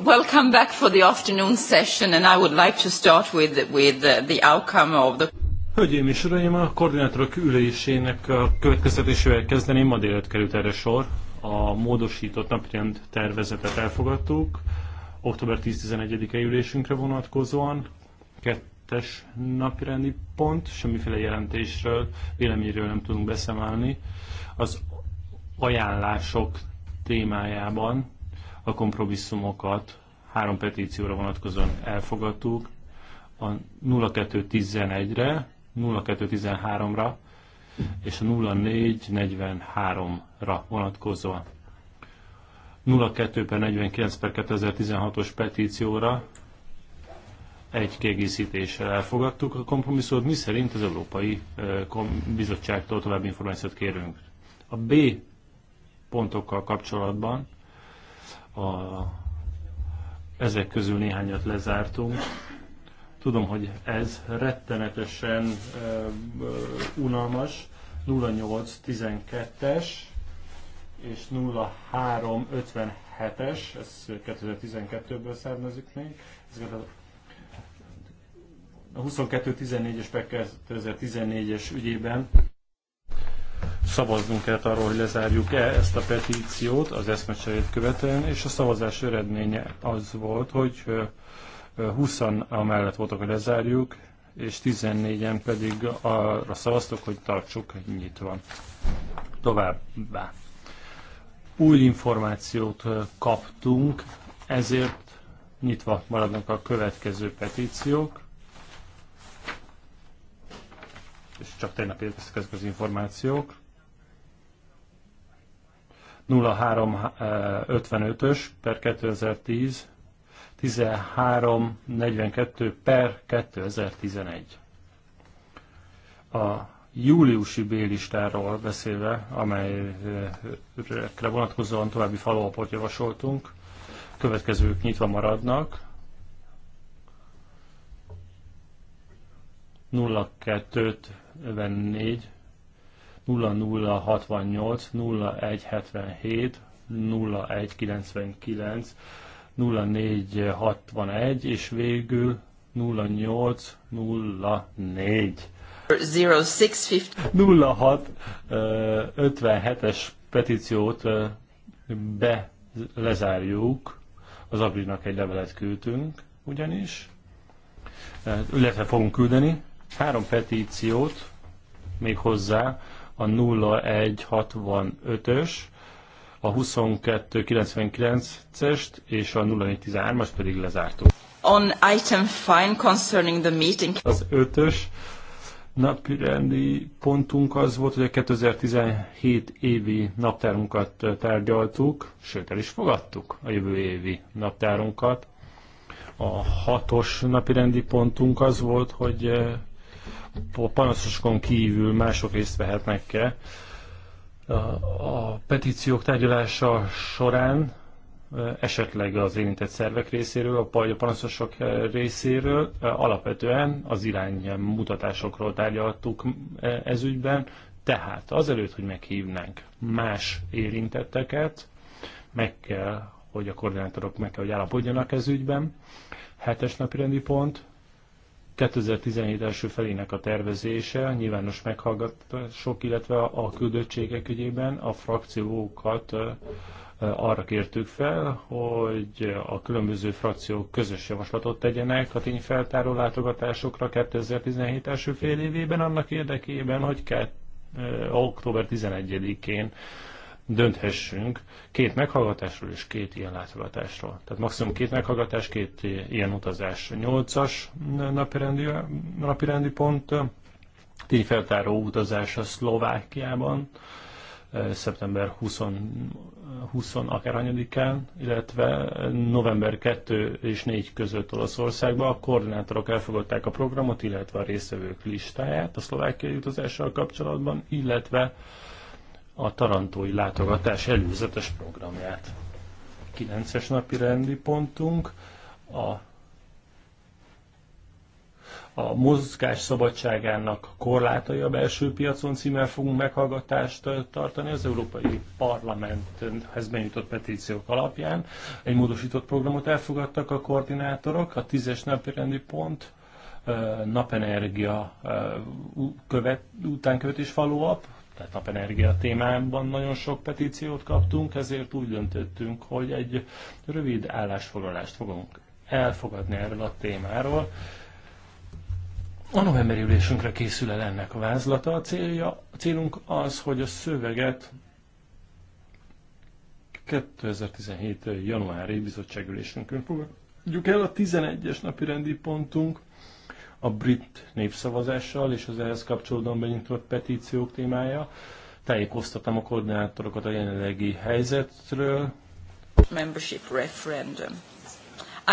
Welcome back for the afternoon session, and I would like to start with, with the, uh, the outcome of the... Hölgyeim és Uraim, a koordinátorok ülésének a következtetésével kezdeném. Ma délután került erre sor. A módosított napirend tervezetet elfogadtuk. Október 10-11-e ülésünkre vonatkozóan. Kettes napirendi pont, semmiféle jelentésről, véleményről nem tudunk beszámolni. Az ajánlások témájában a kompromisszumokat három petícióra vonatkozóan elfogadtuk, a 0211-re, 0213-ra és a 0443-ra vonatkozóan. 02 per 49 per 2016-os petícióra egy kiegészítéssel elfogadtuk a kompromisszumot, mi szerint az Európai Bizottságtól további információt kérünk. A B pontokkal kapcsolatban. A, ezek közül néhányat lezártunk. Tudom, hogy ez rettenetesen uh, unalmas. 0812-es és 0357-es, ez 2012-ből származik még. Ezeket a a 22-14-es 2014-es ügyében szavaznunk kell arról, hogy lezárjuk-e ezt a petíciót az eszmecserét követően, és a szavazás eredménye az volt, hogy 20 amellett voltak, hogy lezárjuk, és 14-en pedig arra szavaztok, hogy tartsuk nyitva. Továbbá. Új információt kaptunk, ezért nyitva maradnak a következő petíciók. és csak tegnap érkeztek ezek az információk. 0355-ös per 2010, 1342 per 2011. A júliusi bélistáról beszélve, amelyekre vonatkozóan további falóapot javasoltunk, következők nyitva maradnak. 02-t 54, 0068, 0177, 0199, 0461 és végül 0804. 0657-es petíciót be lezárjuk, az Abrinak egy levelet küldtünk ugyanis, illetve fogunk küldeni, Három petíciót még hozzá, a 0165-ös, a 2299-est és a 0413-as pedig lezártuk. On item fine concerning the meeting. Az ötös napirendi pontunk az volt, hogy a 2017 évi naptárunkat tárgyaltuk, sőt el is fogadtuk a jövő évi naptárunkat. A hatos napirendi pontunk az volt, hogy eh, panaszosokon kívül mások részt vehetnek-e. A petíciók tárgyalása során esetleg az érintett szervek részéről, a panaszosok részéről alapvetően az iránymutatásokról tárgyaltuk ügyben, tehát azelőtt, hogy meghívnánk más érintetteket, meg kell, hogy a koordinátorok meg kell, hogy állapodjanak ez ügyben. Hetes napi rendi pont, 2017 első felének a tervezése, nyilvános meghallgatások, illetve a küldöttségek ügyében a frakciókat arra kértük fel, hogy a különböző frakciók közös javaslatot tegyenek a tényfeltáró látogatásokra 2017 első fél évében, annak érdekében, hogy október 11-én dönthessünk két meghallgatásról és két ilyen látogatásról. Tehát maximum két meghallgatás, két ilyen utazás. Nyolcas napirendi, napirendi pont, tényfeltáró utazás a Szlovákiában, eh, szeptember 20, 20 akárhanyadikán, illetve november 2 és 4 között Olaszországban a koordinátorok elfogadták a programot, illetve a résztvevők listáját a szlovákiai utazással kapcsolatban, illetve a tarantói látogatás előzetes programját. 9-es napi rendi pontunk a, a mozgás szabadságának korlátai a belső piacon címmel fogunk meghallgatást tartani az Európai Parlamenthez benyújtott petíciók alapján. Egy módosított programot elfogadtak a koordinátorok, a 10-es napi rendi pont napenergia követ, utánkövetés follow-up, tehát napenergia témában nagyon sok petíciót kaptunk, ezért úgy döntöttünk, hogy egy rövid állásfoglalást fogunk elfogadni erről a témáról. A novemberi ülésünkre készül el ennek a vázlata. A, célja, a célunk az, hogy a szöveget 2017. januári bizottságülésünkön fogadjuk el. A 11-es napi rendi pontunk a brit népszavazással és az ehhez kapcsolódóan benyitott petíciók témája. Tájékoztatom a koordinátorokat a jelenlegi helyzetről. Membership referendum.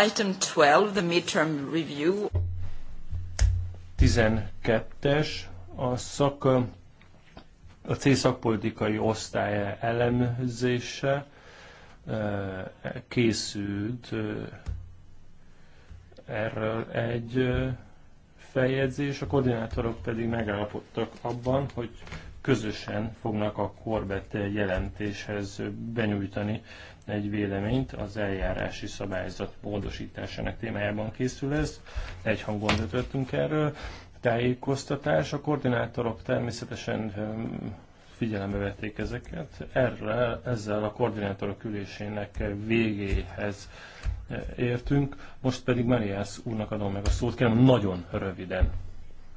Item 12, the midterm review. 12-es, a szak, a C szakpolitikai osztály elemzése e, készült e, erről egy e, feljegyzés, a koordinátorok pedig megállapodtak abban, hogy közösen fognak a korbet jelentéshez benyújtani egy véleményt az eljárási szabályzat módosításának témájában készül ez. Egy hangon döntöttünk erről. Tájékoztatás. A koordinátorok természetesen ehm, figyelembe vették ezeket. Erre, ezzel a koordinátorok ülésének végéhez értünk. Most pedig Mariász úrnak adom meg a szót, kérem nagyon röviden.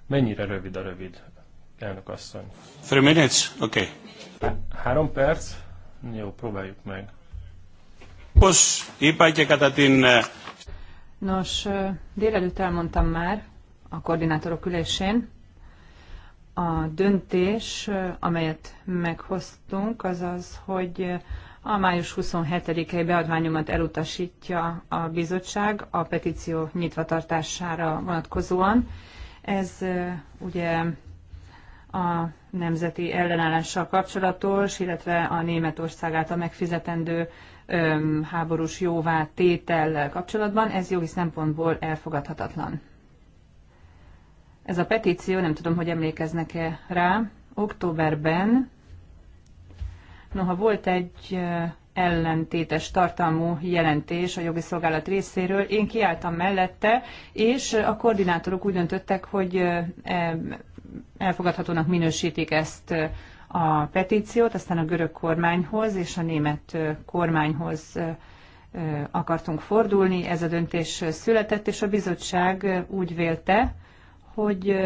Mennyire rövid a rövid, elnök asszony? Three minutes? Oké. Okay. Három perc? Jó, próbáljuk meg. Nos, délelőtt elmondtam már a koordinátorok ülésén, a döntés, amelyet meghoztunk, az az, hogy a május 27-i beadványomat elutasítja a bizottság a petíció nyitvatartására vonatkozóan. Ez ugye a nemzeti ellenállással kapcsolatos, illetve a Németország által megfizetendő öm, háborús jóvá tétellel kapcsolatban. Ez jogi szempontból elfogadhatatlan. Ez a petíció, nem tudom, hogy emlékeznek-e rá, októberben Noha volt egy ellentétes tartalmú jelentés a jogi szolgálat részéről. Én kiálltam mellette, és a koordinátorok úgy döntöttek, hogy e, elfogadhatónak minősítik ezt a petíciót, aztán a görög kormányhoz és a német kormányhoz akartunk fordulni. Ez a döntés született, és a bizottság úgy vélte, hogy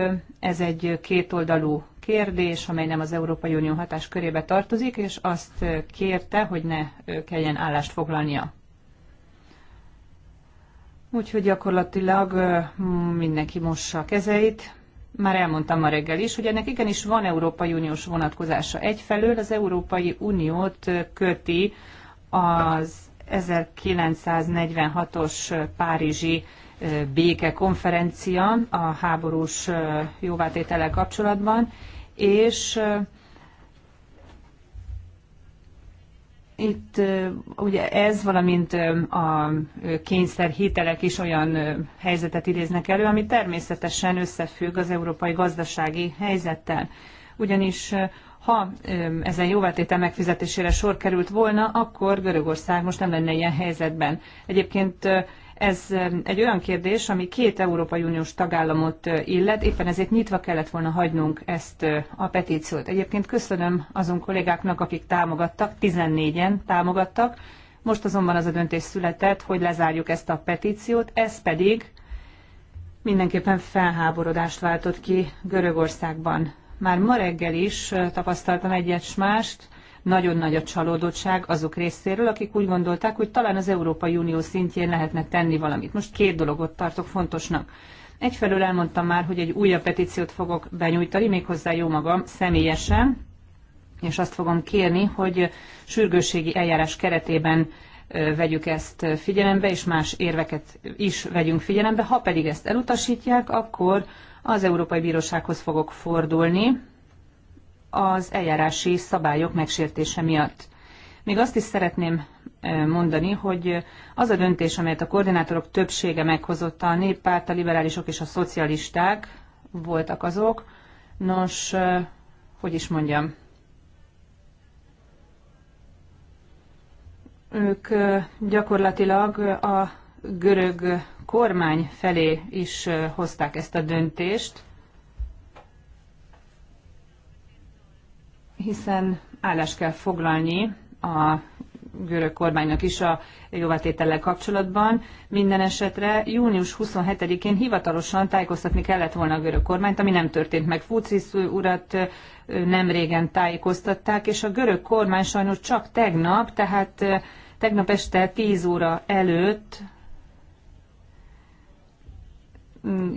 ez egy kétoldalú kérdés, amely nem az Európai Unió hatás körébe tartozik, és azt kérte, hogy ne kelljen állást foglalnia. Úgyhogy gyakorlatilag mindenki mossa a kezeit. Már elmondtam ma reggel is, hogy ennek igenis van Európai Uniós vonatkozása. Egyfelől az Európai Uniót köti az 1946-os Párizsi békekonferencia a háborús jóvátétele kapcsolatban, és itt ugye ez, valamint a kényszer hitelek is olyan helyzetet idéznek elő, ami természetesen összefügg az európai gazdasági helyzettel. Ugyanis ha ezen jóváltétel megfizetésére sor került volna, akkor Görögország most nem lenne ilyen helyzetben. Egyébként ez egy olyan kérdés, ami két Európai Uniós tagállamot illet, éppen ezért nyitva kellett volna hagynunk ezt a petíciót. Egyébként köszönöm azon kollégáknak, akik támogattak, 14-en támogattak. Most azonban az a döntés született, hogy lezárjuk ezt a petíciót, ez pedig mindenképpen felháborodást váltott ki Görögországban. Már ma reggel is tapasztaltam egyet mást, nagyon nagy a csalódottság azok részéről, akik úgy gondolták, hogy talán az Európai Unió szintjén lehetne tenni valamit. Most két dologot tartok fontosnak. Egyfelől elmondtam már, hogy egy újabb petíciót fogok benyújtani, méghozzá jó magam személyesen, és azt fogom kérni, hogy sürgősségi eljárás keretében vegyük ezt figyelembe, és más érveket is vegyünk figyelembe. Ha pedig ezt elutasítják, akkor az Európai Bírósághoz fogok fordulni, az eljárási szabályok megsértése miatt. Még azt is szeretném mondani, hogy az a döntés, amelyet a koordinátorok többsége meghozott, a néppárt, a liberálisok és a szocialisták voltak azok, nos, hogy is mondjam, ők gyakorlatilag a görög kormány felé is hozták ezt a döntést, hiszen állást kell foglalni a görög kormánynak is a jóvátétellel kapcsolatban. Minden esetre június 27-én hivatalosan tájékoztatni kellett volna a görög kormányt, ami nem történt meg. Fucis urat nem régen tájékoztatták, és a görög kormány sajnos csak tegnap, tehát tegnap este 10 óra előtt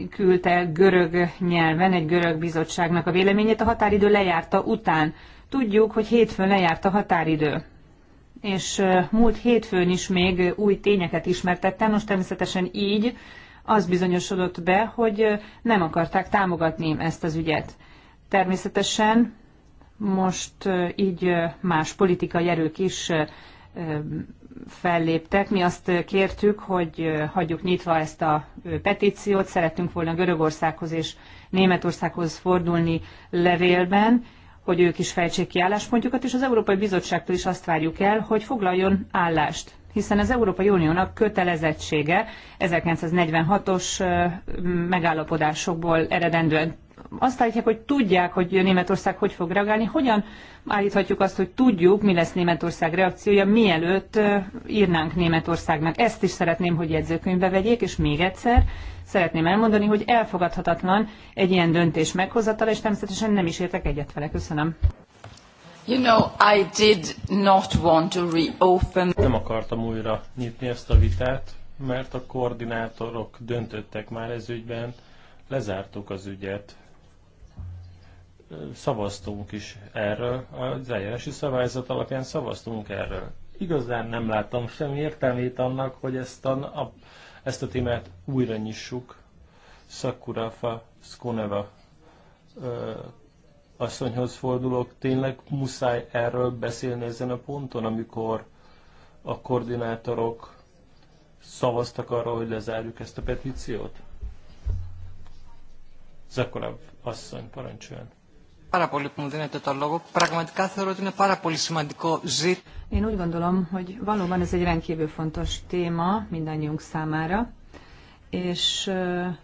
küldte görög nyelven egy görög bizottságnak a véleményét a határidő lejárta után. Tudjuk, hogy hétfőn lejárt a határidő. És múlt hétfőn is még új tényeket ismertettem, most természetesen így az bizonyosodott be, hogy nem akarták támogatni ezt az ügyet. Természetesen most így más politikai erők is felléptek. Mi azt kértük, hogy hagyjuk nyitva ezt a petíciót, szerettünk volna Görögországhoz és Németországhoz fordulni levélben, hogy ők is fejtsék ki álláspontjukat, és az Európai Bizottságtól is azt várjuk el, hogy foglaljon állást hiszen az Európai Uniónak kötelezettsége 1946-os megállapodásokból eredendően azt állítják, hogy tudják, hogy Németország hogy fog reagálni. Hogyan állíthatjuk azt, hogy tudjuk, mi lesz Németország reakciója, mielőtt írnánk Németországnak? Ezt is szeretném, hogy jegyzőkönyvbe vegyék, és még egyszer szeretném elmondani, hogy elfogadhatatlan egy ilyen döntés meghozatal, és természetesen nem is értek egyet vele. Köszönöm. You know, I did not want to reopen. Nem akartam újra nyitni ezt a vitát, mert a koordinátorok döntöttek már ez ügyben, lezártuk az ügyet szavaztunk is erről, az eljárási szabályzat alapján szavaztunk erről. Igazán nem láttam semmi értelmét annak, hogy ezt a, a, ezt a témát újra nyissuk. Sakurafa Skoneva asszonyhoz fordulok, tényleg muszáj erről beszélni ezen a ponton, amikor a koordinátorok szavaztak arra, hogy lezárjuk ezt a petíciót? Zakorav asszony, parancsoljon πάρα πολύ που μου δίνετε το λόγο. Πραγματικά θεωρώ ότι είναι πάρα πολύ σημαντικό ζήτημα. Én úgy gondolom, hogy valóban ez egy rendkívül fontos téma mindannyiunk számára, és eh,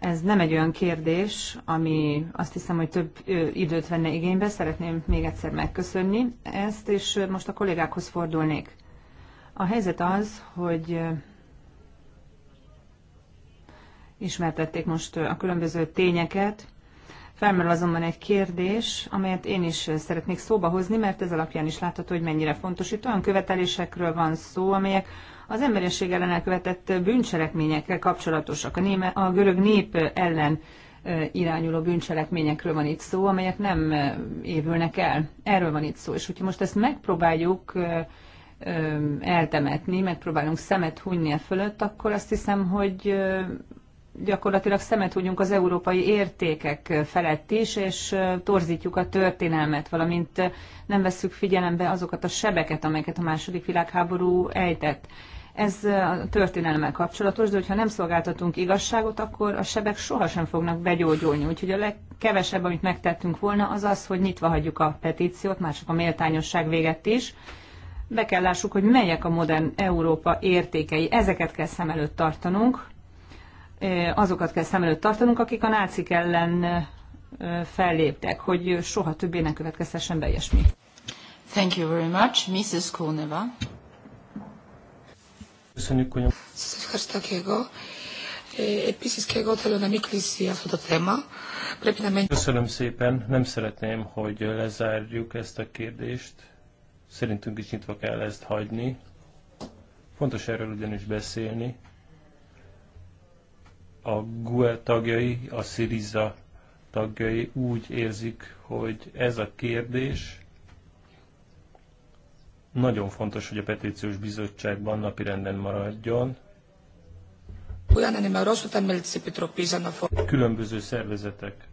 ez nem egy olyan kérdés, ami azt hiszem, hogy több eh, időt venne igénybe. Szeretném még egyszer megköszönni ezt, és eh, most a kollégákhoz fordulnék. A helyzet az, hogy ismertették most a különböző tényeket, Felmerül azonban egy kérdés, amelyet én is szeretnék szóba hozni, mert ez alapján is látható, hogy mennyire fontos. Itt olyan követelésekről van szó, amelyek az emberiség ellen elkövetett bűncselekményekkel kapcsolatosak. A, néme, a görög nép ellen irányuló bűncselekményekről van itt szó, amelyek nem évülnek el. Erről van itt szó. És hogyha most ezt megpróbáljuk eltemetni, megpróbálunk szemet hunyni e fölött, akkor azt hiszem, hogy gyakorlatilag szemet húgyunk az európai értékek felett is, és torzítjuk a történelmet, valamint nem vesszük figyelembe azokat a sebeket, amelyeket a második világháború ejtett. Ez a történelemmel kapcsolatos, de hogyha nem szolgáltatunk igazságot, akkor a sebek sohasem fognak begyógyulni. Úgyhogy a legkevesebb, amit megtettünk volna, az az, hogy nyitva hagyjuk a petíciót, már csak a méltányosság véget is, be kell lássuk, hogy melyek a modern Európa értékei. Ezeket kell szem előtt tartanunk, azokat kell szem előtt tartanunk, akik a nácik ellen felléptek, hogy soha többé ne következhessen be ilyesmi. Thank you very much, Mrs. Kuneva. Köszönjük, hogy... Köszönöm szépen. Nem szeretném, hogy lezárjuk ezt a kérdést. Szerintünk is nyitva kell ezt hagyni. Fontos erről ugyanis beszélni a GUE tagjai, a Syriza tagjai úgy érzik, hogy ez a kérdés nagyon fontos, hogy a petíciós bizottságban napirenden maradjon. Különböző szervezetek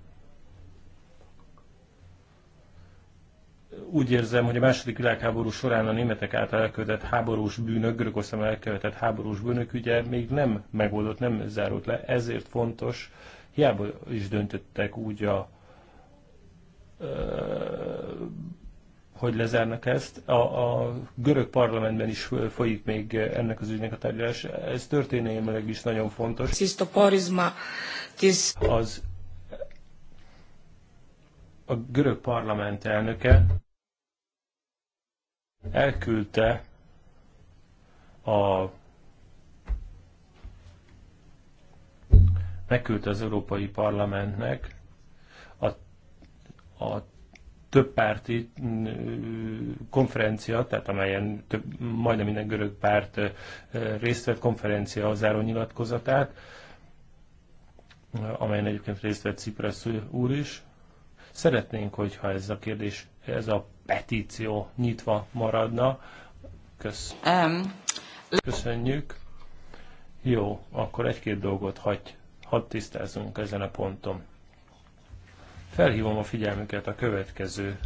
úgy érzem, hogy a második világháború során a németek által elkövetett háborús bűnök, Görögország elkövetett háborús bűnök ugye még nem megoldott, nem zárult le, ezért fontos, hiába is döntöttek úgy a hogy lezárnak ezt. A, a görög parlamentben is folyik még ennek az ügynek a tárgyalás. Ez történelmileg is nagyon fontos. Az a görög parlament elnöke elküldte a megküldte az Európai Parlamentnek a, a többpárti konferencia, tehát amelyen több, majdnem minden görög párt részt vett konferencia az záró nyilatkozatát, amelyen egyébként részt vett Cipressz úr is. Szeretnénk, hogyha ez a kérdés, ez a petíció nyitva maradna. Kösz. Um. Köszönjük. Jó, akkor egy-két dolgot hagy, hadd tisztázzunk ezen a ponton. Felhívom a figyelmüket a következő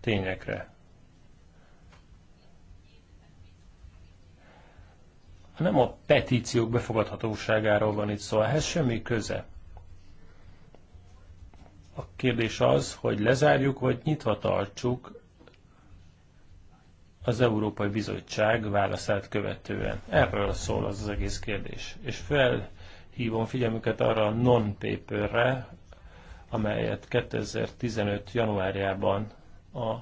tényekre. Nem a petíciók befogadhatóságáról van itt szó, ehhez semmi köze. A kérdés az, hogy lezárjuk, vagy nyitva tartsuk az Európai Bizottság válaszát követően. Erről szól az az egész kérdés. És felhívom figyelmüket arra a non-paperre, amelyet 2015. januárjában a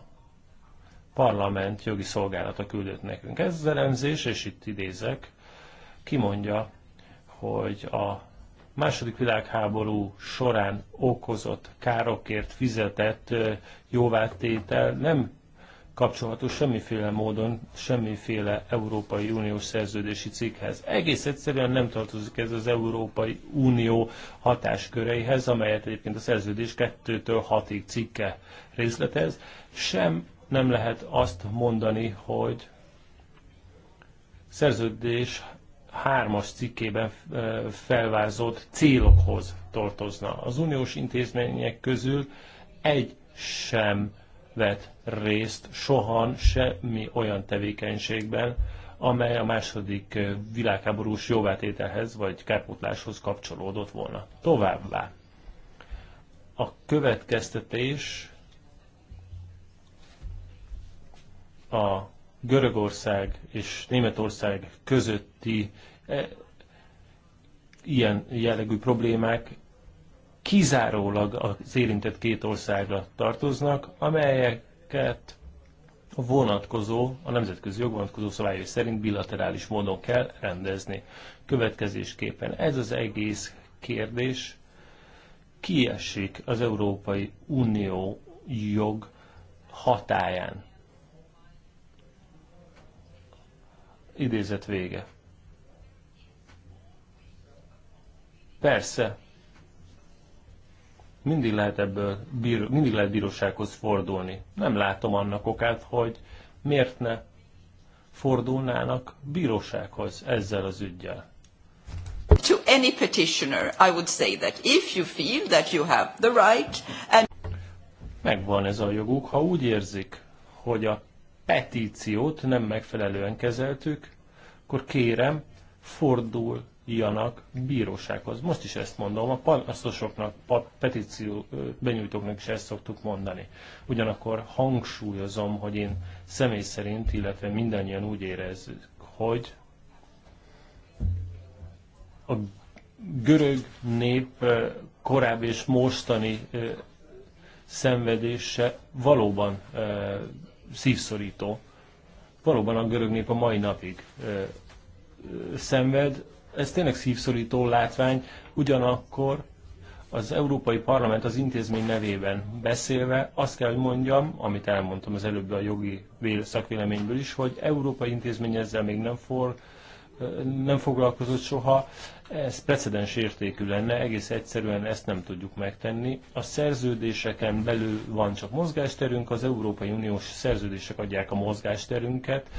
parlament jogi szolgálata küldött nekünk. Ez az elemzés, és itt idézek, kimondja, hogy a második világháború során okozott károkért fizetett jóváltétel nem kapcsolható semmiféle módon, semmiféle Európai Uniós szerződési cikkhez. Egész egyszerűen nem tartozik ez az Európai Unió hatásköreihez, amelyet egyébként a szerződés 2-től 6-ig cikke részletez, sem nem lehet azt mondani, hogy szerződés hármas cikkében felvázolt célokhoz tartozna. Az uniós intézmények közül egy sem vett részt sohan semmi olyan tevékenységben, amely a második világháborús jóvátételhez vagy kárpótláshoz kapcsolódott volna. Továbbá a következtetés a Görögország és Németország közötti e, ilyen jellegű problémák kizárólag az érintett két országra tartoznak, amelyeket a vonatkozó, a nemzetközi jog vonatkozó szabályai szerint bilaterális módon kell rendezni. Következésképpen ez az egész kérdés kiesik az Európai Unió jog hatáján. Idézet vége. Persze, mindig lehet ebből, bíró, mindig lehet bírósághoz fordulni. Nem látom annak okát, hogy miért ne fordulnának bírósághoz ezzel az ügyjel. To any petitioner, I would say that if you feel that you have the right and... Megvan ez a joguk, ha úgy érzik, hogy a petíciót nem megfelelően kezeltük, akkor kérem, forduljanak bírósághoz. Most is ezt mondom, a panaszosoknak, a petíció benyújtóknak is ezt szoktuk mondani. Ugyanakkor hangsúlyozom, hogy én személy szerint, illetve mindannyian úgy érezzük, hogy a görög nép korábbi és mostani szenvedése valóban szívszorító. Valóban a görög nép a mai napig ö, ö, szenved, ez tényleg szívszorító látvány, ugyanakkor az Európai Parlament az intézmény nevében beszélve azt kell, hogy mondjam, amit elmondtam az előbb a jogi szakvéleményből is, hogy Európai intézmény ezzel még nem, for, nem foglalkozott soha, ez precedens értékű lenne, egész egyszerűen ezt nem tudjuk megtenni. A szerződéseken belül van csak mozgásterünk, az Európai Uniós szerződések adják a mozgásterünket.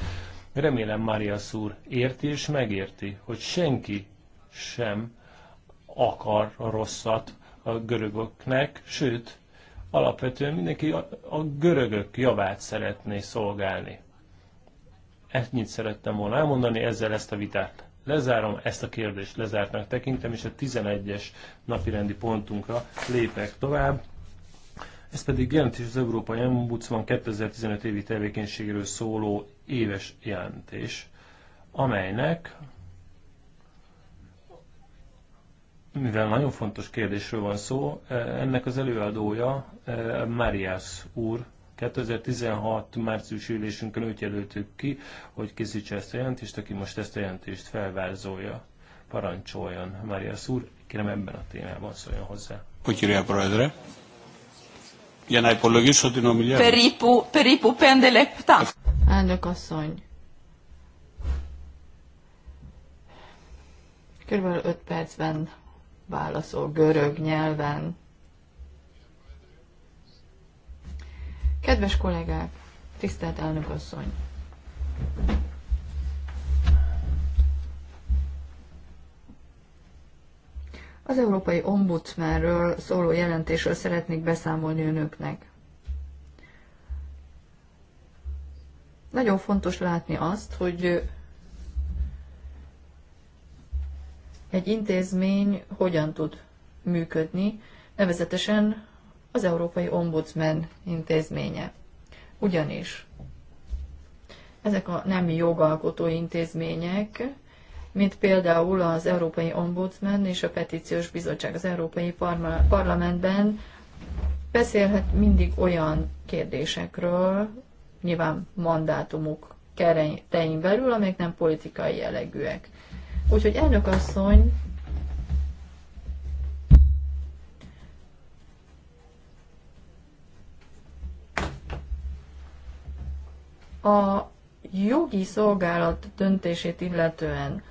Remélem Mária Szúr érti és megérti, hogy senki sem akar rosszat a görögöknek, sőt, alapvetően mindenki a, a görögök javát szeretné szolgálni. Ezt nyit szerettem volna elmondani, ezzel ezt a vitát Lezárom ezt a kérdést, lezártnak tekintem, és a 11-es napirendi pontunkra lépek tovább. Ez pedig jelentés az Európai Ombudsman 2015 évi tevékenységéről szóló éves jelentés, amelynek, mivel nagyon fontos kérdésről van szó, ennek az előadója eh, Marias úr 2016 március ülésünkön úgy jelöltük ki, hogy készítse ezt a jelentést, aki most ezt a jelentést felvázolja, parancsoljon. Mária Szúr, kérem ebben a témában szóljon hozzá. Köszönöm, Πρόεδρε. Για να υπολογίσω την ομιλία μου. Περίπου, περίπου πέντε λεπτά. Elnök asszony. Körülbelül öt percben válaszol görög nyelven. Kedves kollégák, tisztelt elnök asszony! Az Európai Ombudsmanről szóló jelentésről szeretnék beszámolni önöknek. Nagyon fontos látni azt, hogy egy intézmény hogyan tud működni, nevezetesen az Európai Ombudsman intézménye. Ugyanis ezek a nem jogalkotó intézmények, mint például az Európai Ombudsman és a Petíciós Bizottság az Európai Parlamentben beszélhet mindig olyan kérdésekről, nyilván mandátumuk keretein belül, amelyek nem politikai jellegűek. Úgyhogy elnök asszony, A jogi szolgálat döntését illetően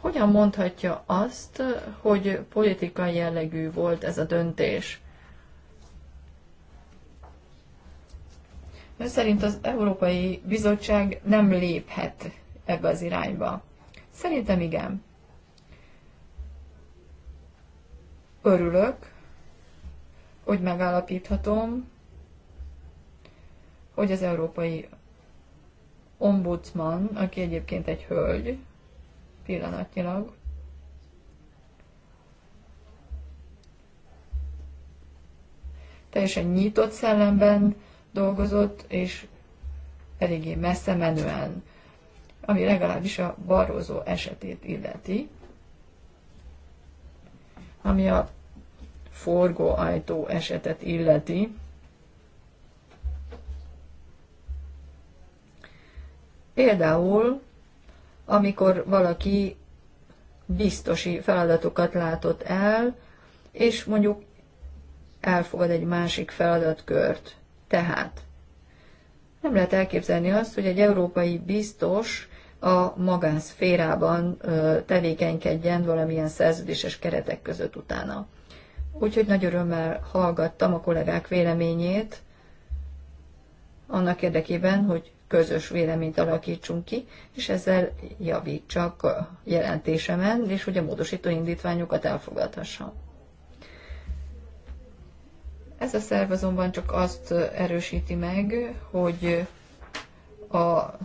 hogyan mondhatja azt, hogy politikai jellegű volt ez a döntés? Ön szerint az Európai Bizottság nem léphet ebbe az irányba? Szerintem igen. Örülök, hogy megállapíthatom, hogy az Európai ombudsman, aki egyébként egy hölgy, pillanatnyilag. Teljesen nyitott szellemben dolgozott, és eléggé messze menően, ami legalábbis a barózó esetét illeti, ami a forgóajtó esetet illeti, Például, amikor valaki biztosi feladatokat látott el, és mondjuk elfogad egy másik feladatkört. Tehát nem lehet elképzelni azt, hogy egy európai biztos a magánszférában tevékenykedjen valamilyen szerződéses keretek között utána. Úgyhogy nagy örömmel hallgattam a kollégák véleményét annak érdekében, hogy közös véleményt alakítsunk ki, és ezzel javítsak a jelentésemen, és hogy a módosító indítványokat elfogadhassam. Ez a szerv azonban csak azt erősíti meg, hogy a, az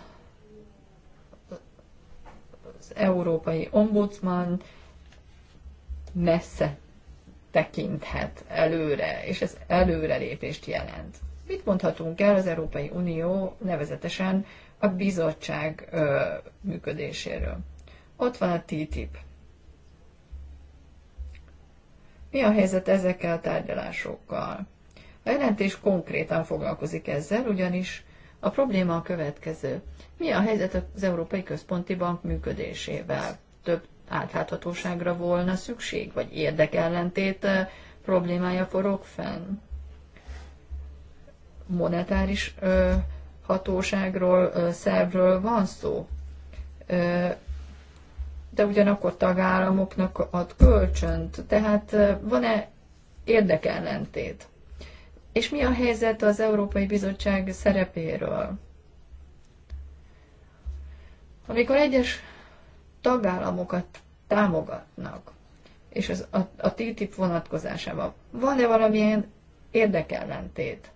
európai ombudsman messze tekinthet előre, és ez előrelépést jelent. Mit mondhatunk el az Európai Unió, nevezetesen a bizottság ö, működéséről? Ott van a TTIP. Mi a helyzet ezekkel a tárgyalásokkal? A jelentés konkrétan foglalkozik ezzel, ugyanis a probléma a következő. Mi a helyzet az Európai Központi Bank működésével? Több átláthatóságra volna szükség, vagy érdekellentét problémája forog fenn? monetáris hatóságról, szervről van szó. De ugyanakkor tagállamoknak ad kölcsönt, tehát van-e érdekellentét? És mi a helyzet az Európai Bizottság szerepéről? Amikor egyes tagállamokat támogatnak, és az, a, a TTIP vonatkozásában van-e valamilyen érdekellentét?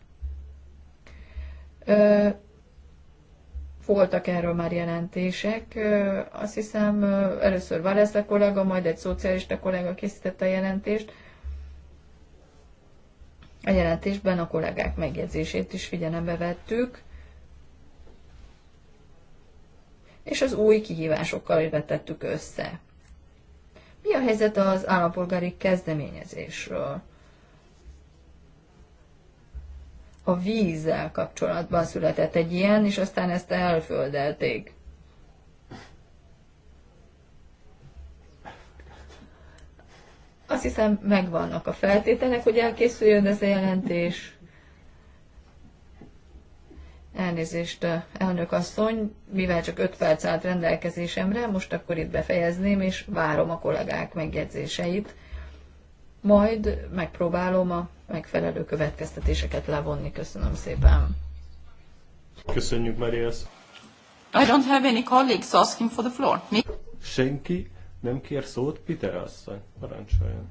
voltak erről már jelentések. Azt hiszem, először Valesza kollega, majd egy szocialista kollega készítette a jelentést. A jelentésben a kollégák megjegyzését is figyelembe vettük, és az új kihívásokkal vetettük össze. Mi a helyzet az állampolgári kezdeményezésről? a vízzel kapcsolatban született egy ilyen, és aztán ezt elföldelték. Azt hiszem, megvannak a feltételek, hogy elkészüljön ez a jelentés. Elnézést, elnök asszony, mivel csak 5 perc állt rendelkezésemre, most akkor itt befejezném, és várom a kollégák megjegyzéseit. Majd megpróbálom a megfelelő következtetéseket levonni. Köszönöm szépen. Köszönjük, Marias. I don't have any colleagues asking for the floor. Me? Senki nem kér szót, Peter asszony. Parancsoljon.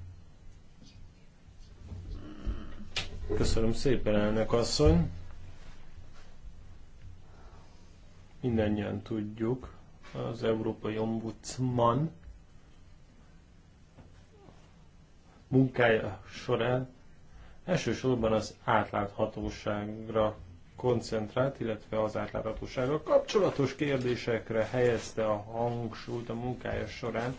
Köszönöm szépen, elnök asszony. Mindennyian tudjuk, az Európai Ombudsman munkája során Elsősorban az átláthatóságra koncentrált, illetve az átláthatóságra kapcsolatos kérdésekre helyezte a hangsúlyt a munkája során.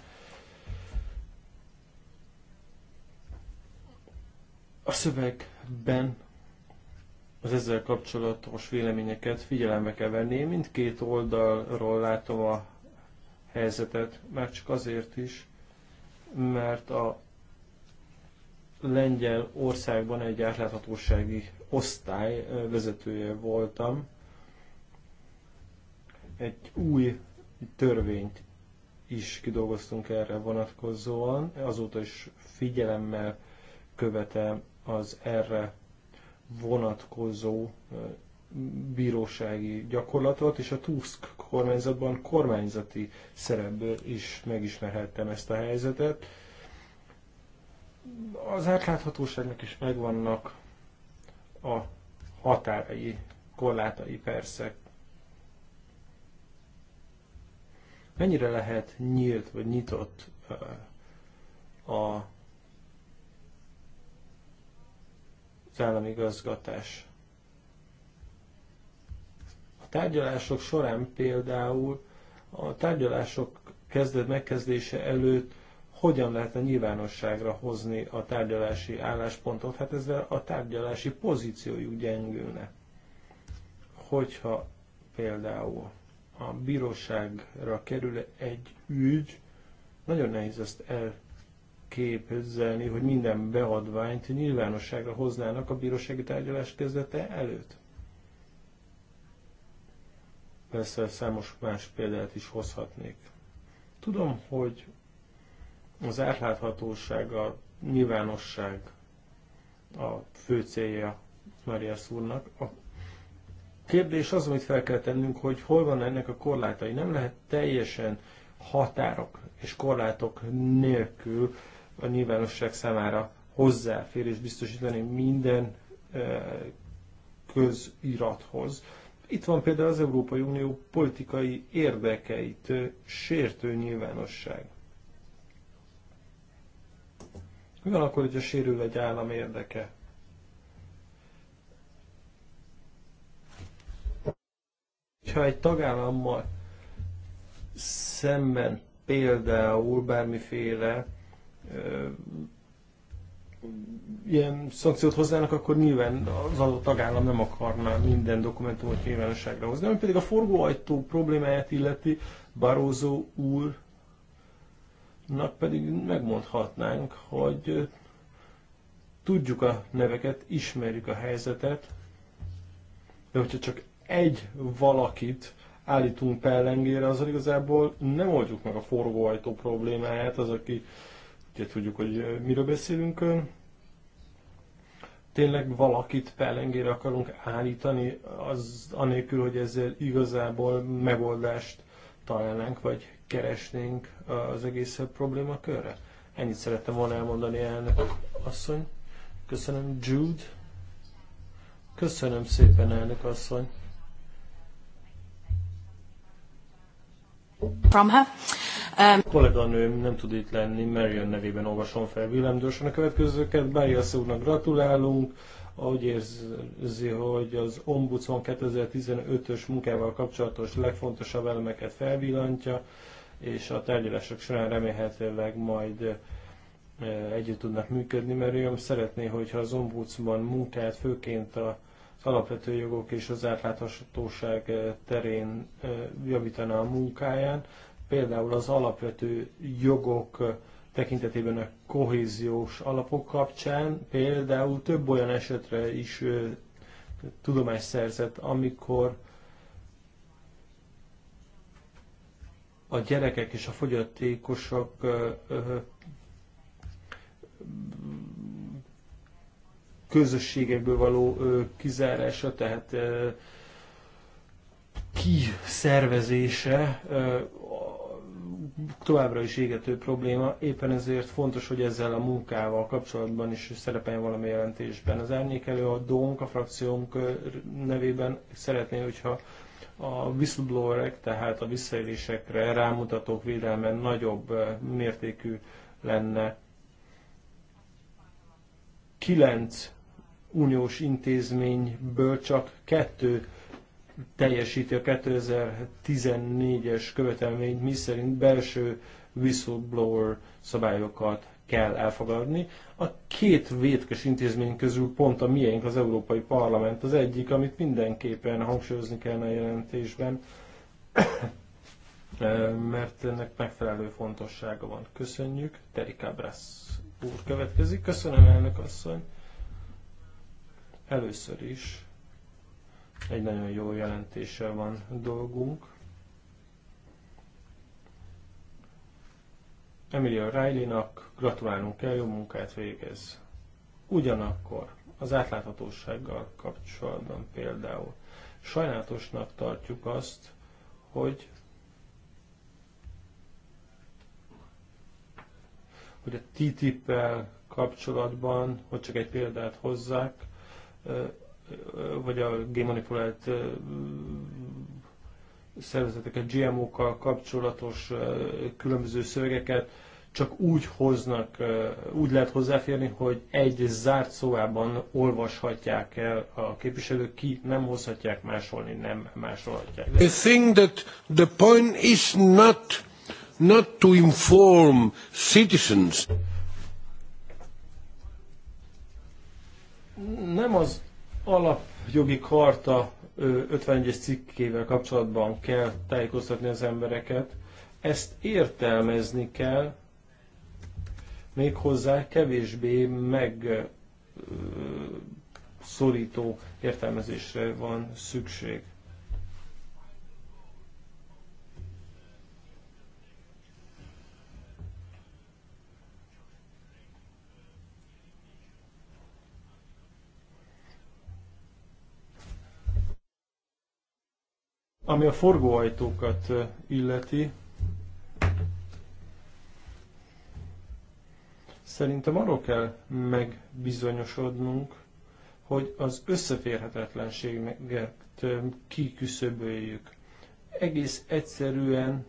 A szövegben az ezzel kapcsolatos véleményeket figyelembe kell venni. Én mindkét oldalról látom a helyzetet, már csak azért is, mert a lengyel országban egy átláthatósági osztály vezetője voltam. Egy új törvényt is kidolgoztunk erre vonatkozóan, azóta is figyelemmel követem az erre vonatkozó bírósági gyakorlatot, és a Tusk kormányzatban kormányzati szerepből is megismerhettem ezt a helyzetet az átláthatóságnak is megvannak a határai, korlátai persze. Mennyire lehet nyílt vagy nyitott a állami gazgatás. A tárgyalások során például a tárgyalások kezdet megkezdése előtt hogyan lehetne nyilvánosságra hozni a tárgyalási álláspontot, hát ezzel a tárgyalási pozíciójuk gyengülne. Hogyha például a bíróságra kerül egy ügy, nagyon nehéz ezt elképzelni, hogy minden beadványt nyilvánosságra hoznának a bírósági tárgyalás kezdete előtt. Persze számos más példát is hozhatnék. Tudom, hogy az átláthatóság, a nyilvánosság a fő célja Marias úrnak. A kérdés az, amit fel kell tennünk, hogy hol van ennek a korlátai. Nem lehet teljesen határok és korlátok nélkül a nyilvánosság számára hozzáférés biztosítani minden e, közirathoz. Itt van például az Európai Unió politikai érdekeit sértő nyilvánosság akkor hogyha sérül egy állam érdeke, ha egy tagállammal szemben például bármiféle ö, ilyen szankciót hoznának, akkor nyilván az adott tagállam nem akarná minden dokumentumot nyilvánosságra hozni. Ami pedig a forgóajtó problémáját illeti, Barózó úr pedig megmondhatnánk, hogy tudjuk a neveket, ismerjük a helyzetet, de hogyha csak egy valakit állítunk pellengére, az igazából nem oldjuk meg a forgóajtó problémáját, az, aki ugye tudjuk, hogy miről beszélünk, tényleg valakit pellengére akarunk állítani, az anélkül, hogy ezzel igazából megoldást találnánk, vagy keresnénk az egész probléma körre. Ennyit szerettem volna elmondani elnök asszony. Köszönöm, Jude. Köszönöm szépen, elnök asszony. From her. Um... A kolléganőm nem tud itt lenni, Marion nevében olvasom fel villámgyorsan a következőket. Bárja úrnak gratulálunk ahogy érzi, hogy az Ombudsman 2015-ös munkával kapcsolatos legfontosabb elemeket felvillantja, és a tárgyalások során remélhetőleg majd eh, együtt tudnak működni, mert ő szeretné, hogyha az ombudsman munkát főként a az alapvető jogok és az átláthatóság eh, terén eh, javítaná a munkáján, például az alapvető jogok tekintetében a kohéziós alapok kapcsán például több olyan esetre is tudomást szerzett, amikor a gyerekek és a fogyatékosok közösségekből való kizárása, tehát kiszervezése továbbra is égető probléma, éppen ezért fontos, hogy ezzel a munkával kapcsolatban is szerepeljen valami jelentésben. Az árnyékelő a DONK, a frakciónk nevében szeretné, hogyha a whistleblowerek, tehát a visszaélésekre rámutatók védelmen nagyobb mértékű lenne. Kilenc uniós intézményből csak kettő teljesíti a 2014-es követelményt, miszerint belső whistleblower szabályokat kell elfogadni. A két vétkes intézmény közül pont a miénk, az Európai Parlament az egyik, amit mindenképpen hangsúlyozni kellene a jelentésben, mert ennek megfelelő fontossága van. Köszönjük. Teri Cabrász úr következik. Köszönöm, elnök asszony. Először is egy nagyon jó jelentéssel van dolgunk. Emilia Riley-nak gratulálnunk kell, jó munkát végez. Ugyanakkor az átláthatósággal kapcsolatban például sajnálatosnak tartjuk azt, hogy hogy a TTIP-el kapcsolatban, hogy csak egy példát hozzák, vagy a gémanipulált szervezeteket, GMO-kkal kapcsolatos különböző szövegeket csak úgy hoznak, úgy lehet hozzáférni, hogy egy zárt szobában olvashatják el a képviselők, ki nem hozhatják másolni, nem másolhatják. I think that the point is not, not to inform citizens. Nem az alapjogi karta 51-es cikkével kapcsolatban kell tájékoztatni az embereket. Ezt értelmezni kell, méghozzá kevésbé megszorító értelmezésre van szükség. Ami a forgóajtókat illeti, szerintem arról kell megbizonyosodnunk, hogy az összeférhetetlenséget kiküszöböljük. Egész egyszerűen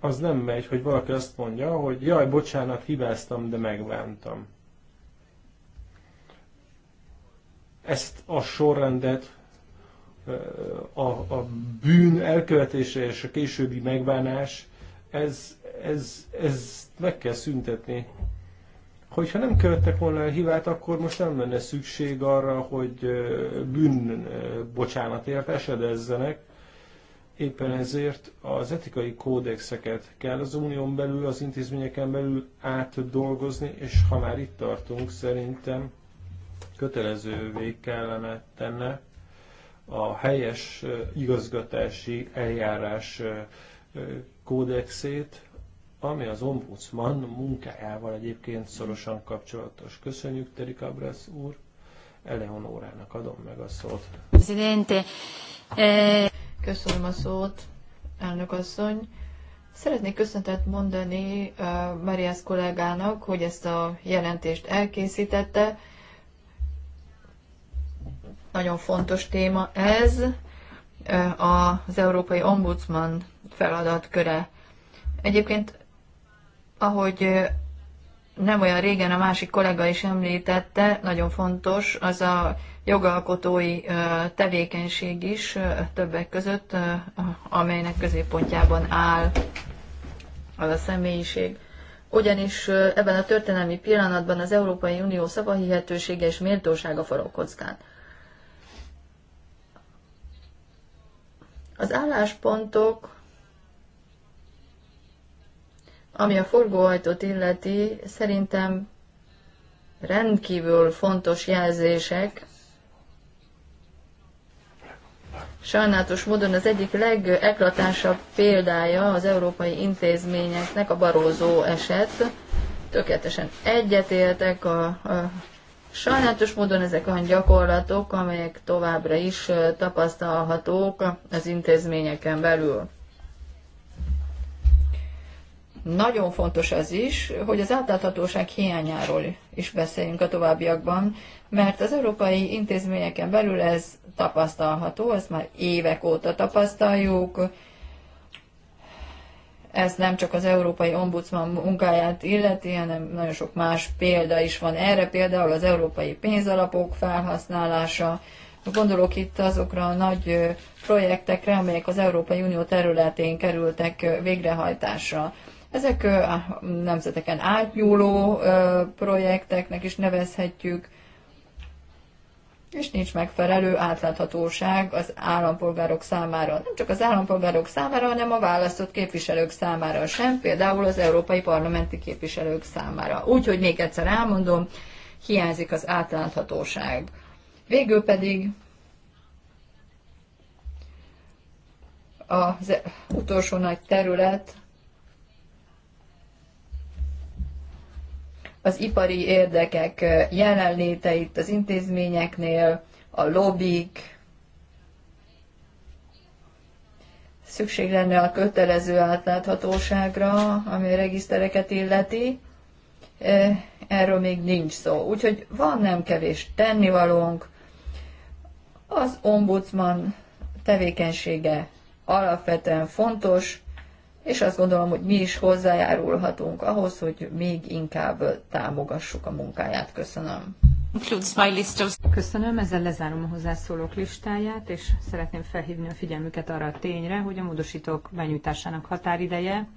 az nem megy, hogy valaki azt mondja, hogy jaj, bocsánat, hibáztam, de megbántam. ezt a sorrendet a, a bűn elkövetése és a későbbi megbánás, ez, ez, ez meg kell szüntetni. Hogyha nem követtek volna el hibát, akkor most nem lenne szükség arra, hogy bűn bocsánatért esedezzenek. Éppen ezért az etikai kódexeket kell az unión belül, az intézményeken belül átdolgozni, és ha már itt tartunk, szerintem kötelezővé kellene tenne a helyes igazgatási eljárás kódexét, ami az ombudsman munkájával egyébként szorosan kapcsolatos. Köszönjük, Teri Cabrász úr. Eleonórának adom meg a szót. Eh, Köszönöm a szót, elnök asszony. Szeretnék köszöntet mondani eh, Marias kollégának, hogy ezt a jelentést elkészítette, nagyon fontos téma ez, az Európai Ombudsman feladatköre. Egyébként, ahogy nem olyan régen a másik kollega is említette, nagyon fontos az a jogalkotói tevékenység is többek között, amelynek középpontjában áll az a személyiség. Ugyanis ebben a történelmi pillanatban az Európai Unió szavahihetősége és méltósága forog kockán. Az álláspontok, ami a forgóhajtót illeti, szerintem rendkívül fontos jelzések. Sajnálatos módon az egyik legeklatánsabb példája az európai intézményeknek a barózó eset. Tökéletesen egyetértek a, a Sajnálatos módon ezek olyan gyakorlatok, amelyek továbbra is tapasztalhatók az intézményeken belül. Nagyon fontos az is, hogy az átláthatóság hiányáról is beszéljünk a továbbiakban, mert az európai intézményeken belül ez tapasztalható, ezt már évek óta tapasztaljuk, ez nem csak az Európai Ombudsman munkáját illeti, hanem nagyon sok más példa is van erre, például az európai pénzalapok felhasználása. Gondolok itt azokra a nagy projektekre, amelyek az Európai Unió területén kerültek végrehajtásra. Ezek nemzeteken átnyúló projekteknek is nevezhetjük, és nincs megfelelő átláthatóság az állampolgárok számára. Nem csak az állampolgárok számára, hanem a választott képviselők számára sem, például az európai parlamenti képviselők számára. Úgyhogy még egyszer elmondom, hiányzik az átláthatóság. Végül pedig az utolsó nagy terület az ipari érdekek jelenléte itt az intézményeknél, a lobbik, szükség lenne a kötelező átláthatóságra, ami a regisztereket illeti. Erről még nincs szó. Úgyhogy van nem kevés tennivalónk. Az ombudsman tevékenysége alapvetően fontos, és azt gondolom, hogy mi is hozzájárulhatunk ahhoz, hogy még inkább támogassuk a munkáját. Köszönöm. Köszönöm, ezzel lezárom a hozzászólók listáját, és szeretném felhívni a figyelmüket arra a tényre, hogy a módosítók benyújtásának határideje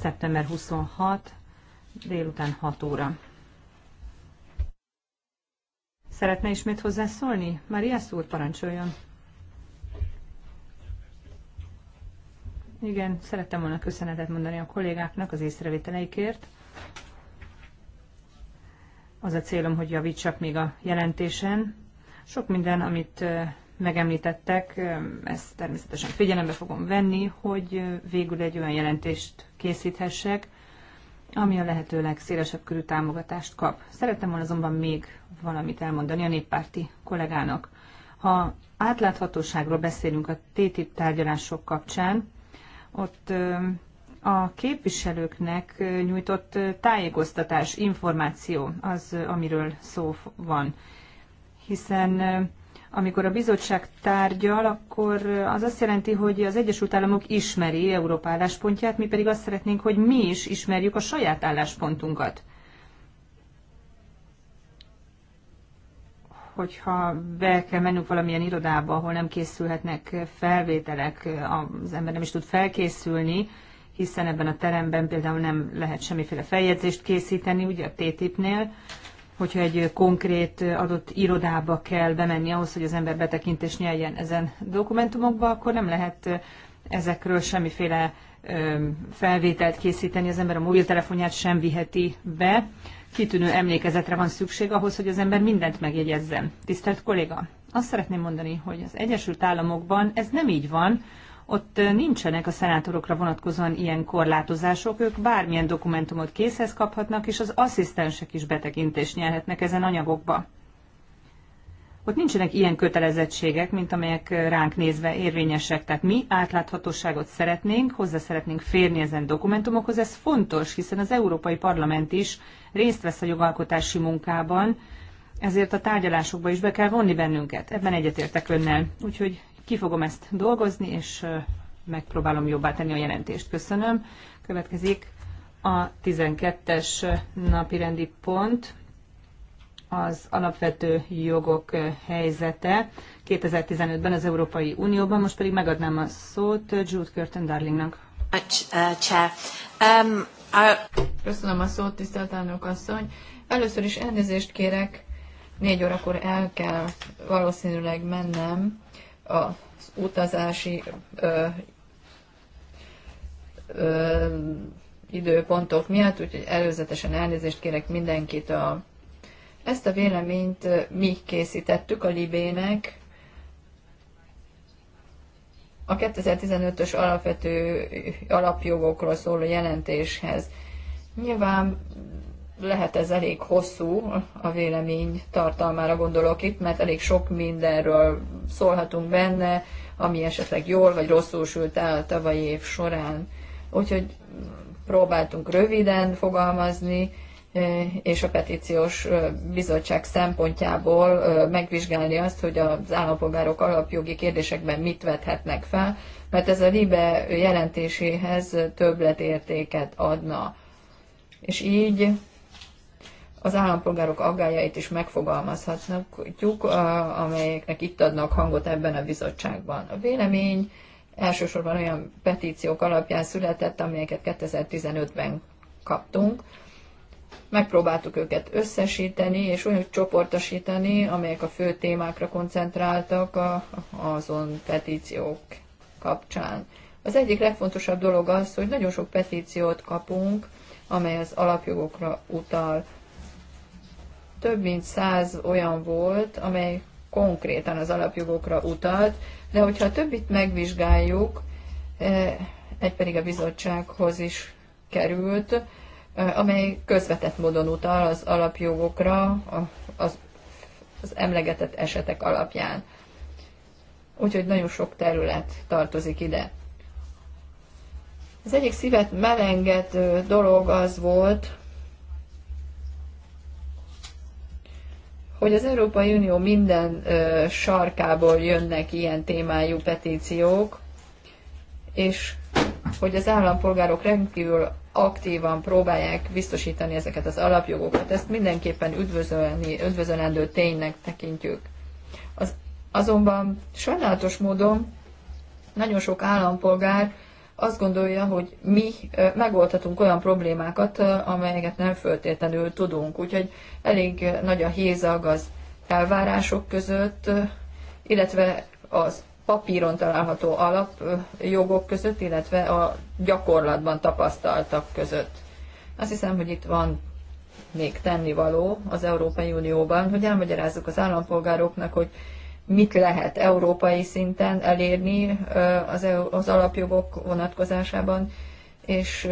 szeptember 26, délután 6 óra. Szeretne ismét hozzászólni? Máriász úr, parancsoljon! Igen, szerettem volna köszönetet mondani a kollégáknak az észrevételeikért. Az a célom, hogy javítsak még a jelentésen. Sok minden, amit megemlítettek, ezt természetesen figyelembe fogom venni, hogy végül egy olyan jelentést készíthessek, ami a lehető legszélesebb körű támogatást kap. Szerettem volna azonban még valamit elmondani a néppárti kollégának. Ha átláthatóságról beszélünk a TTIP tárgyalások kapcsán, ott a képviselőknek nyújtott tájékoztatás, információ az, amiről szó van. Hiszen amikor a bizottság tárgyal, akkor az azt jelenti, hogy az Egyesült Államok ismeri Európa álláspontját, mi pedig azt szeretnénk, hogy mi is ismerjük a saját álláspontunkat. hogyha be kell mennünk valamilyen irodába, ahol nem készülhetnek felvételek, az ember nem is tud felkészülni, hiszen ebben a teremben például nem lehet semmiféle feljegyzést készíteni, ugye a TTIP-nél, hogyha egy konkrét adott irodába kell bemenni ahhoz, hogy az ember betekintést nyeljen ezen dokumentumokba, akkor nem lehet ezekről semmiféle felvételt készíteni, az ember a mobiltelefonját sem viheti be, kitűnő emlékezetre van szükség ahhoz, hogy az ember mindent megjegyezzen. Tisztelt kolléga, azt szeretném mondani, hogy az Egyesült Államokban ez nem így van, ott nincsenek a szenátorokra vonatkozóan ilyen korlátozások, ők bármilyen dokumentumot készhez kaphatnak, és az asszisztensek is betekintést nyerhetnek ezen anyagokba ott nincsenek ilyen kötelezettségek, mint amelyek ránk nézve érvényesek. Tehát mi átláthatóságot szeretnénk, hozzá szeretnénk férni ezen dokumentumokhoz. Ez fontos, hiszen az Európai Parlament is részt vesz a jogalkotási munkában, ezért a tárgyalásokba is be kell vonni bennünket. Ebben egyetértek önnel. Úgyhogy ki fogom ezt dolgozni, és megpróbálom jobbá tenni a jelentést. Köszönöm. Következik a 12-es napirendi pont az alapvető jogok helyzete 2015-ben az Európai Unióban. Most pedig megadnám a szót Jude Curtin Darlingnak. Uh, um, Köszönöm a szót, tisztelt elnök asszony. Először is elnézést kérek, négy órakor el kell valószínűleg mennem az utazási ö, ö, időpontok miatt, úgyhogy előzetesen elnézést kérek mindenkit a ezt a véleményt mi készítettük a Libének a 2015-ös alapvető alapjogokról szóló jelentéshez. Nyilván lehet ez elég hosszú, a vélemény tartalmára gondolok itt, mert elég sok mindenről szólhatunk benne, ami esetleg jól vagy rosszul sült el a tavalyi év során. Úgyhogy próbáltunk röviden fogalmazni, és a petíciós bizottság szempontjából megvizsgálni azt, hogy az állampolgárok alapjogi kérdésekben mit vethetnek fel, mert ez a LIBE jelentéséhez többletértéket adna. És így az állampolgárok aggájait is megfogalmazhatjuk, amelyeknek itt adnak hangot ebben a bizottságban. A vélemény elsősorban olyan petíciók alapján született, amelyeket 2015-ben kaptunk, megpróbáltuk őket összesíteni és úgy csoportosítani, amelyek a fő témákra koncentráltak a, azon petíciók kapcsán. Az egyik legfontosabb dolog az, hogy nagyon sok petíciót kapunk, amely az alapjogokra utal. Több mint száz olyan volt, amely konkrétan az alapjogokra utalt, de hogyha a többit megvizsgáljuk, eh, egy pedig a bizottsághoz is került, amely közvetett módon utal az alapjogokra az, az emlegetett esetek alapján. Úgyhogy nagyon sok terület tartozik ide. Az egyik szívet melengető dolog az volt, hogy az Európai Unió minden ö, sarkából jönnek ilyen témájú petíciók, és hogy az állampolgárok rendkívül aktívan próbálják biztosítani ezeket az alapjogokat. Ezt mindenképpen üdvözölni, üdvözölendő ténynek tekintjük. Az, azonban sajnálatos módon nagyon sok állampolgár azt gondolja, hogy mi megoldhatunk olyan problémákat, amelyeket nem föltétlenül tudunk. Úgyhogy elég nagy a hézag az elvárások között, illetve az papíron található alapjogok között, illetve a gyakorlatban tapasztaltak között. Azt hiszem, hogy itt van még tennivaló az Európai Unióban, hogy elmagyarázzuk az állampolgároknak, hogy mit lehet európai szinten elérni az, alapjogok vonatkozásában, és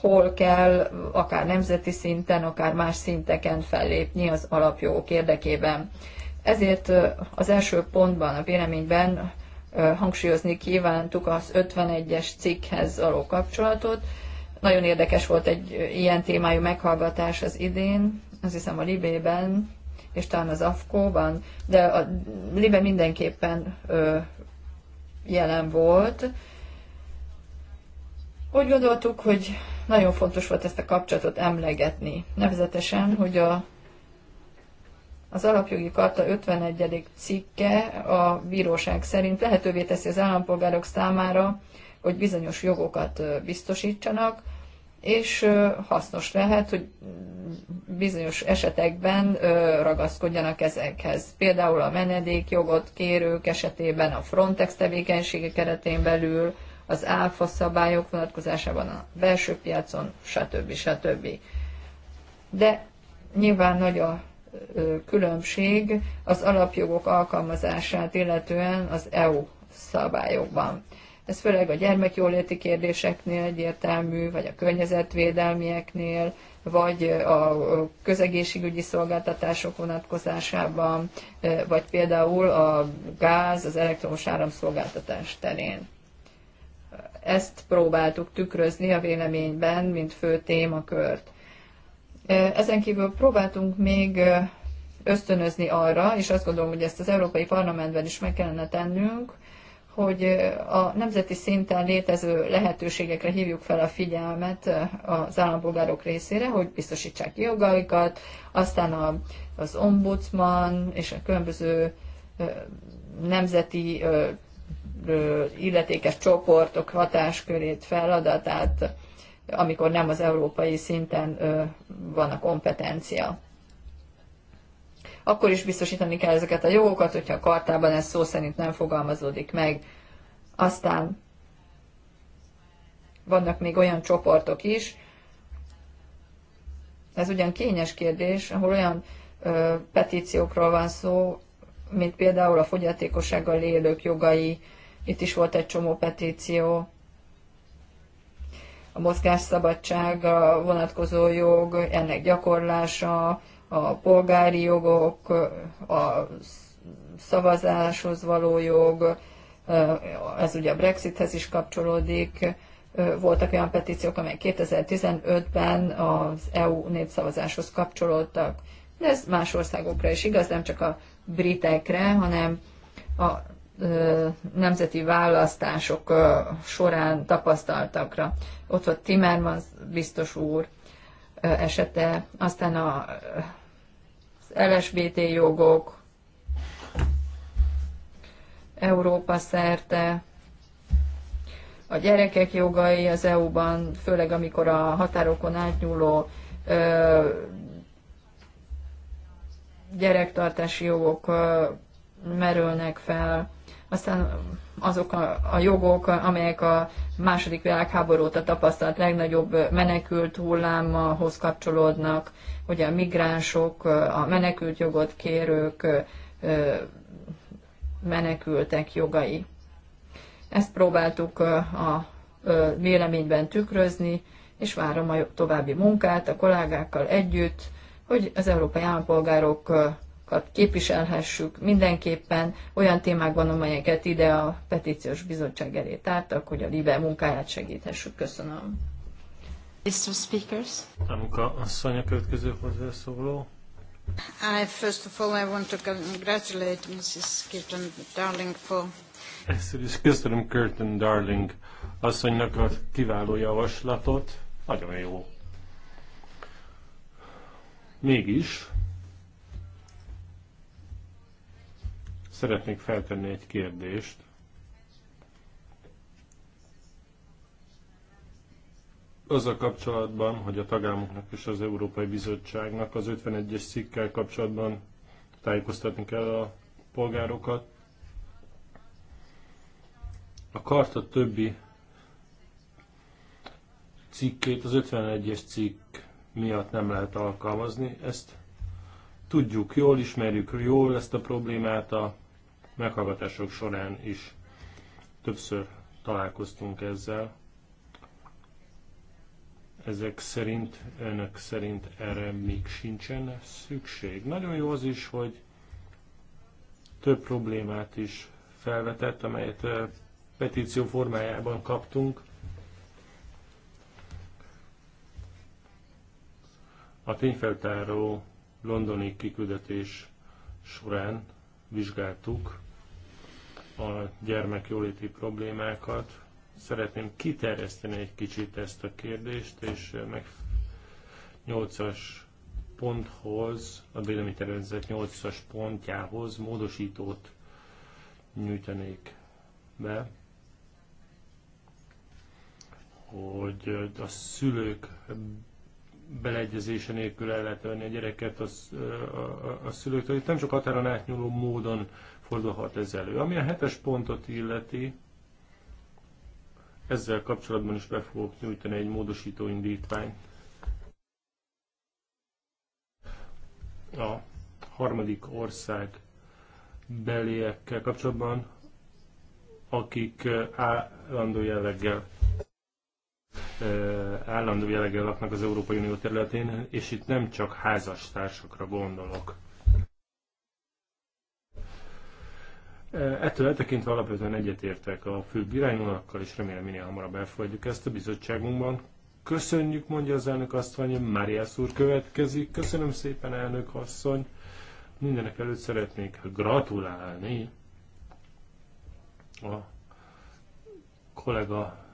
hol kell akár nemzeti szinten, akár más szinteken fellépni az alapjogok érdekében. Ezért az első pontban, a véleményben hangsúlyozni kívántuk az 51-es cikkhez való kapcsolatot. Nagyon érdekes volt egy ilyen témájú meghallgatás az idén, azt hiszem a Libében, és talán az AFKO-ban, de a Libe mindenképpen jelen volt. Úgy gondoltuk, hogy nagyon fontos volt ezt a kapcsolatot emlegetni. Nevezetesen, hogy a az alapjogi karta 51. cikke a bíróság szerint lehetővé teszi az állampolgárok számára, hogy bizonyos jogokat biztosítsanak, és hasznos lehet, hogy bizonyos esetekben ragaszkodjanak ezekhez. Például a menedékjogot kérők esetében, a Frontex tevékenysége keretén belül, az áfa szabályok vonatkozásában a belső piacon, stb. stb. De nyilván nagy a különbség az alapjogok alkalmazását illetően az EU szabályokban. Ez főleg a gyermekjóléti kérdéseknél egyértelmű, vagy a környezetvédelmieknél, vagy a közegészségügyi szolgáltatások vonatkozásában, vagy például a gáz, az elektromos áramszolgáltatás terén. Ezt próbáltuk tükrözni a véleményben, mint fő témakört. Ezen kívül próbáltunk még ösztönözni arra, és azt gondolom, hogy ezt az Európai Parlamentben is meg kellene tennünk, hogy a nemzeti szinten létező lehetőségekre hívjuk fel a figyelmet az állampolgárok részére, hogy biztosítsák jogaikat, aztán az ombudsman és a különböző nemzeti illetékes csoportok hatáskörét, feladatát amikor nem az európai szinten van a kompetencia. Akkor is biztosítani kell ezeket a jogokat, hogyha a kartában ez szó szerint nem fogalmazódik meg. Aztán vannak még olyan csoportok is, ez ugyan kényes kérdés, ahol olyan ö, petíciókról van szó, mint például a fogyatékossággal élők jogai, itt is volt egy csomó petíció, a mozgásszabadsága vonatkozó jog, ennek gyakorlása, a polgári jogok, a szavazáshoz való jog, ez ugye a Brexithez is kapcsolódik, voltak olyan petíciók, amelyek 2015-ben az EU népszavazáshoz kapcsolódtak. De ez más országokra is igaz, nem csak a britekre, hanem a nemzeti választások során tapasztaltakra. Ott volt Timmermans biztos úr esete, aztán a, az LSBT jogok, Európa szerte, a gyerekek jogai az EU-ban, főleg amikor a határokon átnyúló ö, gyerektartási jogok ö, merülnek fel, aztán azok a, a jogok, amelyek a második világháború óta tapasztalt legnagyobb menekült hullámhoz kapcsolódnak, hogy a migránsok, a menekült jogot kérők, menekültek jogai. Ezt próbáltuk a véleményben tükrözni, és várom a további munkát a kollégákkal együtt, hogy az európai állampolgárok álláspontunkat képviselhessük mindenképpen olyan témákban, amelyeket ide a petíciós bizottság elé tártak, hogy a LIBE munkáját segíthessük. Köszönöm. Mr. Speakers. Amuka asszony a következő hozzászóló. I first of all I want to congratulate Mrs. Kirtan Darling for Ezt is köszönöm Kirtan Darling asszonynak a kiváló javaslatot. Nagyon jó. Mégis, Szeretnék feltenni egy kérdést. Az a kapcsolatban, hogy a tagállamoknak és az Európai Bizottságnak az 51-es cikkel kapcsolatban tájékoztatni kell a polgárokat. A karta többi cikkét az 51-es cikk miatt nem lehet alkalmazni. Ezt tudjuk jól, ismerjük jól ezt a problémát, a meghallgatások során is többször találkoztunk ezzel. Ezek szerint, önök szerint erre még sincsen szükség. Nagyon jó az is, hogy több problémát is felvetett, amelyet petíció formájában kaptunk. A tényfeltáró londoni kiküldetés során vizsgáltuk a gyermekjóléti problémákat. Szeretném kiterjeszteni egy kicsit ezt a kérdést, és meg 8-as ponthoz, a vélemény tervezet 8-as pontjához módosítót nyújtanék be, hogy a szülők beleegyezése nélkül el lehet venni a gyereket a, a, a szülőktől. Itt nem csak határon átnyúló módon fordulhat ez elő. Ami a hetes pontot illeti, ezzel kapcsolatban is be fogok nyújtani egy módosító indítványt. A harmadik ország beliekkel kapcsolatban, akik állandó jelleggel állandó jelleggel laknak az Európai Unió területén, és itt nem csak házastársakra gondolok. Ettől eltekintve alapvetően egyetértek a fő irányvonalakkal, és remélem minél hamarabb elfogadjuk ezt a bizottságunkban. Köszönjük, mondja az elnök asszony, mária úr következik. Köszönöm szépen, elnök asszony. Mindenek előtt szeretnék gratulálni a kollega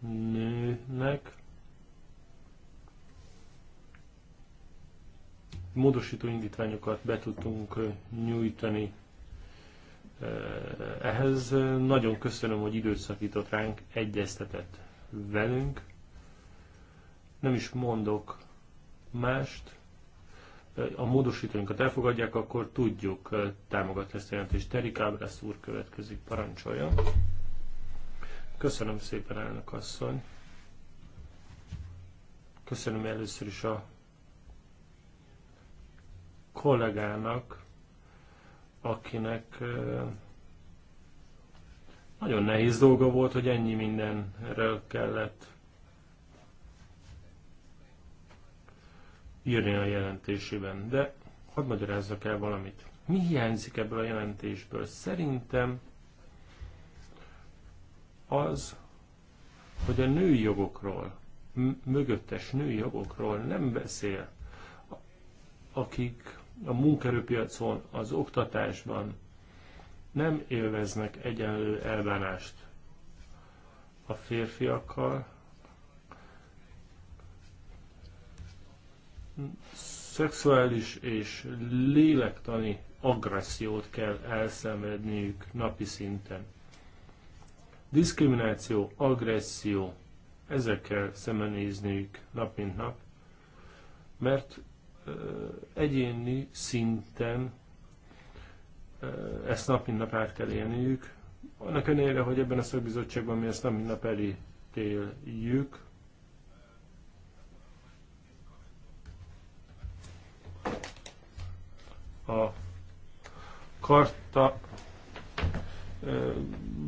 nőnek. Módosító indítványokat be tudtunk nyújtani ehhez nagyon köszönöm, hogy időt szakított ránk, egyeztetett velünk. Nem is mondok mást. A módosítóinkat elfogadják, akkor tudjuk támogatni ezt a jelentést. Terik Ábrász úr következik, parancsolja. Köszönöm szépen, elnök asszony. Köszönöm először is a kollégának, akinek nagyon nehéz dolga volt, hogy ennyi mindenről kellett írni a jelentésében. De hadd magyarázzak el valamit. Mi hiányzik ebből a jelentésből? Szerintem az, hogy a női jogokról, mögöttes női jogokról nem beszél, akik a munkerőpiacon, az oktatásban nem élveznek egyenlő elbánást a férfiakkal, szexuális és lélektani agressziót kell elszenvedniük napi szinten. Diszkrimináció, agresszió, ezekkel szembenézniük nap mint nap, mert egyéni szinten ezt nap mint nap át kell élniük. Annak ellenére, hogy ebben a szakbizottságban mi ezt nap mint nap elítéljük, a karta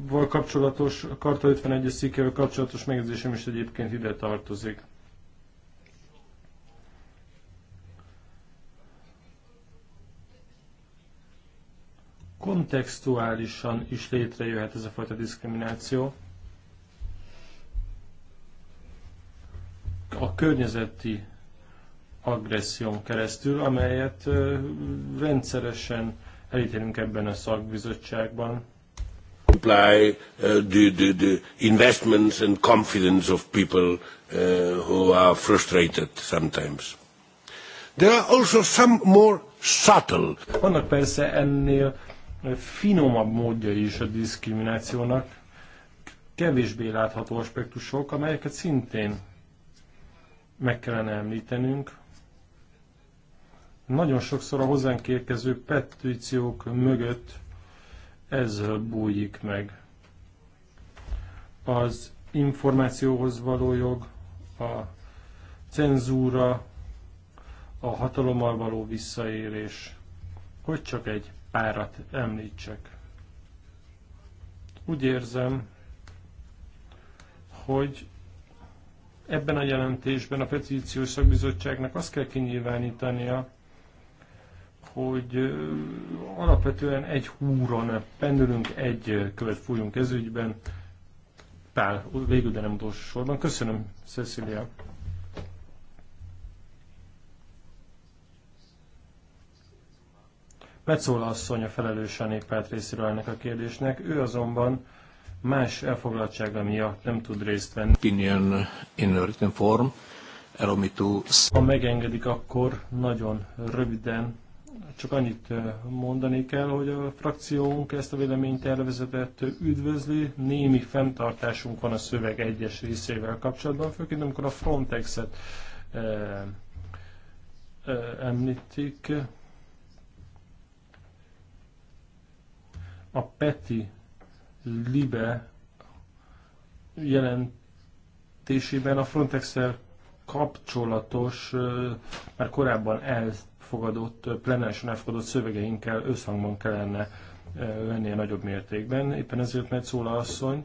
val kapcsolatos, a karta 51-es kapcsolatos megjegyzésem is egyébként ide tartozik. kontextuálisan is létrejöhet ez a fajta diszkrimináció. A környezeti agresszión keresztül, amelyet rendszeresen elítélünk ebben a szakbizottságban. Supply uh, the, the, the investments and confidence of people uh, who are frustrated sometimes. There are also some more subtle. Vannak persze ennél finomabb módja is a diszkriminációnak, kevésbé látható aspektusok, amelyeket szintén meg kellene említenünk. Nagyon sokszor a hozzánk érkező petíciók mögött ez bújik meg. Az információhoz való jog, a cenzúra, a hatalommal való visszaérés, hogy csak egy párat említsek. Úgy érzem, hogy ebben a jelentésben a petíciós szakbizottságnak azt kell kinyilvánítania, hogy alapvetően egy húron pendülünk, egy követ fújunk ezügyben. Pál, végül, de nem utolsó sorban. Köszönöm, Cecilia. Metzola asszony a felelős a néppárt részéről ennek a kérdésnek, ő azonban más elfoglaltsága miatt nem tud részt venni. Opinion in written form. Allow me to... Ha megengedik, akkor nagyon röviden csak annyit mondani kell, hogy a frakciónk ezt a véleménytervezetet üdvözli. Némi fenntartásunk van a szöveg egyes részével kapcsolatban, főként amikor a Frontexet e, e, említik. a PETI LIBE jelentésében a frontex kapcsolatos, már korábban elfogadott, plenárisan elfogadott szövegeinkkel összhangban kellene lennie nagyobb mértékben. Éppen ezért a asszony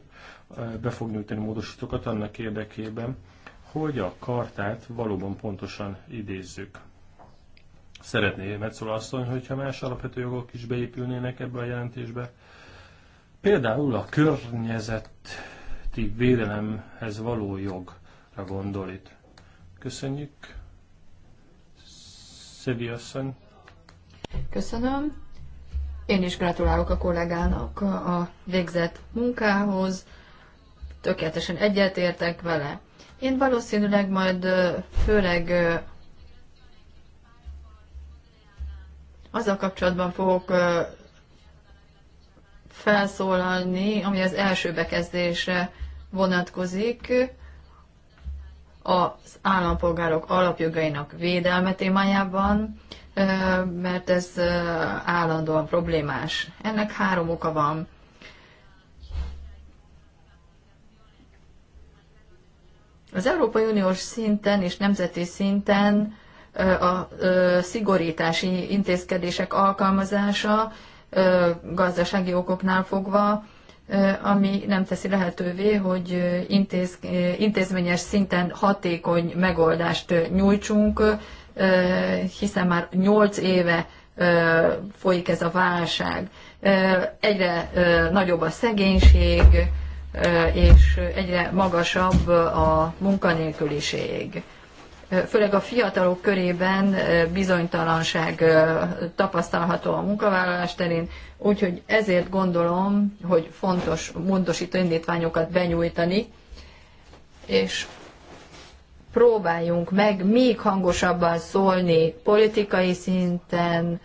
be fog nyújtani módosítókat annak érdekében, hogy a kartát valóban pontosan idézzük. Szeretné Metzola asszony, hogyha más alapvető jogok is beépülnének ebbe a jelentésbe, Például a környezeti védelemhez való jogra gondol itt. Köszönjük. Szevi asszony. Köszönöm. Én is gratulálok a kollégának a végzett munkához. Tökéletesen egyetértek vele. Én valószínűleg majd főleg azzal kapcsolatban fogok felszólalni, ami az első bekezdésre vonatkozik, az állampolgárok alapjogainak védelme témájában, mert ez állandóan problémás. Ennek három oka van. Az Európai Uniós szinten és nemzeti szinten a szigorítási intézkedések alkalmazása gazdasági okoknál fogva, ami nem teszi lehetővé, hogy intéz, intézményes szinten hatékony megoldást nyújtsunk, hiszen már 8 éve folyik ez a válság. Egyre nagyobb a szegénység, és egyre magasabb a munkanélküliség főleg a fiatalok körében bizonytalanság tapasztalható a munkavállalás terén, úgyhogy ezért gondolom, hogy fontos módosító indítványokat benyújtani, és próbáljunk meg még hangosabban szólni politikai szinten,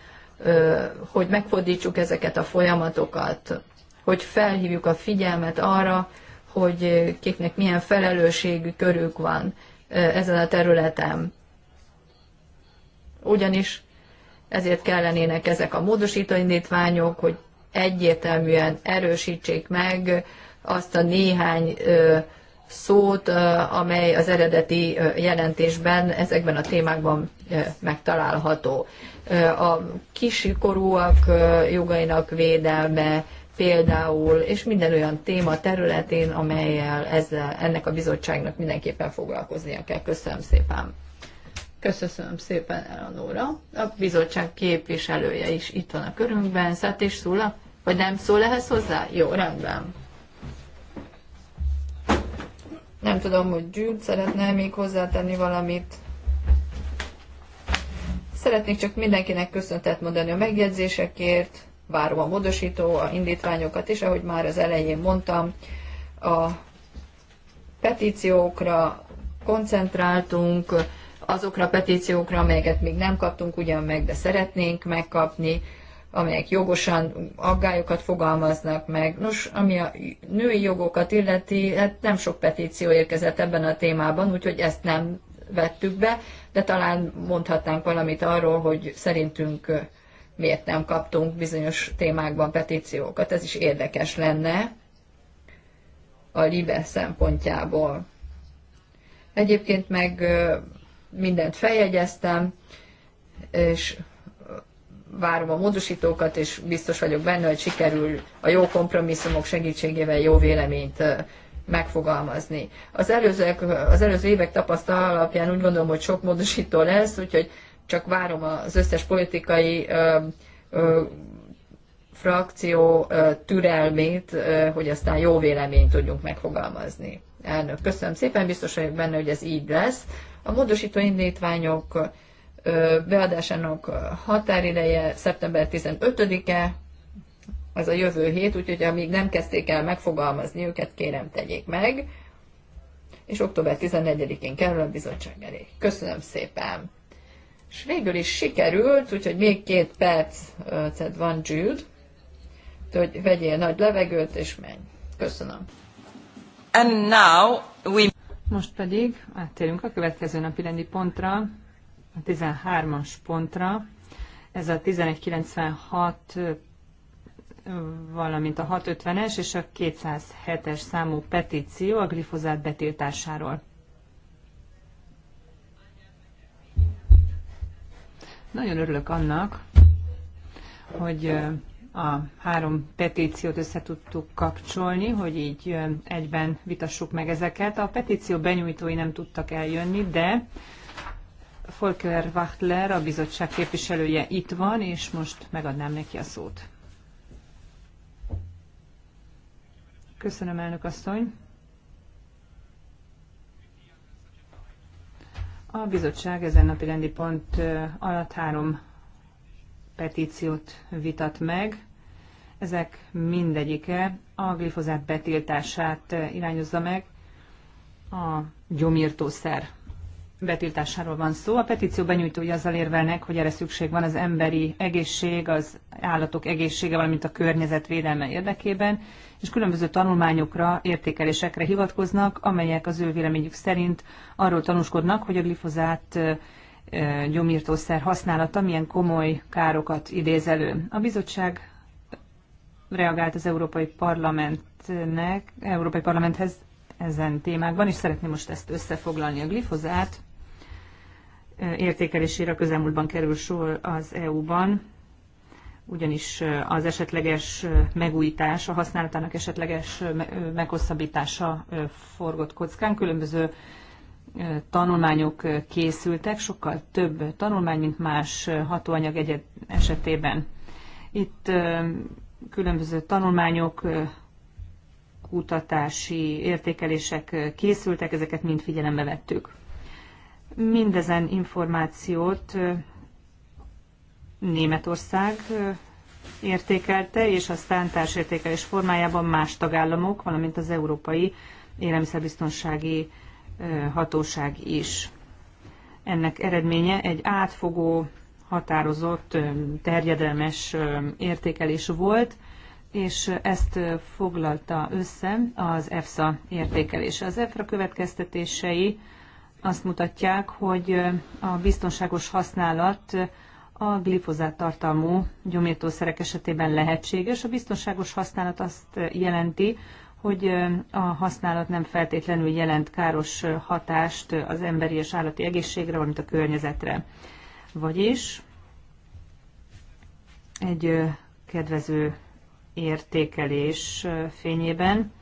hogy megfordítsuk ezeket a folyamatokat, hogy felhívjuk a figyelmet arra, hogy kiknek milyen felelősségű körük van ezen a területen. Ugyanis ezért kellenének ezek a módosító indítványok, hogy egyértelműen erősítsék meg azt a néhány szót, amely az eredeti jelentésben ezekben a témákban megtalálható. A kisikorúak jogainak védelme, például, és minden olyan téma területén, amelyel ezzel, ennek a bizottságnak mindenképpen foglalkoznia kell. Köszönöm szépen. Köszönöm szépen, Eleonóra. A bizottság képviselője is itt van a körünkben. Szát és Szula? Vagy nem szól ehhez hozzá? Jó, rendben. Nem tudom, hogy Jude szeretne még hozzátenni valamit. Szeretnék csak mindenkinek köszöntet mondani a megjegyzésekért, várom a módosító, a indítványokat, és ahogy már az elején mondtam, a petíciókra koncentráltunk, azokra a petíciókra, amelyeket még nem kaptunk ugyan meg, de szeretnénk megkapni, amelyek jogosan aggályokat fogalmaznak meg. Nos, ami a női jogokat illeti, hát nem sok petíció érkezett ebben a témában, úgyhogy ezt nem vettük be, de talán mondhatnánk valamit arról, hogy szerintünk miért nem kaptunk bizonyos témákban petíciókat. Ez is érdekes lenne a LIBE szempontjából. Egyébként meg mindent feljegyeztem, és várom a módosítókat, és biztos vagyok benne, hogy sikerül a jó kompromisszumok segítségével jó véleményt megfogalmazni. Az, előzők, az előző évek tapasztalat alapján úgy gondolom, hogy sok módosító lesz, úgyhogy csak várom az összes politikai ö, ö, frakció ö, türelmét, ö, hogy aztán jó véleményt tudjunk megfogalmazni. Elnök, köszönöm szépen, biztos vagyok benne, hogy ez így lesz. A módosító indítványok ö, beadásának határideje szeptember 15-e, az a jövő hét, úgyhogy amíg nem kezdték el megfogalmazni őket, kérem tegyék meg, és október 14-én kerül a bizottság elé. Köszönöm szépen! És végül is sikerült, úgyhogy még két percet van Jude, hogy vegyél nagy levegőt és menj. Köszönöm. And now we... Most pedig áttérünk a következő napi rendi pontra, a 13-as pontra. Ez a 1196 valamint a 650-es és a 207-es számú petíció a glifozát betiltásáról. Nagyon örülök annak, hogy a három petíciót össze tudtuk kapcsolni, hogy így egyben vitassuk meg ezeket. A petíció benyújtói nem tudtak eljönni, de Volker Wachtler, a bizottság képviselője itt van, és most megadnám neki a szót. Köszönöm, elnök asszony. A bizottság ezen napi rendi pont alatt három petíciót vitat meg. Ezek mindegyike a glifozát betiltását irányozza meg. A gyomírtószer betiltásáról van szó. A petíció benyújtója azzal érvelnek, hogy erre szükség van az emberi egészség, az állatok egészsége, valamint a környezet védelme érdekében, és különböző tanulmányokra, értékelésekre hivatkoznak, amelyek az ő véleményük szerint arról tanúskodnak, hogy a glifozát gyomírtószer használata milyen komoly károkat idéz elő. A bizottság reagált az Európai Parlamentnek, Európai Parlamenthez ezen témákban, és szeretném most ezt összefoglalni. A glifozát értékelésére a közelmúltban kerül sor az EU-ban, ugyanis az esetleges megújítás, a használatának esetleges meghosszabbítása forgott kockán. Különböző tanulmányok készültek, sokkal több tanulmány, mint más hatóanyag egyet esetében. Itt különböző tanulmányok, kutatási értékelések készültek, ezeket mind figyelembe vettük. Mindezen információt Németország értékelte, és aztán társértékelés formájában más tagállamok, valamint az Európai Élelmiszerbiztonsági Hatóság is. Ennek eredménye egy átfogó, határozott, terjedelmes értékelés volt, és ezt foglalta össze az EFSA értékelése. Az EFRA következtetései azt mutatják, hogy a biztonságos használat a glifozát tartalmú gyomírtószerek esetében lehetséges. A biztonságos használat azt jelenti, hogy a használat nem feltétlenül jelent káros hatást az emberi és állati egészségre, valamint a környezetre. Vagyis egy kedvező értékelés fényében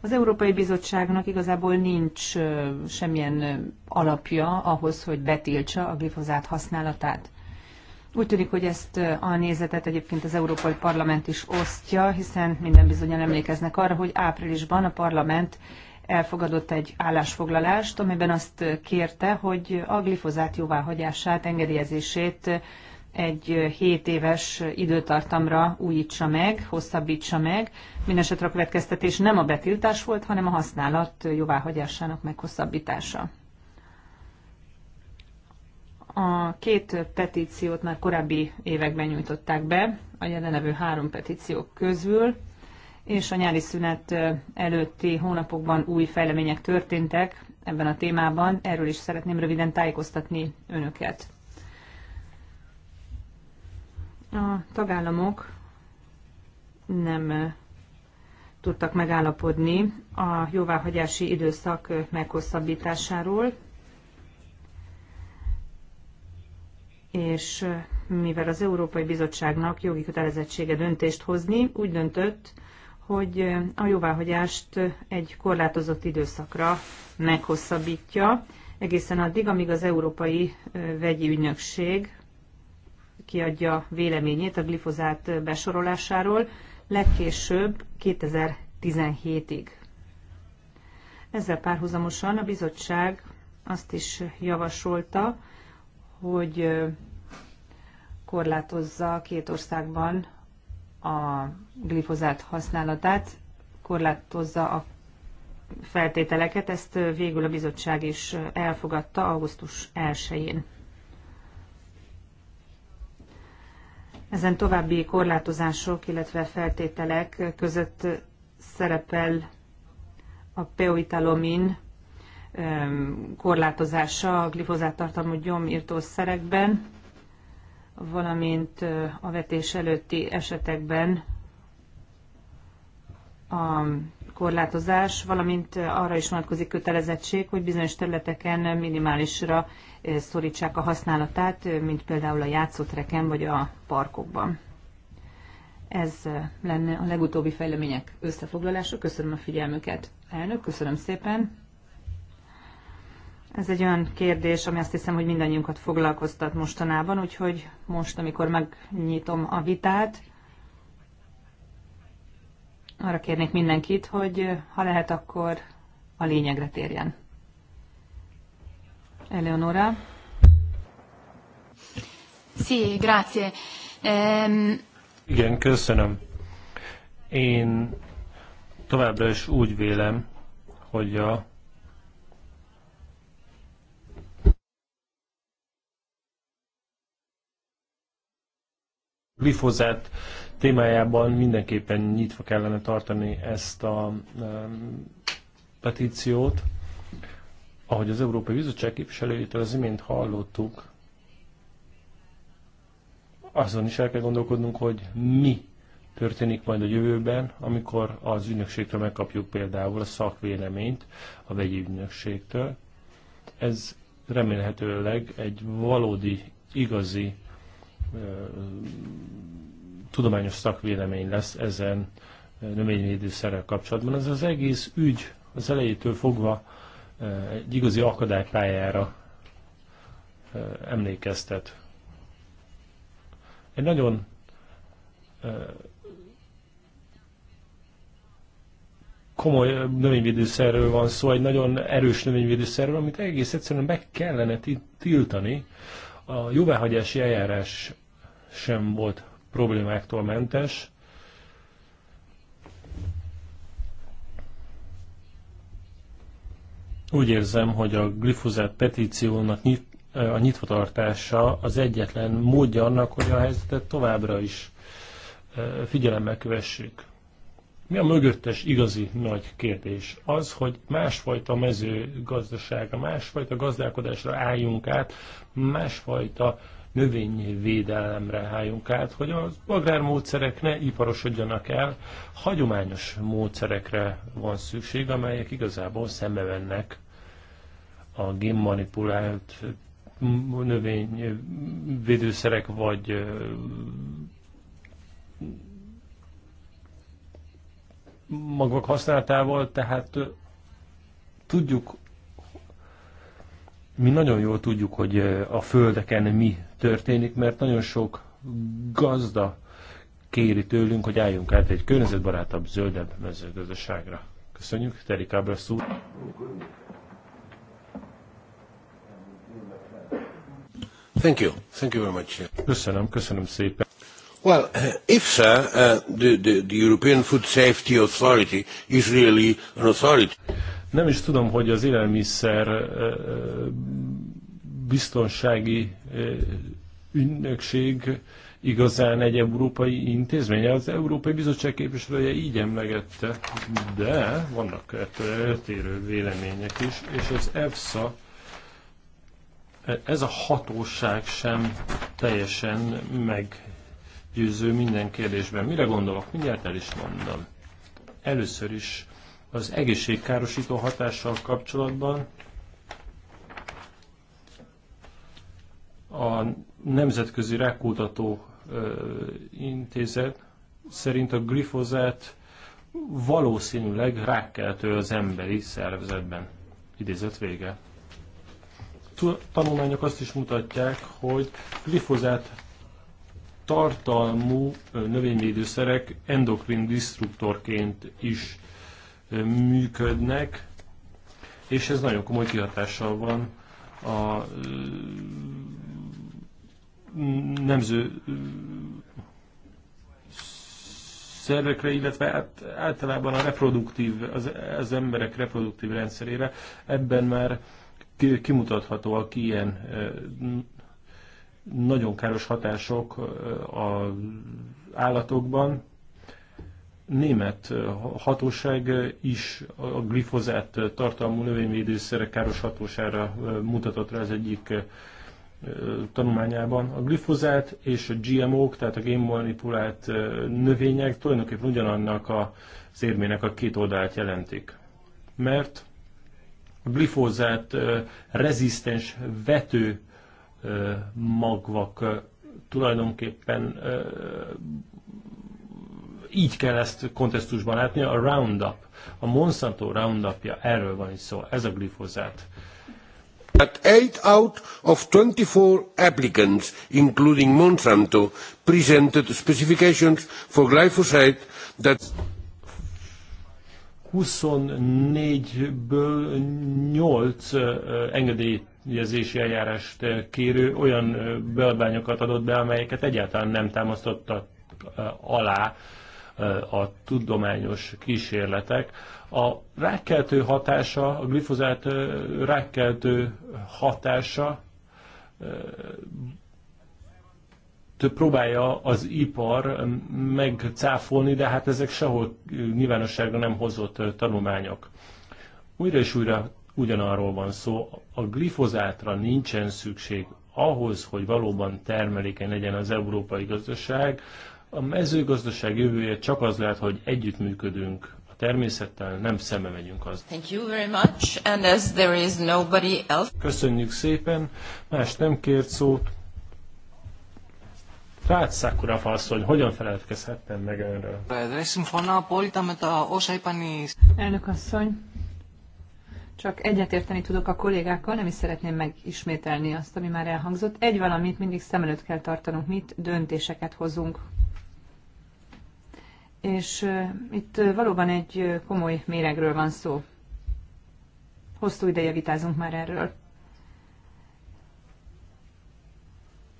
az Európai Bizottságnak igazából nincs semmilyen alapja ahhoz, hogy betiltsa a glifozát használatát. Úgy tűnik, hogy ezt a nézetet egyébként az Európai Parlament is osztja, hiszen minden bizonyal emlékeznek arra, hogy áprilisban a parlament elfogadott egy állásfoglalást, amiben azt kérte, hogy a glifozát jóváhagyását, engedélyezését egy 7 éves időtartamra újítsa meg, hosszabbítsa meg. Mindenesetre a következtetés nem a betiltás volt, hanem a használat jóváhagyásának meghosszabbítása. A két petíciót már korábbi években nyújtották be, a jelenlevő három petíció közül, és a nyári szünet előtti hónapokban új fejlemények történtek ebben a témában. Erről is szeretném röviden tájékoztatni önöket. A tagállamok nem tudtak megállapodni a jóváhagyási időszak meghosszabbításáról, és mivel az Európai Bizottságnak jogi kötelezettsége döntést hozni, úgy döntött, hogy a jóváhagyást egy korlátozott időszakra meghosszabbítja, egészen addig, amíg az Európai Vegyi Ügynökség kiadja véleményét a glifozát besorolásáról, legkésőbb 2017-ig. Ezzel párhuzamosan a bizottság azt is javasolta, hogy korlátozza két országban a glifozát használatát, korlátozza a feltételeket, ezt végül a bizottság is elfogadta augusztus 1-én. Ezen további korlátozások, illetve feltételek között szerepel a peoitalomin korlátozása a glifozát tartalmú gyomírtószerekben, valamint a vetés előtti esetekben a korlátozás, valamint arra is vonatkozik kötelezettség, hogy bizonyos területeken minimálisra szorítsák a használatát, mint például a játszótreken vagy a parkokban. Ez lenne a legutóbbi fejlemények összefoglalása. Köszönöm a figyelmüket. Elnök, köszönöm szépen. Ez egy olyan kérdés, ami azt hiszem, hogy mindannyiunkat foglalkoztat mostanában, úgyhogy most, amikor megnyitom a vitát, arra kérnék mindenkit, hogy eh, ha lehet, akkor a lényegre térjen. Eleonora. Sí, grazie. Um... Igen, köszönöm. Én továbbra is úgy vélem, hogy a glifozát témájában mindenképpen nyitva kellene tartani ezt a petíciót. Ahogy az Európai Bizottság képviselőjétől az imént hallottuk, azon is el kell gondolkodnunk, hogy mi történik majd a jövőben, amikor az ügynökségtől megkapjuk például a szakvéleményt a vegyi ügynökségtől. Ez remélhetőleg egy valódi, igazi tudományos szakvélemény lesz ezen növényvédőszerrel kapcsolatban. Ez az egész ügy az elejétől fogva egy igazi akadálypályára emlékeztet. Egy nagyon komoly növényvédőszerről van szó, egy nagyon erős növényvédőszerről, amit egész egyszerűen meg kellene tiltani a jóváhagyási eljárás sem volt problémáktól mentes. Úgy érzem, hogy a glifozát petíciónak nyit, a nyitvatartása az egyetlen módja annak, hogy a helyzetet továbbra is figyelemmel kövessük. Mi a mögöttes igazi nagy kérdés? Az, hogy másfajta mezőgazdaságra, másfajta gazdálkodásra álljunk át, másfajta növényvédelemre álljunk át, hogy az agrármódszerek ne iparosodjanak el, hagyományos módszerekre van szükség, amelyek igazából szembe vennek a génmanipulált növényvédőszerek vagy magok használatával, tehát tudjuk, mi nagyon jól tudjuk, hogy a földeken mi történik, mert nagyon sok gazda kéri tőlünk, hogy álljunk át egy környezetbarátabb, zöldebb mezőgazdaságra. Köszönjük, Teri Kábrasz úr. Thank you. Thank you very much. Köszönöm, köszönöm szépen. Well, uh, if, EFSA, uh, the, the, the European Food Safety Authority, is really an authority. Nem is tudom, hogy az élelmiszer uh, biztonsági uh, ügynökség igazán egy európai intézmény. Az Európai Bizottság képviselője így emlegette, de vannak ettől uh, eltérő vélemények is, és az EFSA uh, ez a hatóság sem teljesen meg győző minden kérdésben. Mire gondolok? Mindjárt el is mondom. Először is az egészségkárosító hatással kapcsolatban a Nemzetközi Rákkutató Intézet szerint a glifozát valószínűleg rákkeltő az emberi szervezetben. Idézet vége. Tanulmányok azt is mutatják, hogy glifozát tartalmú növényvédőszerek endokrin disruptorként is működnek, és ez nagyon komoly kihatással van a nemző szervekre, illetve általában a reproduktív, az, az emberek reproduktív rendszerére. Ebben már kimutathatóak ilyen nagyon káros hatások az állatokban. Német hatóság is a glifozát tartalmú növényvédőszerek káros hatósára mutatott rá az egyik tanulmányában. A glifozát és a GMO-k, tehát a génmanipulált növények tulajdonképpen ugyanannak az érmének a két oldalát jelentik. Mert a glifozát rezisztens vető magvak tulajdonképpen így kell ezt kontextusban látni, a Roundup, a Monsanto Roundupja, erről van szó, ez a glifozát. But eight out of 24 applicants, including Monsanto, presented specifications for glyphosate that 24-ből 8 engedélyt ügyezési eljárást eh, kérő olyan eh, beadványokat adott be, amelyeket egyáltalán nem támasztottak eh, alá a tudományos kísérletek. A rákkeltő hatása, a glifozát rákkeltő hatása próbálja az ipar megcáfolni, de hát ezek sehol nyilvánosságra nem hozott tanulmányok. Újra és újra ugyanarról van szó. A glifozátra nincsen szükség ahhoz, hogy valóban termeléken legyen az európai gazdaság. A mezőgazdaság jövője csak az lehet, hogy együttműködünk a természettel, nem szembe megyünk az. Thank you very much, and as there is nobody else... Köszönjük szépen, más nem kért szót. Rácz Szakura Falszony, hogyan feledkezhettem meg önről? Elnök asszony, csak egyetérteni tudok a kollégákkal, nem is szeretném megismételni azt, ami már elhangzott. Egy valamit mindig szem előtt kell tartanunk, mit döntéseket hozunk. És itt valóban egy komoly méregről van szó. Hosszú ideje vitázunk már erről.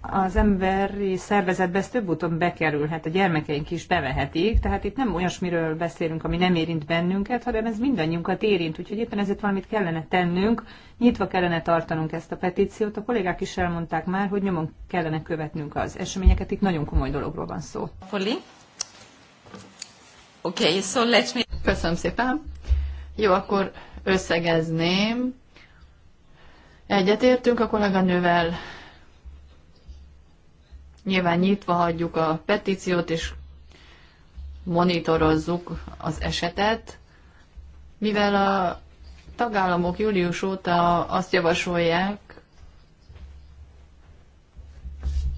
az emberi szervezetbe ez több úton bekerülhet, a gyermekeink is bevehetik, tehát itt nem olyasmiről beszélünk, ami nem érint bennünket, hanem ez mindannyiunkat érint, úgyhogy éppen ezért valamit kellene tennünk, nyitva kellene tartanunk ezt a petíciót, a kollégák is elmondták már, hogy nyomon kellene követnünk az eseményeket, itt nagyon komoly dologról van szó. Poli? Oké, okay, so let me... Köszönöm szépen. Jó, akkor összegezném. Egyetértünk a kolléganővel, Nyilván nyitva hagyjuk a petíciót, és monitorozzuk az esetet, mivel a tagállamok július óta azt javasolják,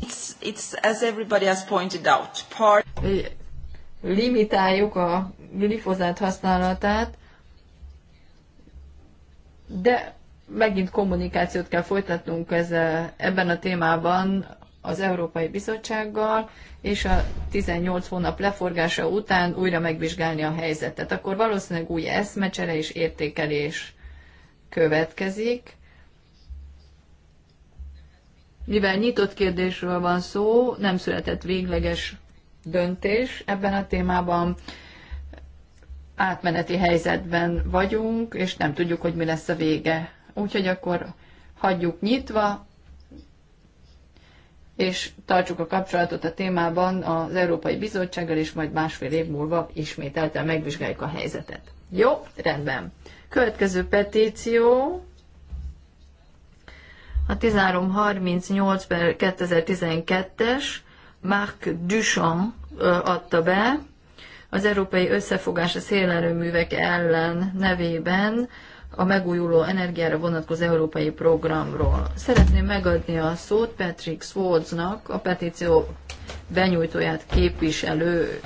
It's, it's as everybody has pointed out, part... Limitáljuk a glifozát használatát, de megint kommunikációt kell folytatnunk ezzel, ebben a témában az Európai Bizottsággal, és a 18 hónap leforgása után újra megvizsgálni a helyzetet. Akkor valószínűleg új eszmecsere és értékelés következik. Mivel nyitott kérdésről van szó, nem született végleges döntés ebben a témában. Átmeneti helyzetben vagyunk, és nem tudjuk, hogy mi lesz a vége. Úgyhogy akkor hagyjuk nyitva, és tartsuk a kapcsolatot a témában az Európai Bizottsággal, és majd másfél év múlva ismételten megvizsgáljuk a helyzetet. Jó, rendben. Következő petíció. A 1338 2012-es Marc Duchamp adta be az Európai Összefogás a Szélerőművek ellen nevében a megújuló energiára vonatkozó európai programról. Szeretném megadni a szót Patrick Swordsnak, a petíció benyújtóját képviselő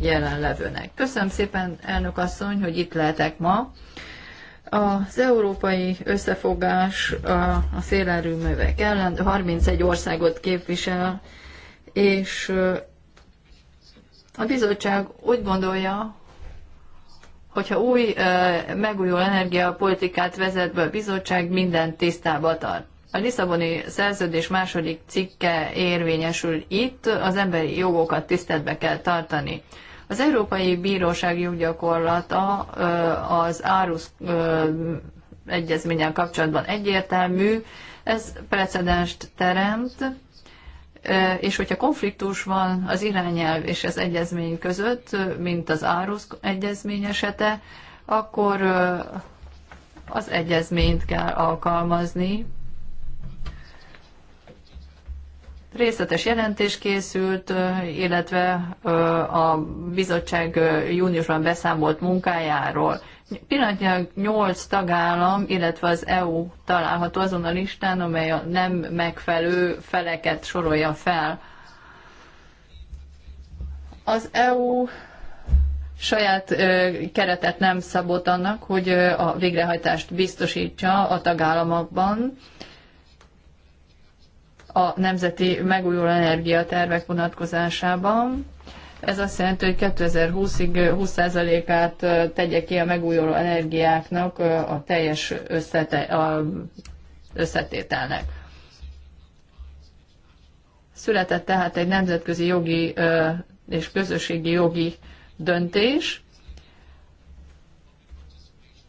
jelenlevőnek. Köszönöm szépen, elnök asszony, hogy itt lehetek ma. Az európai összefogás a szélerőművek ellen 31 országot képvisel, és a bizottság úgy gondolja, hogyha új megújuló energiapolitikát vezet be a bizottság, minden tisztába tart. A Lisszaboni szerződés második cikke érvényesül itt, az emberi jogokat tiszteletbe kell tartani. Az Európai Bíróság joggyakorlata az Árusz egyezménnyel kapcsolatban egyértelmű, ez precedenst teremt, és hogyha konfliktus van az irányelv és az egyezmény között, mint az árusz egyezmény esete, akkor az egyezményt kell alkalmazni. Részletes jelentés készült, illetve a bizottság júniusban beszámolt munkájáról. Pillanatnyilag 8 tagállam, illetve az EU található azon a listán, amely a nem megfelelő feleket sorolja fel. Az EU saját keretet nem szabott annak, hogy a végrehajtást biztosítsa a tagállamokban a nemzeti megújuló energiatervek vonatkozásában. Ez azt jelenti, hogy 2020-ig 20%-át tegye ki a megújuló energiáknak a teljes összete, a összetételnek. Született tehát egy nemzetközi jogi és közösségi jogi döntés,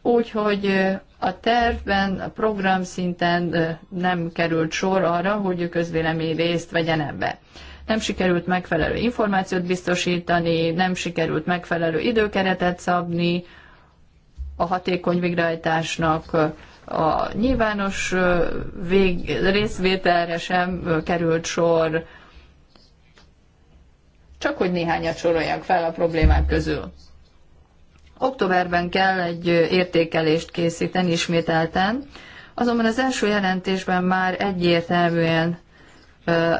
úgyhogy a tervben, a program szinten nem került sor arra, hogy közvélemény részt vegyen ebbe nem sikerült megfelelő információt biztosítani, nem sikerült megfelelő időkeretet szabni a hatékony végrehajtásnak, a nyilvános vég, részvételre sem került sor, csak hogy néhányat soroljak fel a problémák közül. Októberben kell egy értékelést készíteni ismételten, azonban az első jelentésben már egyértelműen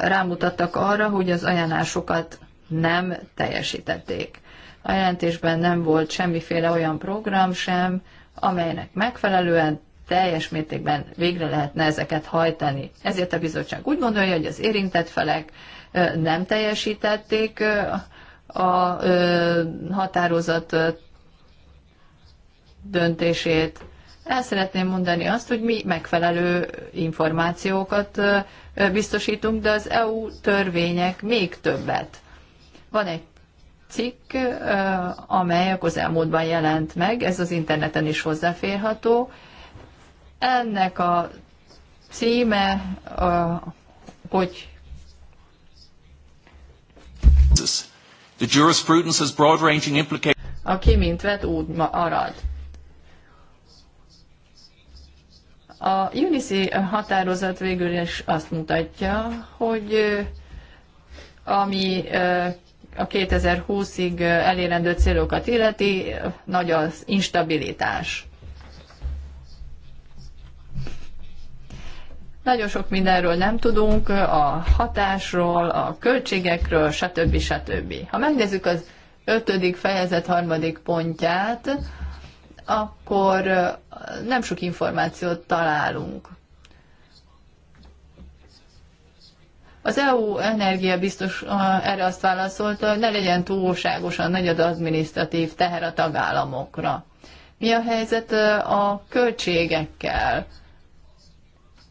rámutattak arra, hogy az ajánlásokat nem teljesítették. A jelentésben nem volt semmiféle olyan program sem, amelynek megfelelően teljes mértékben végre lehetne ezeket hajtani. Ezért a bizottság úgy gondolja, hogy az érintett felek nem teljesítették a határozat döntését, el szeretném mondani azt, hogy mi megfelelő információkat biztosítunk, de az EU törvények még többet. Van egy cikk, amely a közelmúltban jelent meg, ez az interneten is hozzáférható. Ennek a címe, hogy The jurisprudence has broad-ranging implications. mint vet, úgy marad. A UNICE határozat végül is azt mutatja, hogy ami a 2020-ig elérendő célokat illeti, nagy az instabilitás. Nagyon sok mindenről nem tudunk, a hatásról, a költségekről, stb. stb. Ha megnézzük az ötödik fejezet harmadik pontját, akkor nem sok információt találunk. Az EU energia biztos erre azt válaszolta, hogy ne legyen túlságosan nagy az adminisztratív teher a tagállamokra. Mi a helyzet a költségekkel,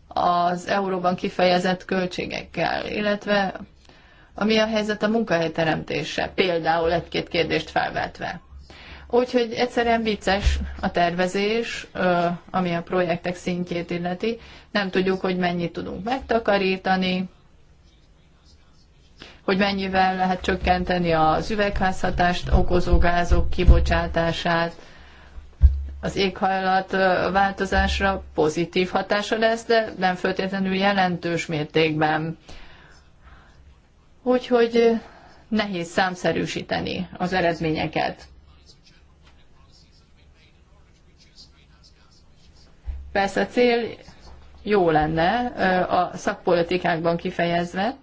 az euróban kifejezett költségekkel, illetve ami a helyzet a munkahelyteremtése, például egy-két kérdést felvetve. Úgyhogy egyszerűen vicces a tervezés, ami a projektek szintjét illeti. Nem tudjuk, hogy mennyit tudunk megtakarítani, hogy mennyivel lehet csökkenteni az üvegházhatást okozó gázok kibocsátását. Az éghajlat változásra pozitív hatása lesz, de nem feltétlenül jelentős mértékben. Úgyhogy nehéz számszerűsíteni az eredményeket. Persze a cél jó lenne a szakpolitikákban kifejezve.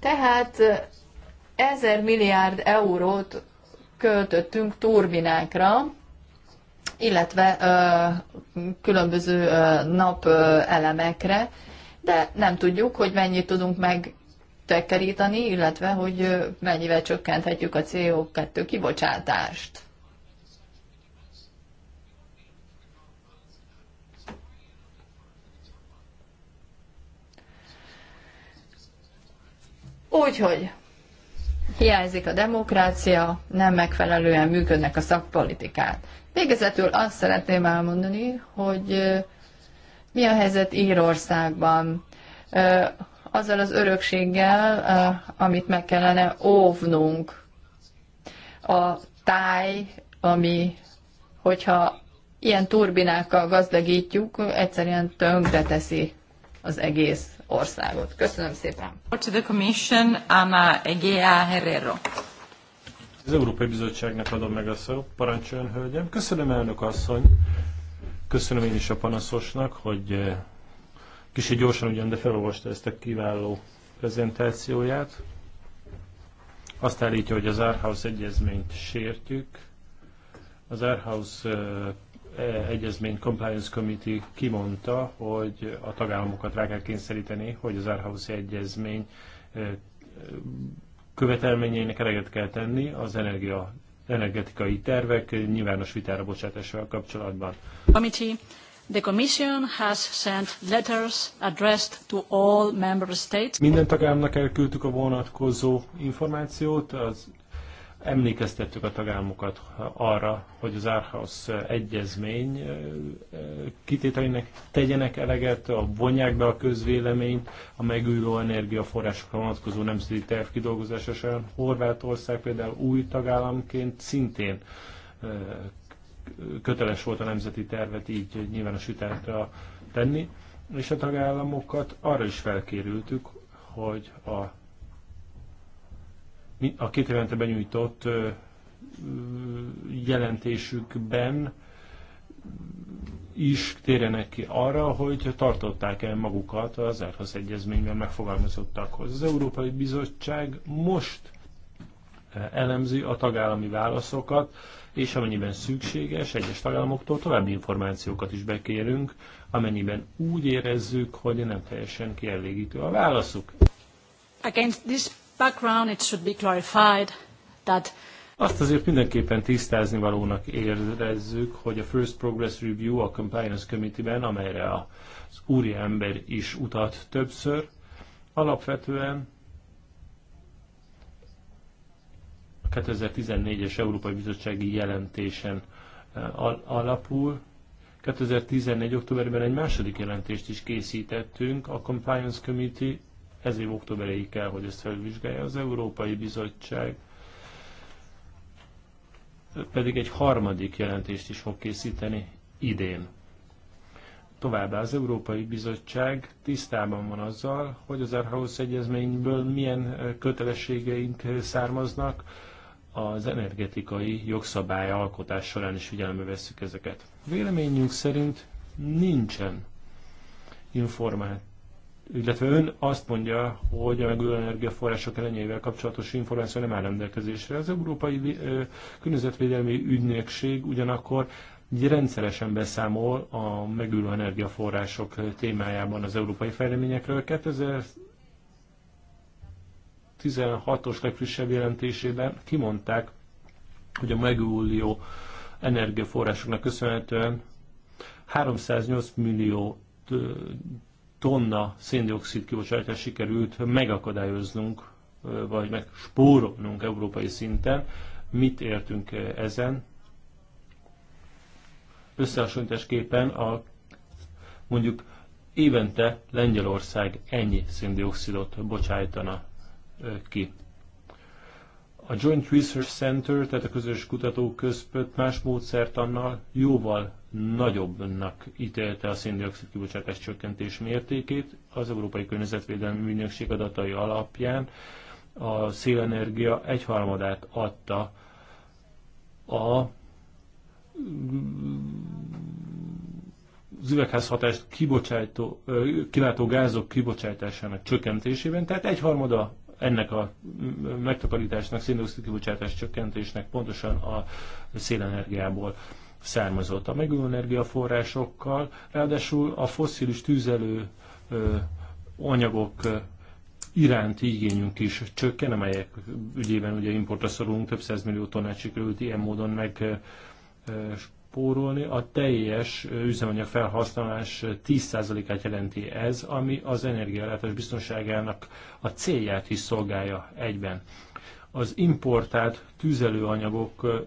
Tehát ezer milliárd eurót költöttünk turbinákra, illetve ö, különböző ö, elemekre, de nem tudjuk, hogy mennyit tudunk megtekeríteni, illetve hogy mennyivel csökkenthetjük a CO2 kibocsátást. Úgyhogy hiányzik a demokrácia, nem megfelelően működnek a szakpolitikát. Végezetül azt szeretném elmondani, hogy mi a helyzet Írországban azzal az örökséggel, amit meg kellene óvnunk. A táj, ami, hogyha ilyen turbinákkal gazdagítjuk, egyszerűen tönkreteszi az egész országot. Köszönöm szépen. Commission, Egea Herrero. Az Európai Bizottságnak adom meg a szót. Parancsoljon, hölgyem. Köszönöm, elnök asszony. Köszönöm én is a panaszosnak, hogy eh, kicsit gyorsan ugyan, de felolvasta ezt a kiváló prezentációját. Azt állítja, hogy az Árhaus egyezményt sértjük. Az Árhaus eh, E, egyezmény Compliance Committee kimondta, hogy a tagállamokat rá kell kényszeríteni, hogy az Árhauszi Egyezmény e, követelményeinek eleget kell tenni az energia, energetikai tervek nyilvános vitára bocsátásával kapcsolatban. Committee. The Commission has sent letters addressed to all member states. Minden tagállamnak elküldtük a vonatkozó információt, az Emlékeztettük a tagállamokat arra, hogy az Árhaus egyezmény kitételének tegyenek eleget, a vonják be a közvéleményt, a megújuló energiaforrásokra vonatkozó nemzeti terv kidolgozása során Horvátország például új tagállamként szintén köteles volt a nemzeti tervet így nyilvánosításra tenni, és a tagállamokat arra is felkérültük, hogy a a két évente benyújtott jelentésükben is térjenek ki arra, hogy tartották el magukat az ERHASZ egyezményben megfogalmazottakhoz. Az Európai Bizottság most elemzi a tagállami válaszokat, és amennyiben szükséges, egyes tagállamoktól további információkat is bekérünk, amennyiben úgy érezzük, hogy nem teljesen kielégítő a válaszuk. Against this background, it should be clarified that azt azért mindenképpen tisztázni valónak érezzük, hogy a First Progress Review a Compliance Committee-ben, amelyre az úri ember is utalt többször, alapvetően a 2014-es Európai Bizottsági jelentésen eh, alapul. 2014. októberben egy második jelentést is készítettünk a Compliance Committee ez év októberéig kell, hogy ezt felvizsgálja az Európai Bizottság, pedig egy harmadik jelentést is fog készíteni idén. Továbbá az Európai Bizottság tisztában van azzal, hogy az Erhaus egyezményből milyen kötelességeink származnak, az energetikai jogszabály alkotás során is figyelembe vesszük ezeket. Véleményünk szerint nincsen információ illetve ön azt mondja, hogy a megújuló energiaforrások elenyével kapcsolatos információ nem áll rendelkezésre. Az Európai Környezetvédelmi Ügynökség ugyanakkor rendszeresen beszámol a megújuló energiaforrások témájában az európai fejleményekről. 2016-os legfrissebb jelentésében kimondták, hogy a megújuló energiaforrásoknak köszönhetően 308 millió tonna széndiokszid kibocsátást sikerült megakadályoznunk, vagy megspórolnunk európai szinten. Mit értünk ezen? Összehasonlításképpen a mondjuk évente Lengyelország ennyi széndiokszidot bocsájtana ki. A Joint Research Center, tehát a közös kutatóközpött más módszert annál jóval nagyobbnak ítélte a széndiokszid kibocsátás csökkentés mértékét. Az Európai Környezetvédelmi Ügynökség adatai alapján a szélenergia egyharmadát adta a az üvegházhatást kibocsátó, kilátó gázok kibocsátásának csökkentésében, tehát egyharmada ennek a megtakarításnak, széndiokszid kibocsátás csökkentésnek pontosan a szélenergiából származott. A megújuló energiaforrásokkal, ráadásul a fosszilis tüzelő anyagok iránti igényünk is csökken, amelyek ügyében ugye importra szorulunk, több százmillió tonnát sikerült ilyen módon meg spórolni. A teljes üzemanyag felhasználás 10%-át jelenti ez, ami az energiállátás biztonságának a célját is szolgálja egyben. Az importált tüzelőanyagok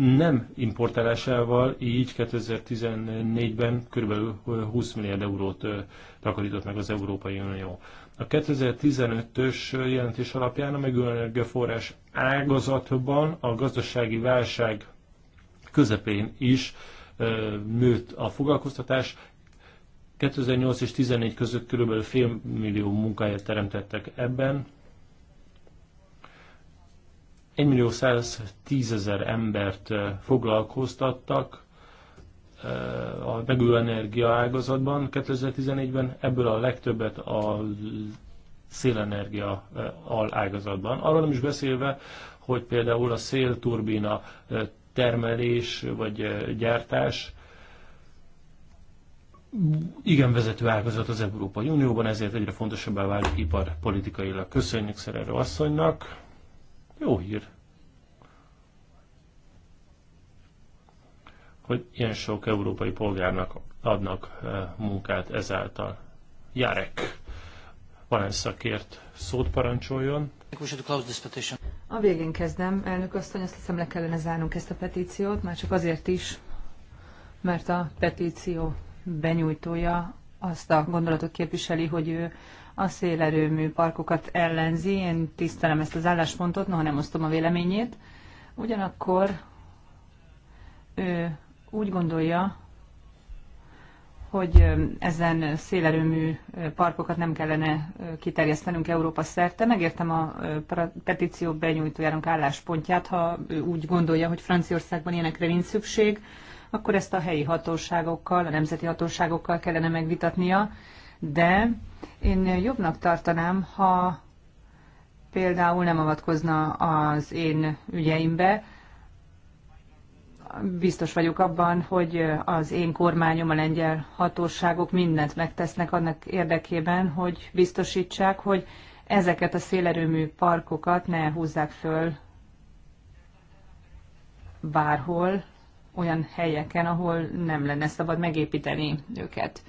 nem importálásával így 2014-ben kb. 20 milliárd eurót takarított meg az Európai Unió. A 2015-ös jelentés alapján a megújuló energiaforrás ágazatban a gazdasági válság közepén is nőtt a foglalkoztatás. 2008 és 2014 között kb. fél millió munkáját teremtettek ebben, 1 millió 110 ezer embert foglalkoztattak a megújuló energia ágazatban 2014-ben, ebből a legtöbbet a szélenergia ágazatban. Arról nem is beszélve, hogy például a szélturbina termelés vagy gyártás igen vezető ágazat az Európai Unióban, ezért egyre fontosabbá válik iparpolitikailag. Köszönjük Szerelő asszonynak! Jó hír, hogy ilyen sok európai polgárnak adnak munkát ezáltal. Jarek Valenszakért szót parancsoljon. A végén kezdem, elnök asszony, azt hiszem le kellene zárnunk ezt a petíciót, már csak azért is, mert a petíció benyújtója azt a gondolatot képviseli, hogy ő a szélerőmű parkokat ellenzi. Én tisztelem ezt az álláspontot, noha nem osztom a véleményét. Ugyanakkor ő úgy gondolja, hogy ezen szélerőmű parkokat nem kellene kiterjesztenünk Európa szerte. Megértem a petíció benyújtójának álláspontját, ha ő úgy gondolja, hogy Franciaországban ilyenekre nincs szükség, akkor ezt a helyi hatóságokkal, a nemzeti hatóságokkal kellene megvitatnia, de én jobbnak tartanám, ha például nem avatkozna az én ügyeimbe. Biztos vagyok abban, hogy az én kormányom, a lengyel hatóságok mindent megtesznek annak érdekében, hogy biztosítsák, hogy ezeket a szélerőmű parkokat ne húzzák föl bárhol, olyan helyeken, ahol nem lenne szabad megépíteni őket.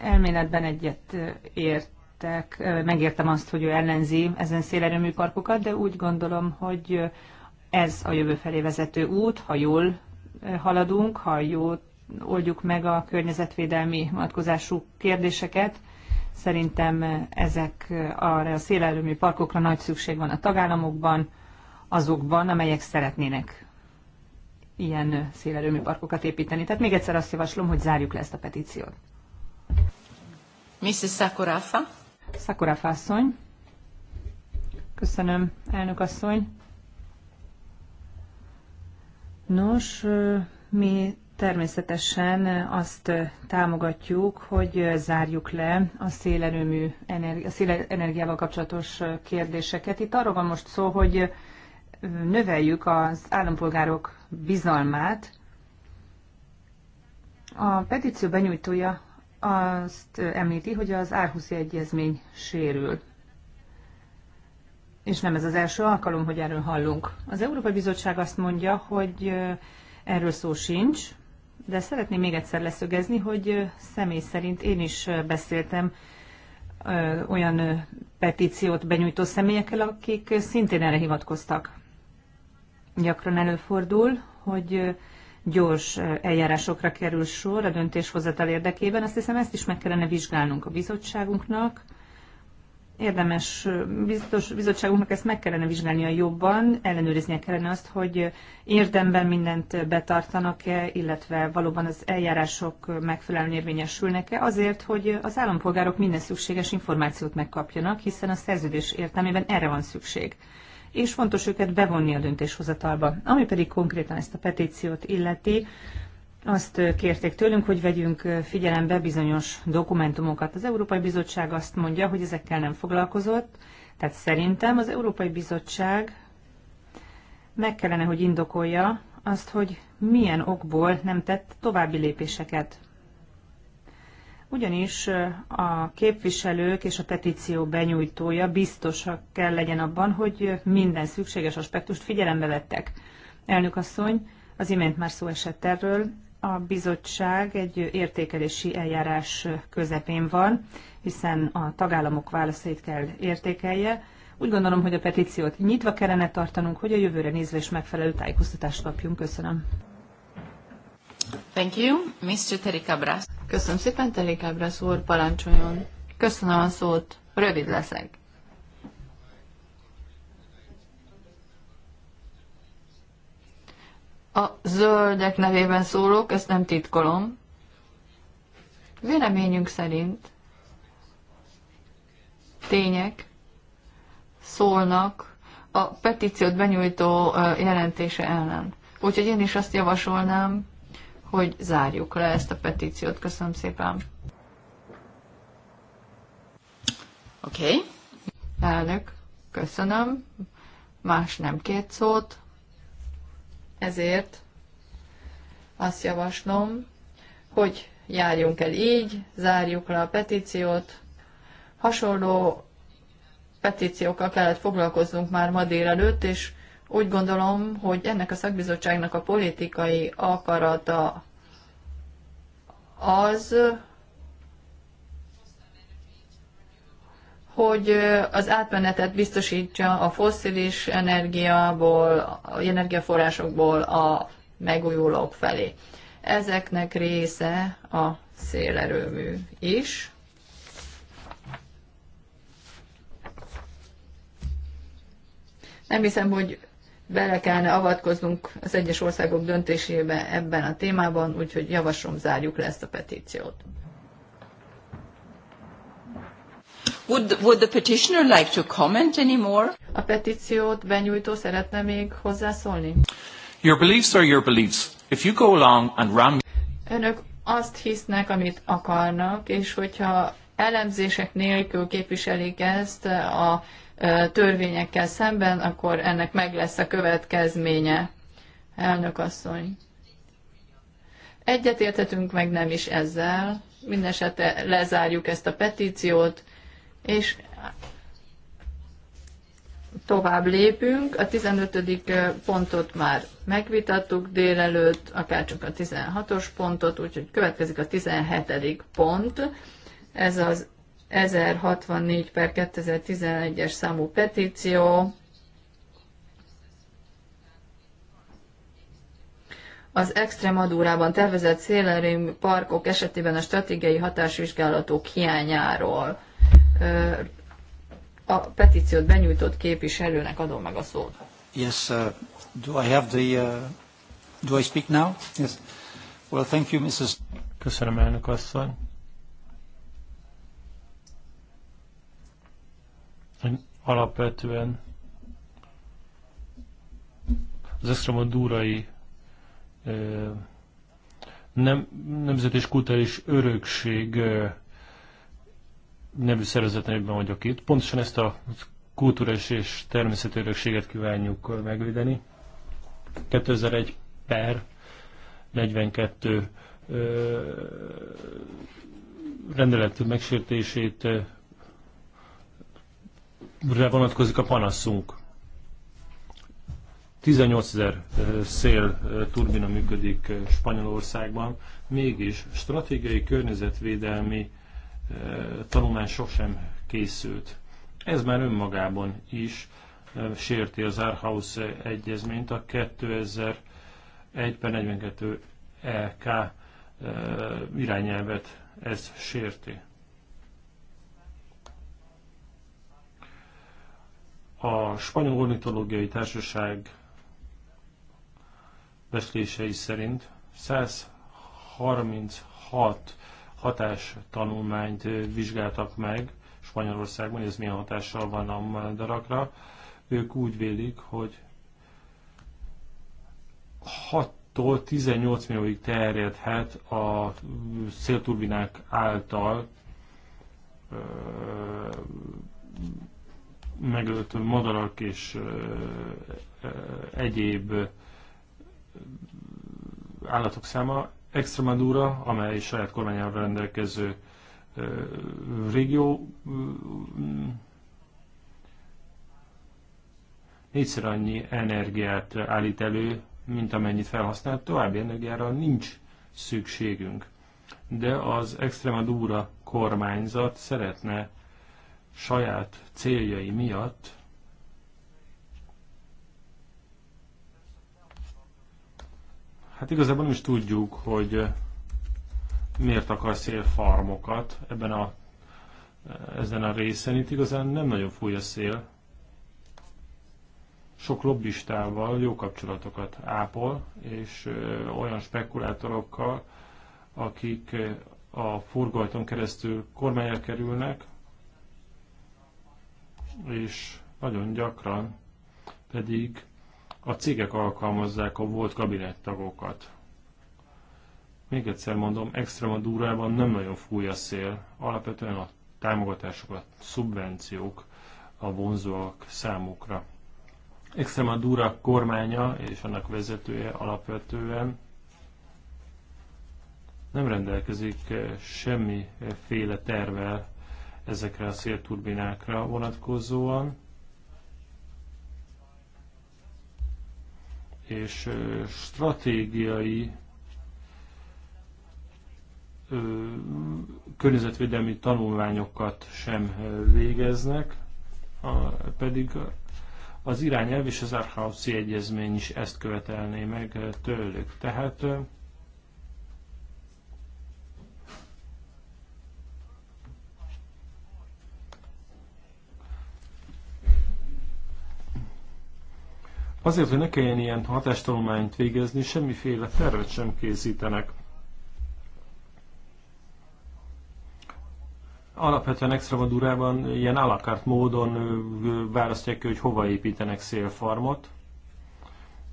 Elméletben egyet értek, megértem azt, hogy ő ellenzi ezen szélerőmű parkokat, de úgy gondolom, hogy ez a jövő felé vezető út, ha jól haladunk, ha jól oldjuk meg a környezetvédelmi vonatkozású kérdéseket. Szerintem ezek a szélerőmű parkokra nagy szükség van a tagállamokban, azokban, amelyek szeretnének ilyen szélerőmű parkokat építeni. Tehát még egyszer azt javaslom, hogy zárjuk le ezt a petíciót. Mrs. Sakurafa. Sakorafa asszony. Köszönöm, elnök asszony. Nos, mi természetesen azt támogatjuk, hogy zárjuk le a szélerőmű energi- a szélenergiával kapcsolatos kérdéseket. Itt arról van most szó, hogy növeljük az állampolgárok bizalmát. A petíció benyújtója azt említi, hogy az Árhuszi Egyezmény sérül. És nem ez az első alkalom, hogy erről hallunk. Az Európai Bizottság azt mondja, hogy erről szó sincs, de szeretném még egyszer leszögezni, hogy személy szerint én is beszéltem olyan petíciót benyújtó személyekkel, akik szintén erre hivatkoztak. Gyakran előfordul, hogy gyors eljárásokra kerül sor a döntéshozatal érdekében. Azt hiszem, ezt is meg kellene vizsgálnunk a bizottságunknak. Érdemes, biztos, bizottságunknak ezt meg kellene vizsgálnia jobban, ellenőriznie kellene azt, hogy érdemben mindent betartanak-e, illetve valóban az eljárások megfelelően érvényesülnek-e, azért, hogy az állampolgárok minden szükséges információt megkapjanak, hiszen a szerződés értelmében erre van szükség és fontos őket bevonni a döntéshozatalba. Ami pedig konkrétan ezt a petíciót illeti, azt kérték tőlünk, hogy vegyünk figyelembe bizonyos dokumentumokat. Az Európai Bizottság azt mondja, hogy ezekkel nem foglalkozott, tehát szerintem az Európai Bizottság meg kellene, hogy indokolja azt, hogy milyen okból nem tett további lépéseket ugyanis a képviselők és a petíció benyújtója biztosak kell legyen abban, hogy minden szükséges aspektust figyelembe vettek. Elnök asszony, az imént már szó esett erről, a bizottság egy értékelési eljárás közepén van, hiszen a tagállamok válaszait kell értékelje. Úgy gondolom, hogy a petíciót nyitva kellene tartanunk, hogy a jövőre nézve is megfelelő tájékoztatást kapjunk. Köszönöm. Thank you. Mr. Terikabras. Köszönöm szépen, Terikabras úr, parancsoljon. Köszönöm a szót, rövid leszek. A zöldek nevében szólok, ezt nem titkolom. Véleményünk szerint tények szólnak a petíciót benyújtó jelentése ellen. Úgyhogy én is azt javasolnám, hogy zárjuk le ezt a petíciót. Köszönöm szépen. Oké. Okay. Elnök, köszönöm. Más nem két szót. Ezért azt javaslom, hogy járjunk el így, zárjuk le a petíciót. Hasonló petíciókkal kellett foglalkoznunk már ma délelőtt, és úgy gondolom, hogy ennek a szakbizottságnak a politikai akarata az, hogy az átmenetet biztosítja a fosszilis energiából, energiaforrásokból a megújulók felé. Ezeknek része a szélerőmű is. Nem hiszem, hogy bele kellene avatkoznunk az egyes országok döntésébe ebben a témában, úgyhogy javaslom, zárjuk le ezt a petíciót. Would, would the petitioner like to comment anymore? A petíciót benyújtó szeretne még hozzászólni? Your beliefs are your beliefs. If you go along and ram... Önök azt hisznek, amit akarnak, és hogyha elemzések nélkül képviselik ezt a törvényekkel szemben, akkor ennek meg lesz a következménye. Elnök asszony. Egyetérthetünk meg nem is ezzel. Mindenesetre lezárjuk ezt a petíciót, és tovább lépünk. A 15. pontot már megvitattuk délelőtt, akárcsak a 16-os pontot, úgyhogy következik a 17. pont. Ez az 1064 per 2011-es számú petíció, az Extremadurában tervezett szélerőmű parkok esetében a stratégiai hatásvizsgálatok hiányáról. A petíciót benyújtott képviselőnek adom meg a szót. Yes, uh, do I have the, uh, do I speak now? Yes. Well, thank you, Mrs. Köszönöm, elnök asszony. hogy alapvetően az Dúrai nem, nemzet és kulturális örökség nevű szervezetben vagyok itt. Pontosan ezt a kulturális és természeti örökséget kívánjuk megvédeni. 2001 per 42 rendelet megsértését vonatkozik a panaszunk. 18 ezer szél turbina működik Spanyolországban, mégis stratégiai környezetvédelmi tanulmány sosem készült. Ez már önmagában is sérti az Arhaus egyezményt, a 2001 per 42 LK irányelvet ez sérti. A Spanyol Ornitológiai Társaság beszélései szerint 136 hatás tanulmányt vizsgáltak meg Spanyolországban, ez milyen hatással van a madarakra. Ők úgy vélik, hogy 6-tól 18 millióig terjedhet a szélturbinák által megölt madarak és egyéb állatok száma. Extremadura, amely saját kormányával rendelkező régió, négyszer annyi energiát állít elő, mint amennyit felhasznált, további energiára nincs szükségünk. De az Extremadura kormányzat szeretne saját céljai miatt Hát igazából nem is tudjuk, hogy eh, miért akar szélfarmokat ebben a, eh, ezen a részen. Itt igazán nem nagyon fúj a szél. Sok lobbistával jó kapcsolatokat ápol, és eh, olyan spekulátorokkal, akik a forgalton keresztül kormányra kerülnek, és nagyon gyakran pedig a cégek alkalmazzák a volt kabinettagokat. Még egyszer mondom, durában nem nagyon fúj a szél, alapvetően a támogatások, a szubvenciók a vonzóak számukra. dura kormánya és annak vezetője alapvetően nem rendelkezik semmiféle tervel ezekre a szélturbinákra vonatkozóan. És stratégiai környezetvédelmi tanulmányokat sem végeznek, pedig az irányelv és az Arhausi Egyezmény is ezt követelné meg tőlük. Tehát Azért, hogy ne kelljen ilyen hatástanulmányt végezni, semmiféle tervet sem készítenek. Alapvetően Extremadurában ilyen alakárt módon választják ki, hogy hova építenek szélfarmot,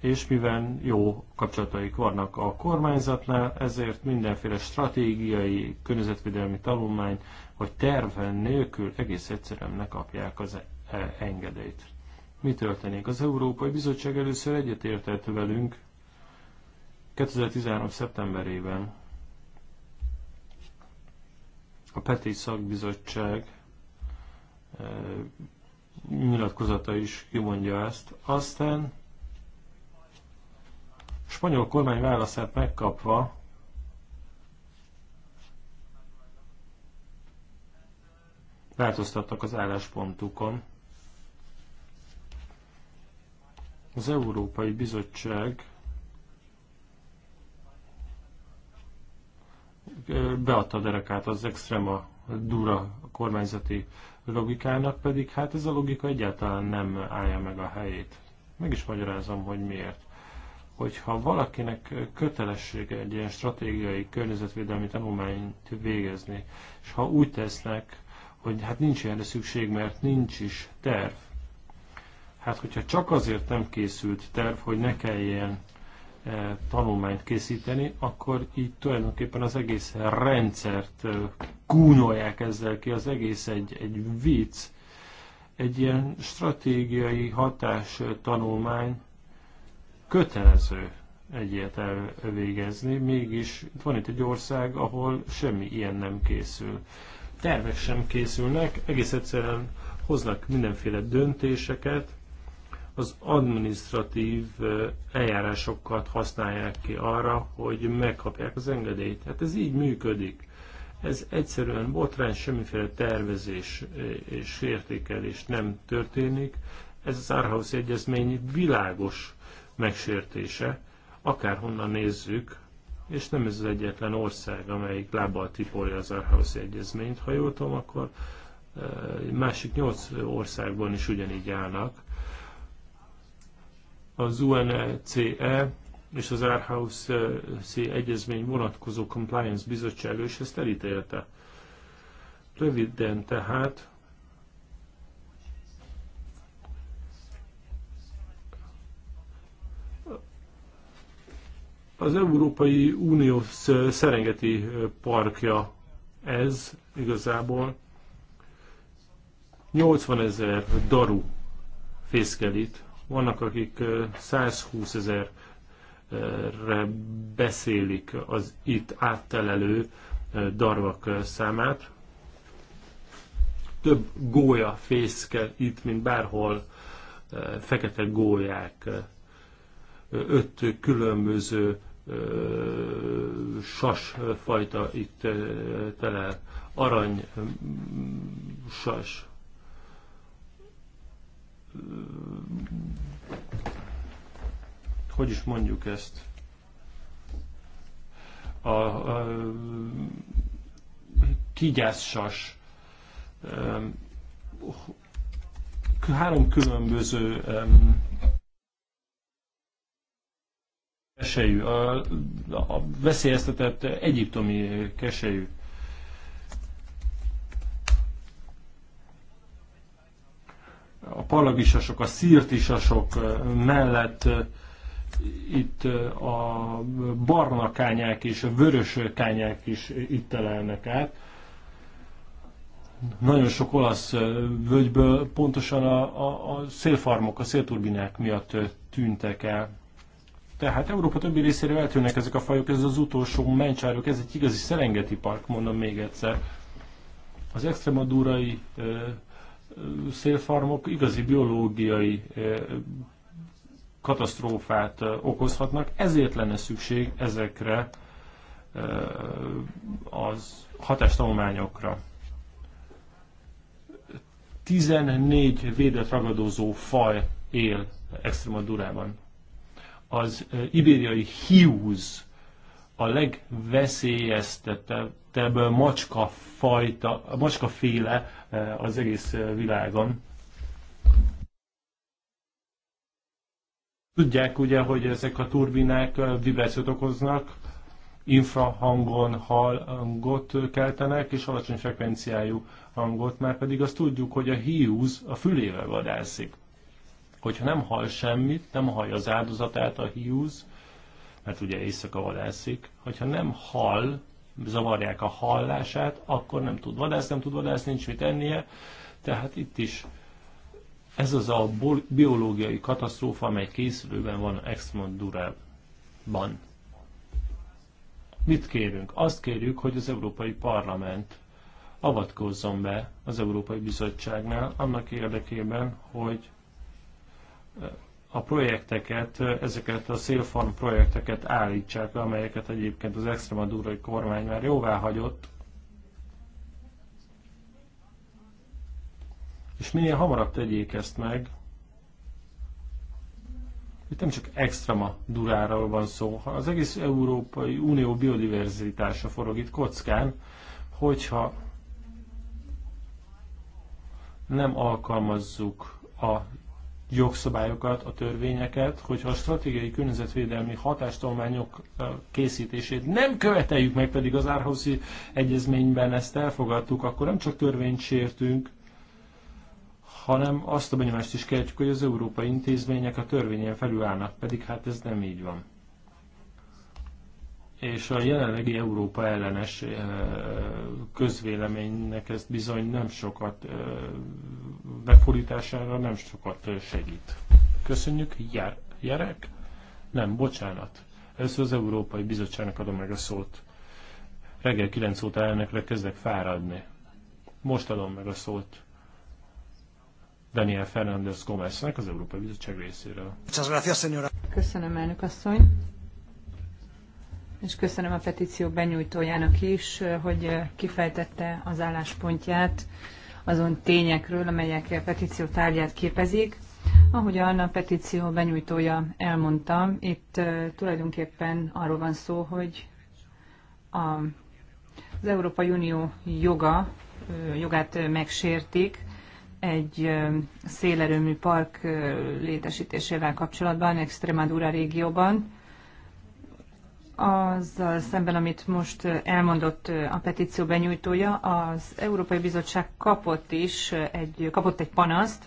és mivel jó kapcsolataik vannak a kormányzatnál, ezért mindenféle stratégiai, környezetvédelmi tanulmány vagy terven nélkül egész egyszerűen ne kapják az e- engedélyt mi történik. Az Európai Bizottság először egyetértett velünk 2013. szeptemberében. A PETI szakbizottság e, nyilatkozata is kimondja ezt. Aztán a spanyol kormány válaszát megkapva változtattak az álláspontukon. Az Európai Bizottság beadta a derekát az extrema dura kormányzati logikának, pedig hát ez a logika egyáltalán nem állja meg a helyét. Meg is magyarázom, hogy miért. Hogyha valakinek kötelessége egy ilyen stratégiai környezetvédelmi tanulmányt végezni, és ha úgy tesznek, hogy hát nincs erre szükség, mert nincs is terv, Hát, hogyha csak azért nem készült terv, hogy ne kelljen e, tanulmányt készíteni, akkor így tulajdonképpen az egész rendszert e, kúnolják ezzel ki, az egész egy, egy vicc, egy ilyen stratégiai hatás eh, tanulmány kötelező egyet elvégezni, mégis van itt egy ország, ahol semmi ilyen nem készül. Tervek sem készülnek, egész egyszerűen hoznak mindenféle döntéseket, az administratív eljárásokat használják ki arra, hogy megkapják az engedélyt. Hát ez így működik. Ez egyszerűen botrány, semmiféle tervezés és értékelés nem történik. Ez az Árhausz Egyezmény világos megsértése, akárhonnan nézzük, és nem ez az egyetlen ország, amelyik lábbal tipolja az Árhausz Egyezményt. Ha jól tudom, akkor másik nyolc országban is ugyanígy állnak az UNCE e és az Árhaus-C e egyezmény vonatkozó compliance bizottsága és ezt elítélte. Röviden tehát az Európai Unió szerengeti parkja ez igazából 80 ezer daru fészkelit vannak, akik 120 ezerre beszélik az itt áttelelő darvak számát. Több gólya fészke itt, mint bárhol fekete gólyák, öt különböző sas fajta itt telel, arany sas, hogy is mondjuk ezt, a, a kigyászsas három különböző keselyű, a, a veszélyeztetett egyiptomi keselyű a parlagisasok, a szirtisasok eh, mellett eh, itt eh, a barna kányák és a vörös kányák is itt telelnek át. Nagyon sok olasz völgyből pontosan a, a, a szélfarmok, a szélturbinák miatt tűntek el. Tehát Európa többi részéről eltűnnek ezek a fajok, ez az utolsó mencsárok, ez egy igazi szerengeti park, mondom még egyszer. Az extremadurai szélfarmok igazi biológiai eh, katasztrófát eh, okozhatnak, ezért lenne szükség ezekre eh, az hatástanulmányokra. 14 védett ragadozó faj él Extremadurában. Az ibériai hiúz a legveszélyeztetettebb macska fajta, macska féle eh, az egész eh, világon. Tudják ugye, hogy ezek a turbinák eh, vibrációt okoznak, infrahangon hangot keltenek, és alacsony frekvenciájú hangot, már pedig azt tudjuk, hogy a hiúz a fülével vadászik. Hogyha nem hall semmit, nem hallja az áldozatát a hiúz, mert ugye éjszaka vadászik, hogyha nem hall, zavarják a hallását, akkor nem tud vadászni, nem tud vadászni, nincs mit ennie, tehát itt is ez az a biológiai katasztrófa, amely készülőben van Exmondurában. Mit kérünk? Azt kérjük, hogy az Európai Parlament avatkozzon be az Európai Bizottságnál annak érdekében, hogy a projekteket, ezeket a Szélfarm projekteket állítsák le, amelyeket egyébként az extremadúrai kormány már jóvá hagyott, és minél hamarabb tegyék ezt meg. Itt nem csak extrema duráról van szó, az egész Európai Unió biodiverzitása forog itt kockán, hogyha nem alkalmazzuk a jogszabályokat, a törvényeket, hogyha a stratégiai környezetvédelmi hatástolmányok készítését nem követeljük meg, pedig az Árhuszi Egyezményben ezt elfogadtuk, akkor nem csak törvényt sértünk, hanem azt a benyomást is keltjük, hogy az európai intézmények a törvényen felül állnak, pedig hát ez nem így van és a jelenlegi Európa ellenes közvéleménynek ezt bizony nem sokat befordítására nem sokat segít. Köszönjük, gyerek, Jerek? Nem, bocsánat. Ez az Európai Bizottságnak adom meg a szót. Reggel 9 óta elnökre kezdek fáradni. Most adom meg a szót Daniel Fernández Gómeznek az Európai Bizottság részéről. Köszönöm, elnök asszony és köszönöm a petíció benyújtójának is, hogy kifejtette az álláspontját azon tényekről, amelyek a petíció tárgyát képezik. Ahogy a petíció benyújtója elmondta, itt tulajdonképpen arról van szó, hogy a, az Európai Unió joga, jogát megsértik egy szélerőmű park létesítésével kapcsolatban, Extremadura régióban, azzal szemben, amit most elmondott a petíció benyújtója, az Európai Bizottság kapott is egy, kapott egy panaszt,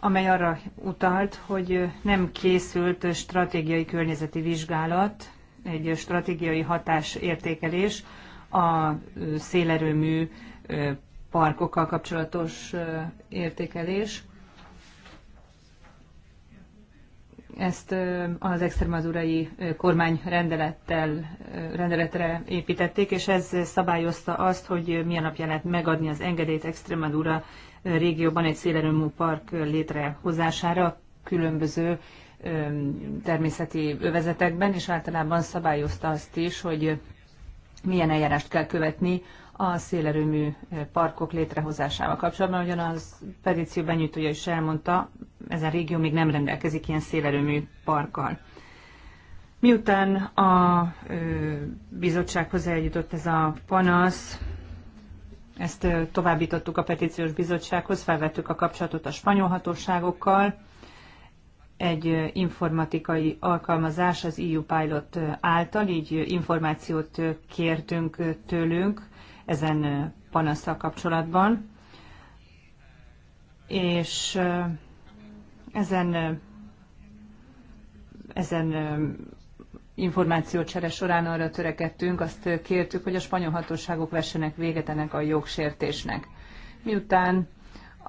amely arra utalt, hogy nem készült stratégiai környezeti vizsgálat, egy stratégiai hatásértékelés a szélerőmű parkokkal kapcsolatos értékelés ezt az extremadurai kormány rendelettel, rendeletre építették, és ez szabályozta azt, hogy milyen napján lehet megadni az engedélyt Extremadura régióban egy szélerőmű park létrehozására különböző természeti övezetekben, és általában szabályozta azt is, hogy milyen eljárást kell követni a szélerőmű eh, parkok létrehozásával kapcsolatban, ugyan az petíció benyújtója is elmondta, ez a régió még nem rendelkezik ilyen szélerőmű parkkal. Miután a bizottsághoz eljutott ez a panasz, ezt továbbítottuk a petíciós bizottsághoz, felvettük a kapcsolatot a spanyol hatóságokkal. Egy informatikai alkalmazás az EU Pilot által, így információt kértünk tőlünk ezen panaszsal kapcsolatban. És ezen, ezen információcsere során arra törekedtünk, azt kértük, hogy a spanyol hatóságok vessenek véget ennek a jogsértésnek. Miután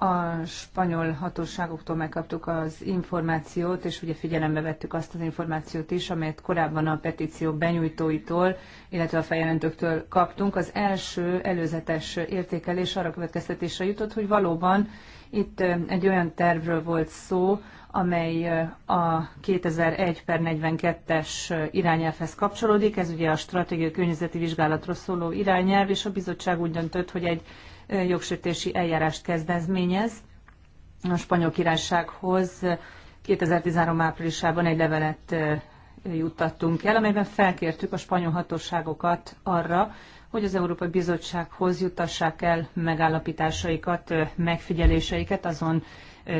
a spanyol hatóságoktól megkaptuk az információt, és ugye figyelembe vettük azt az információt is, amelyet korábban a petíció benyújtóitól, illetve a feljelentőktől kaptunk. Az első előzetes értékelés arra következtetésre jutott, hogy valóban itt egy olyan tervről volt szó, amely a 2001 per 42-es irányelvhez kapcsolódik. Ez ugye a stratégiai környezeti vizsgálatról szóló irányelv, és a bizottság úgy döntött, hogy egy jogsértési eljárást kezdezményez A spanyol királysághoz 2013 áprilisában egy levelet juttattunk el, amelyben felkértük a spanyol hatóságokat arra, hogy az Európai Bizottsághoz jutassák el megállapításaikat, megfigyeléseiket azon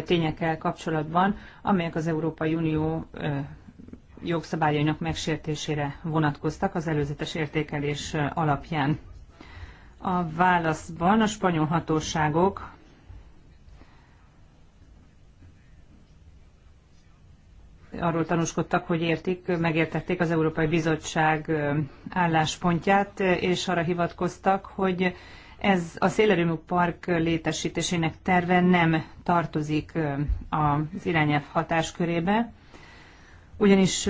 tényekkel kapcsolatban, amelyek az Európai Unió jogszabályainak megsértésére vonatkoztak az előzetes értékelés alapján. A válaszban a spanyol hatóságok arról tanúskodtak, hogy értik, megértették az Európai Bizottság álláspontját, és arra hivatkoztak, hogy ez a szélerőmű park létesítésének terve nem tartozik az irányelv hatáskörébe, ugyanis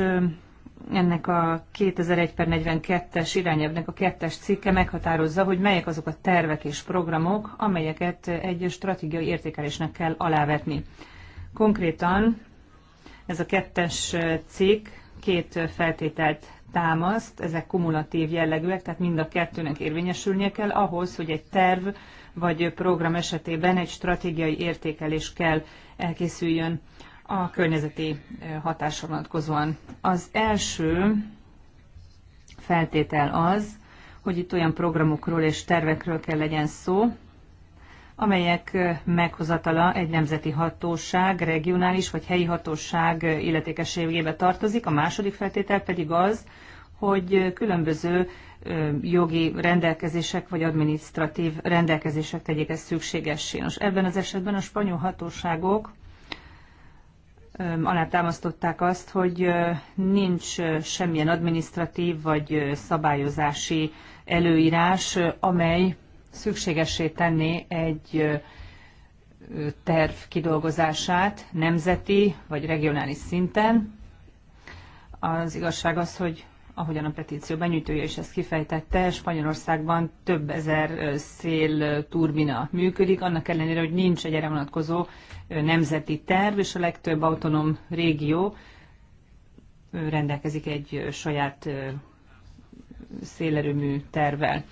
ennek a 2001 per 42-es irányelvnek a kettes cikke meghatározza, hogy melyek azok a tervek és programok, amelyeket egy stratégiai értékelésnek kell alávetni. Konkrétan ez a kettes cikk két feltételt támaszt, ezek kumulatív jellegűek, tehát mind a kettőnek érvényesülnie kell ahhoz, hogy egy terv vagy program esetében egy stratégiai értékelés kell elkészüljön a környezeti hatásra vonatkozóan. Az első feltétel az, hogy itt olyan programokról és tervekről kell legyen szó, amelyek meghozatala egy nemzeti hatóság, regionális vagy helyi hatóság illetékességébe tartozik. A második feltétel pedig az, hogy különböző jogi rendelkezések vagy adminisztratív rendelkezések tegyék ezt szükségessé. Nos, ebben az esetben a spanyol hatóságok alátámasztották azt, hogy nincs semmilyen adminisztratív vagy szabályozási előírás, amely szükségessé tenni egy terv kidolgozását nemzeti vagy regionális szinten. Az igazság az, hogy ahogyan a petíció benyújtója is ezt kifejtette, Spanyolországban több ezer szél turbina működik, annak ellenére, hogy nincs egy erre vonatkozó nemzeti terv, és a legtöbb autonóm régió rendelkezik egy saját szélerőmű tervvel.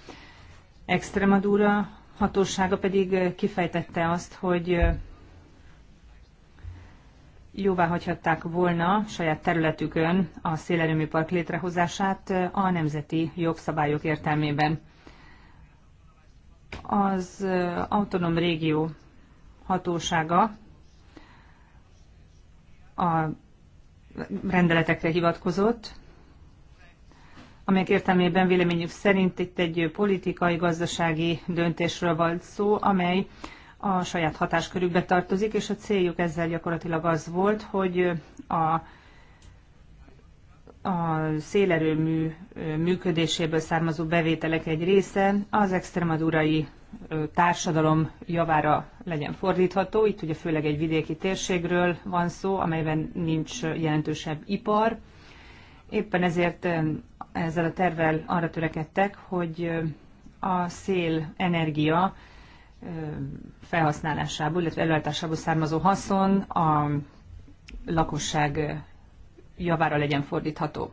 Extremadura hatósága pedig kifejtette azt, hogy jóvá hagyhatták volna saját területükön a szélerőműpark létrehozását a nemzeti jogszabályok értelmében. Az eh, autonóm régió hatósága a rendeletekre hivatkozott, amelyek értelmében véleményük szerint itt egy politikai, gazdasági döntésről volt szó, amely a saját hatáskörükbe tartozik, és a céljuk ezzel gyakorlatilag az volt, hogy a a szélerőmű működéséből származó bevételek egy része az extremadurai társadalom javára legyen fordítható. Itt ugye főleg egy vidéki térségről van szó, amelyben nincs jelentősebb ipar. Éppen ezért ezzel a tervel arra törekedtek, hogy a szélenergia felhasználásából, illetve előállításából származó haszon a lakosság javára legyen fordítható.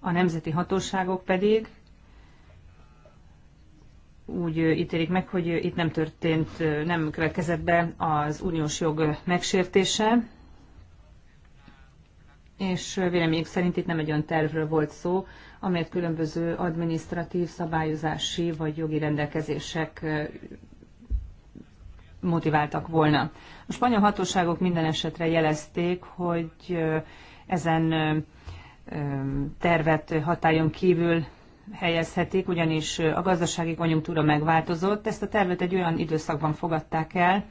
A nemzeti hatóságok pedig úgy ítélik meg, hogy itt nem történt, nem következett be az uniós jog megsértése, és véleményük szerint itt nem egy olyan tervről volt szó, amelyet különböző administratív, szabályozási vagy jogi rendelkezések motiváltak volna. A spanyol hatóságok minden esetre jelezték, hogy ezen tervet hatályon kívül helyezhetik, ugyanis a gazdasági konjunktúra megváltozott. Ezt a tervet egy olyan időszakban fogadták el,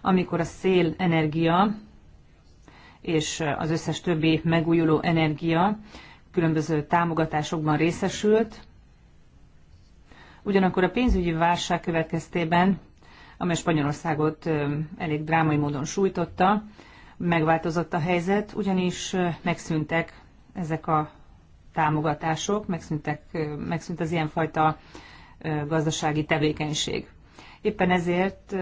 amikor a energia és az összes többi megújuló energia különböző támogatásokban részesült. Ugyanakkor a pénzügyi válság következtében amely Spanyolországot elég drámai módon sújtotta. Megváltozott a helyzet, ugyanis megszűntek ezek a támogatások, megszűntek, megszűnt az ilyenfajta gazdasági tevékenység. Éppen ezért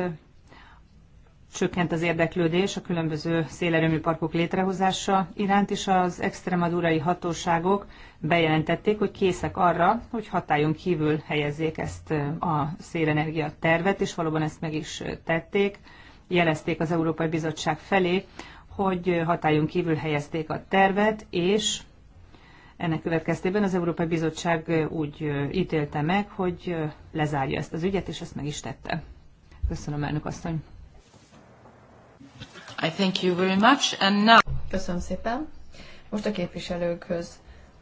csökkent az érdeklődés a különböző szélerőmű parkok létrehozása iránt, és az extremadurai hatóságok bejelentették, hogy készek arra, hogy hatályon kívül helyezzék ezt a szélenergia tervet, és valóban ezt meg is tették. Jelezték az Európai Bizottság felé, hogy hatályon kívül helyezték a tervet, és ennek következtében az Európai Bizottság úgy ítélte meg, hogy lezárja ezt az ügyet, és ezt meg is tette. Köszönöm, elnök asszony. I thank you very much. And now... Köszönöm szépen. Most a képviselőkhöz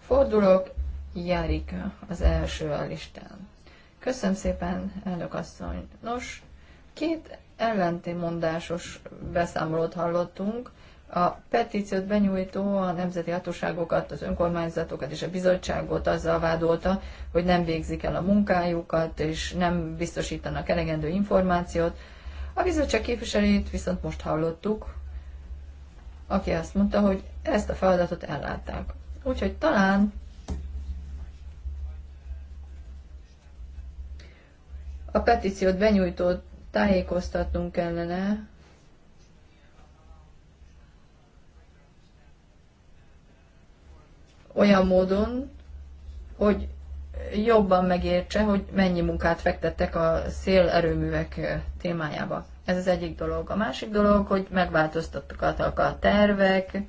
fordulok. Járika az első a listán. Köszönöm szépen, elnök asszony. Nos, két ellentémondásos beszámolót hallottunk. A petíciót benyújtó a nemzeti hatóságokat, az önkormányzatokat és a bizottságot azzal vádolta, hogy nem végzik el a munkájukat, és nem biztosítanak elegendő információt, a bizottság képviselőjét viszont most hallottuk, aki azt mondta, hogy ezt a feladatot ellátták. Úgyhogy talán a petíciót benyújtó tájékoztatnunk kellene, olyan módon, hogy jobban megértse, hogy mennyi munkát fektettek a szélerőművek témájába. Ez az egyik dolog. A másik dolog, hogy megváltoztattak a tervek,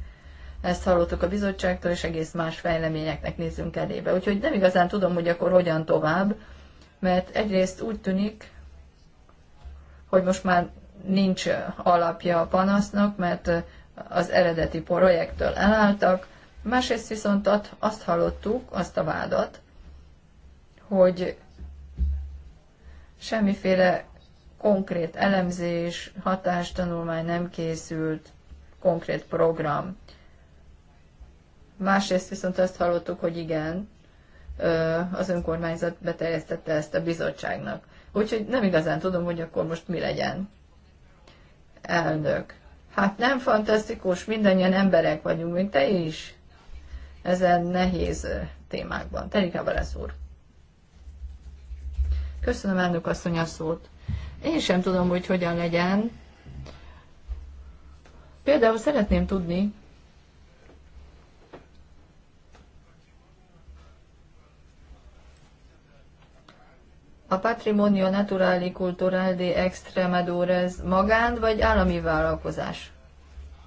ezt hallottuk a bizottságtól, és egész más fejleményeknek nézzünk elébe. Úgyhogy nem igazán tudom, hogy akkor hogyan tovább, mert egyrészt úgy tűnik, hogy most már nincs alapja a panasznak, mert az eredeti projektől elálltak, másrészt viszont azt hallottuk, azt a vádat, hogy semmiféle konkrét elemzés, hatástanulmány nem készült, konkrét program. Másrészt viszont azt hallottuk, hogy igen, az önkormányzat beterjesztette ezt a bizottságnak. Úgyhogy nem igazán tudom, hogy akkor most mi legyen. Elnök. Hát nem fantasztikus, mindannyian emberek vagyunk, mint te is. Ezen nehéz témákban. Terika Balesz úr. Köszönöm, elnök asszony, a szót. Én sem tudom, hogy hogyan legyen. Például szeretném tudni, a Patrimonio Naturali Cultural de Extremadores magán vagy állami vállalkozás.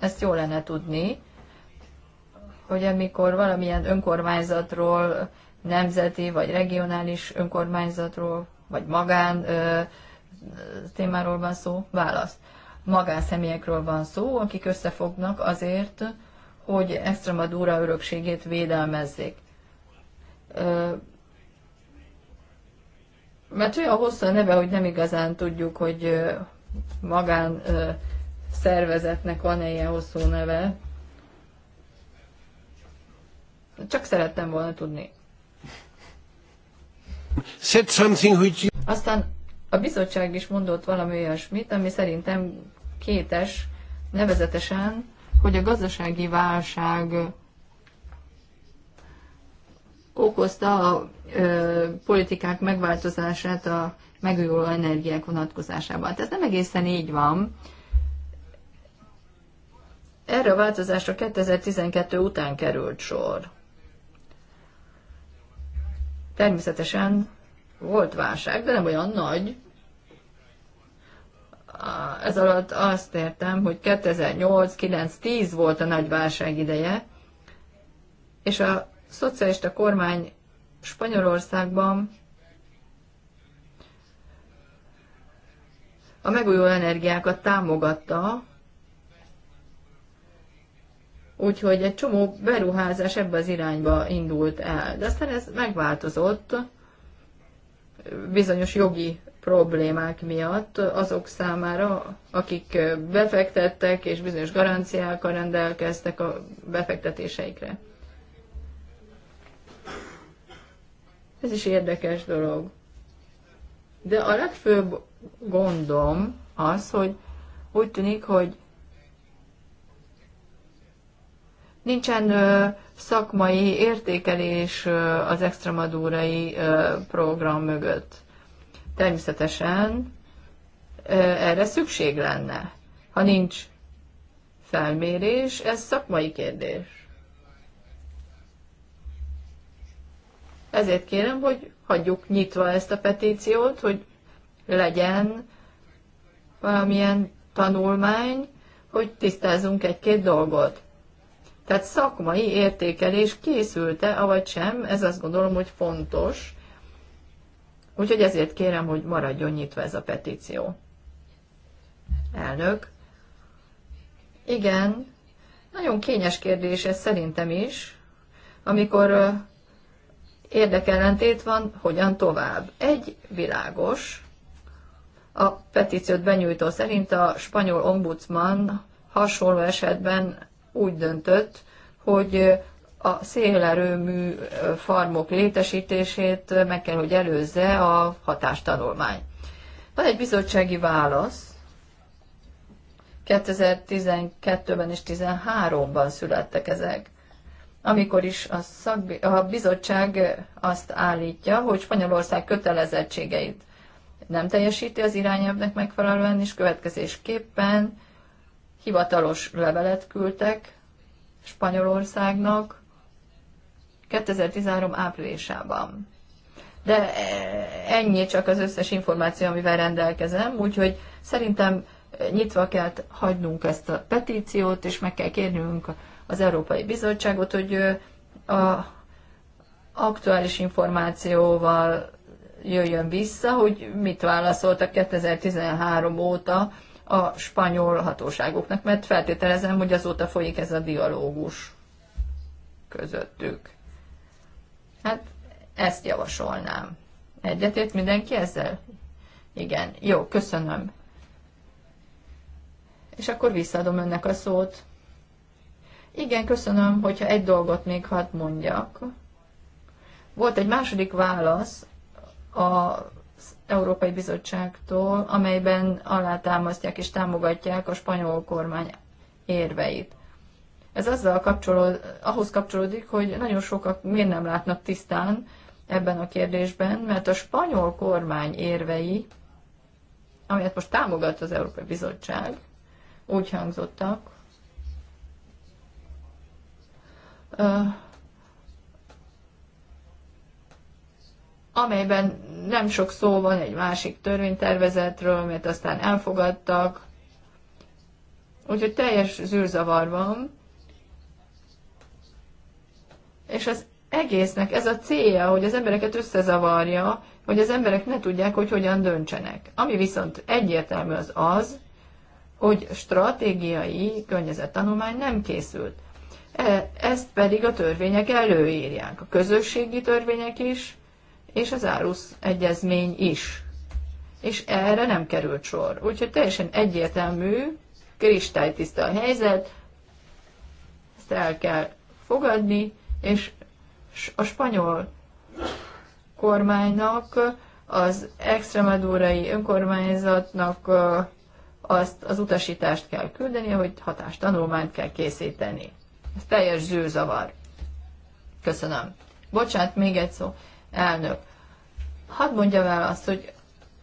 Ezt jó lenne tudni, hogy amikor valamilyen önkormányzatról, nemzeti vagy regionális önkormányzatról vagy magán témáról van szó? Válasz. Magánszemélyekről van szó, akik összefognak azért, hogy Extremadura örökségét védelmezzék. Mert olyan hosszú a neve, hogy nem igazán tudjuk, hogy magán szervezetnek van-e ilyen hosszú neve. Csak szerettem volna tudni. Said something which... Aztán a bizottság is mondott valami olyasmit, ami szerintem kétes, nevezetesen, hogy a gazdasági válság okozta a ö, politikák megváltozását a megújuló energiák vonatkozásában. Tehát nem egészen így van. Erre a változásra 2012 után került sor. Természetesen volt válság, de nem olyan nagy. Ez alatt azt értem, hogy 2008, 9, 10 volt a nagy válság ideje, és a szocialista kormány Spanyolországban a megújuló energiákat támogatta, Úgyhogy egy csomó beruházás ebbe az irányba indult el. De aztán ez megváltozott bizonyos jogi problémák miatt azok számára, akik befektettek és bizonyos garanciákkal rendelkeztek a befektetéseikre. Ez is érdekes dolog. De a legfőbb gondom az, hogy úgy tűnik, hogy Nincsen szakmai értékelés az extramadúrai program mögött. Természetesen erre szükség lenne. Ha nincs felmérés, ez szakmai kérdés. Ezért kérem, hogy hagyjuk nyitva ezt a petíciót, hogy legyen valamilyen tanulmány, hogy tisztázunk egy-két dolgot. Tehát szakmai értékelés készült-e, avagy sem, ez azt gondolom, hogy fontos. Úgyhogy ezért kérem, hogy maradjon nyitva ez a petíció. Elnök. Igen, nagyon kényes kérdés ez szerintem is, amikor érdekellentét van, hogyan tovább. Egy világos, a petíciót benyújtó szerint a spanyol ombudsman hasonló esetben úgy döntött, hogy a szélerőmű farmok létesítését meg kell, hogy előzze a hatástanulmány. Van egy bizottsági válasz, 2012-ben és 2013-ban születtek ezek, amikor is a, szakbi- a bizottság azt állítja, hogy Spanyolország kötelezettségeit nem teljesíti az irányelvnek megfelelően, és következésképpen hivatalos levelet küldtek Spanyolországnak 2013 áprilisában. De e, ennyi csak az összes információ, amivel rendelkezem, úgyhogy szerintem nyitva kell hagynunk ezt a petíciót, és meg kell kérnünk az Európai Bizottságot, hogy a aktuális információval jöjjön vissza, hogy mit válaszoltak 2013 óta a spanyol hatóságoknak, mert feltételezem, hogy azóta folyik ez a dialógus közöttük. Hát ezt javasolnám. Egyetért mindenki ezzel? Igen, jó, köszönöm. És akkor visszaadom önnek a szót. Igen, köszönöm, hogyha egy dolgot még hadd mondjak. Volt egy második válasz a Európai Bizottságtól, amelyben alátámasztják és támogatják a spanyol kormány érveit. Ez azzal kapcsolód, ahhoz kapcsolódik, hogy nagyon sokak miért nem látnak tisztán ebben a kérdésben, mert a spanyol kormány érvei, amelyet most támogat az Európai Bizottság, úgy hangzottak, amelyben nem sok szó van egy másik törvénytervezetről, mert aztán elfogadtak. Úgyhogy teljes zűrzavar van. És az egésznek ez a célja, hogy az embereket összezavarja, hogy az emberek ne tudják, hogy hogyan döntsenek. Ami viszont egyértelmű az az, hogy stratégiai környezettanulmány nem készült. E, ezt pedig a törvények előírják. A közösségi törvények is, és az árusz egyezmény is. És erre nem került sor. Úgyhogy teljesen egyértelmű, kristálytiszta a helyzet, ezt el kell fogadni, és a spanyol kormánynak, az extremadúrai önkormányzatnak azt az utasítást kell küldeni, hogy hatástanulmányt kell készíteni. Ez teljes zűrzavar. Köszönöm. Bocsánat, még egy szó. Elnök, Hadd mondjam el azt, hogy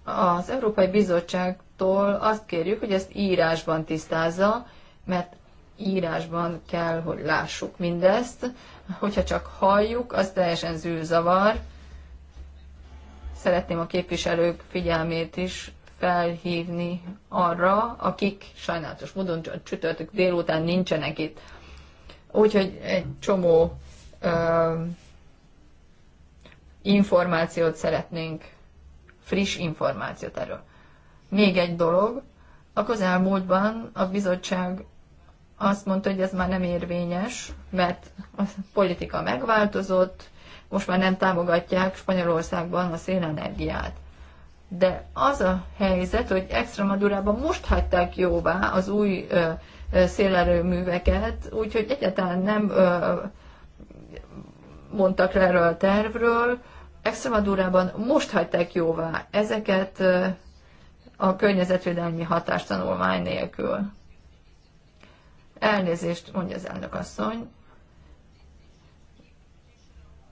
az Európai Bizottságtól azt kérjük, hogy ezt írásban tisztázza, mert írásban kell, hogy lássuk mindezt. Hogyha csak halljuk, az teljesen zűrzavar. Szeretném a képviselők figyelmét is felhívni arra, akik sajnálatos módon csütörtök délután nincsenek itt. Úgyhogy egy csomó információt szeretnénk, friss információt erről. Még egy dolog, a közelmúltban a bizottság azt mondta, hogy ez már nem érvényes, mert a politika megváltozott, most már nem támogatják Spanyolországban a szénenergiát. De az a helyzet, hogy Extremadurában most hagyták jóvá az új ö, ö, szélerőműveket, úgyhogy egyáltalán nem ö, mondtak le erről a tervről, Extremadurában most hagyták jóvá ezeket a környezetvédelmi hatástanulmány nélkül. Elnézést, mondja az elnök asszony.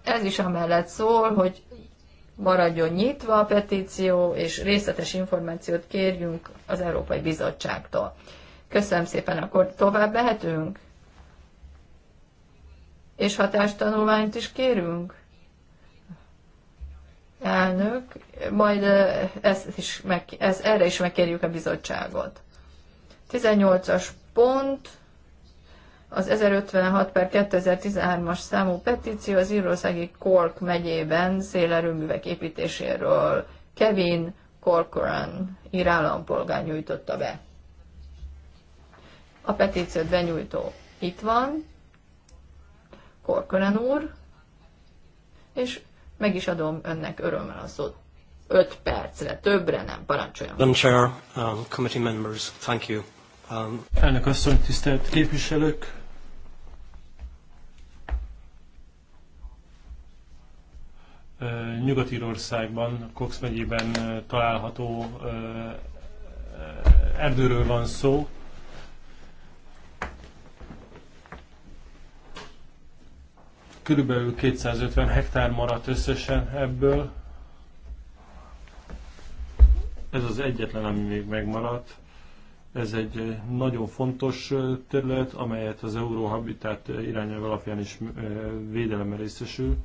Ez is amellett szól, hogy maradjon nyitva a petíció, és részletes információt kérjünk az Európai Bizottságtól. Köszönöm szépen, akkor tovább behetünk? És hatástanulmányt is kérünk? elnök, majd ezt is meg, ez, erre is megkérjük a bizottságot. 18-as pont, az 1056 per 2013-as számú petíció az írószági Cork megyében szélerőművek építéséről Kevin Corcoran állampolgár nyújtotta be. A petíciót benyújtó itt van, Corcoran úr, és meg is adom önnek örömmel a szót. Öt percre, többre nem, parancsoljon. Madam Chair, um, committee members, thank you. Um... Elnök asszony, tisztelt képviselők, Nyugat-Írországban, Cox megyében található erdőről van szó, körülbelül 250 hektár maradt összesen ebből. Ez az egyetlen, ami még megmaradt. Ez egy eh, nagyon fontos eh, terület, amelyet az Euróhabitát eh, irányelv alapján is védelemre részesül.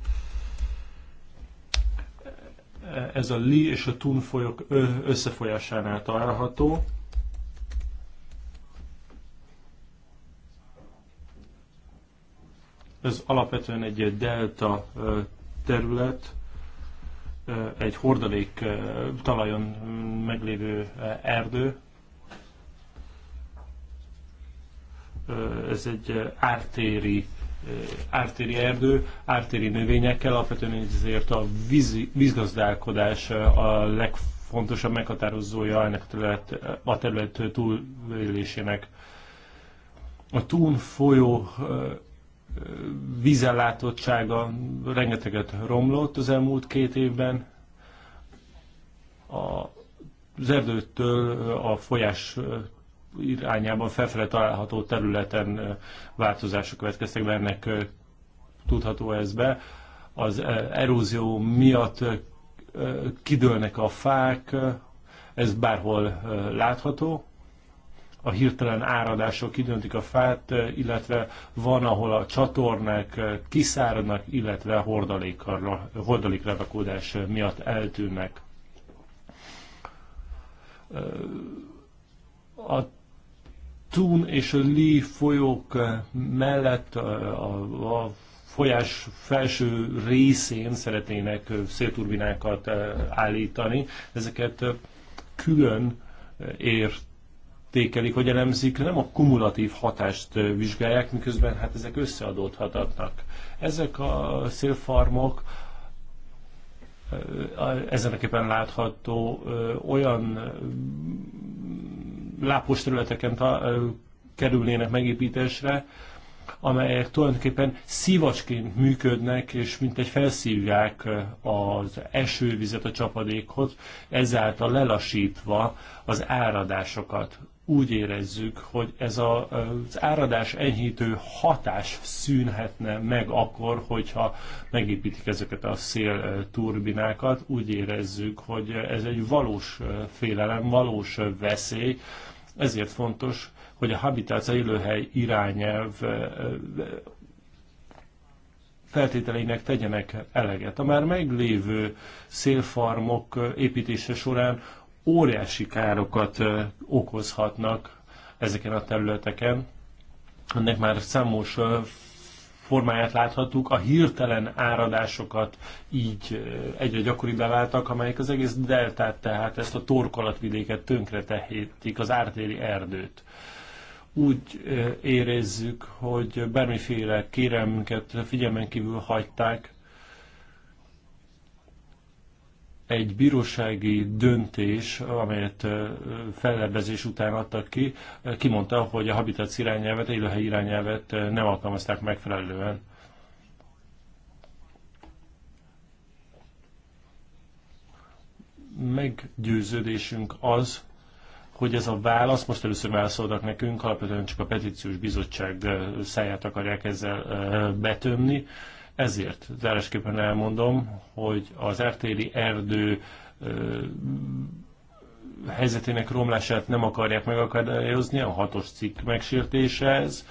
Ez a Li és a Tun folyok összefolyásánál található. Ez alapvetően egy delta terület, egy hordalék talajon meglévő erdő. Ez egy ártéri ártéri erdő, ártéri növényekkel, alapvetően ezért a vízi, vízgazdálkodás a legfontosabb meghatározója ennek a terület, a terület túlélésének. A Tún folyó vízellátottsága rengeteget romlott az elmúlt két évben. A, az erdőtől a folyás irányában felfele található területen változások következtek be, ennek tudható ez be. Az erózió miatt kidőlnek a fák, ez bárhol látható a hirtelen áradások kidöntik a fát, illetve van, ahol a csatornák kiszáradnak, illetve hordaléklerakódás miatt eltűnnek. A Tún és a Lee folyók mellett a, a folyás felső részén szeretnének szélturbinákat állítani. Ezeket külön ért értékelik, hogy elemzik, nem a kumulatív hatást vizsgálják, miközben hát ezek összeadódhatatnak. Ezek a szélfarmok ezeneképpen látható olyan lápos területeken kerülnének megépítésre, amelyek tulajdonképpen szívacsként működnek, és mint egy felszívják az esővizet a csapadékot, ezáltal lelassítva az áradásokat úgy érezzük, hogy ez a, az áradás enyhítő hatás szűnhetne meg akkor, hogyha megépítik ezeket a szélturbinákat. Úgy érezzük, hogy ez egy valós félelem, valós veszély, ezért fontos, hogy a Habitat élőhely irányelv feltételeinek tegyenek eleget. A már meglévő szélfarmok építése során óriási károkat okozhatnak ezeken a területeken. Ennek már számos formáját láthattuk, a hirtelen áradásokat így egyre gyakoribbá váltak, amelyek az egész deltát, tehát ezt a torkolatvidéket tönkre tehetik, az ártéri erdőt. Úgy érezzük, hogy bármiféle kérelmünket figyelmen kívül hagyták, egy bírósági döntés, amelyet fellebbezés után adtak ki, kimondta, hogy a habitat irányelvet, élőhely irányelvet nem alkalmazták megfelelően. Meggyőződésünk az, hogy ez a válasz, most először válaszoltak nekünk, alapvetően csak a petíciós bizottság száját akarják ezzel betömni, ezért zárásképpen elmondom, hogy az ártéri erdő helyzetének romlását nem akarják megakadályozni, a hatos cikk megsértése ez,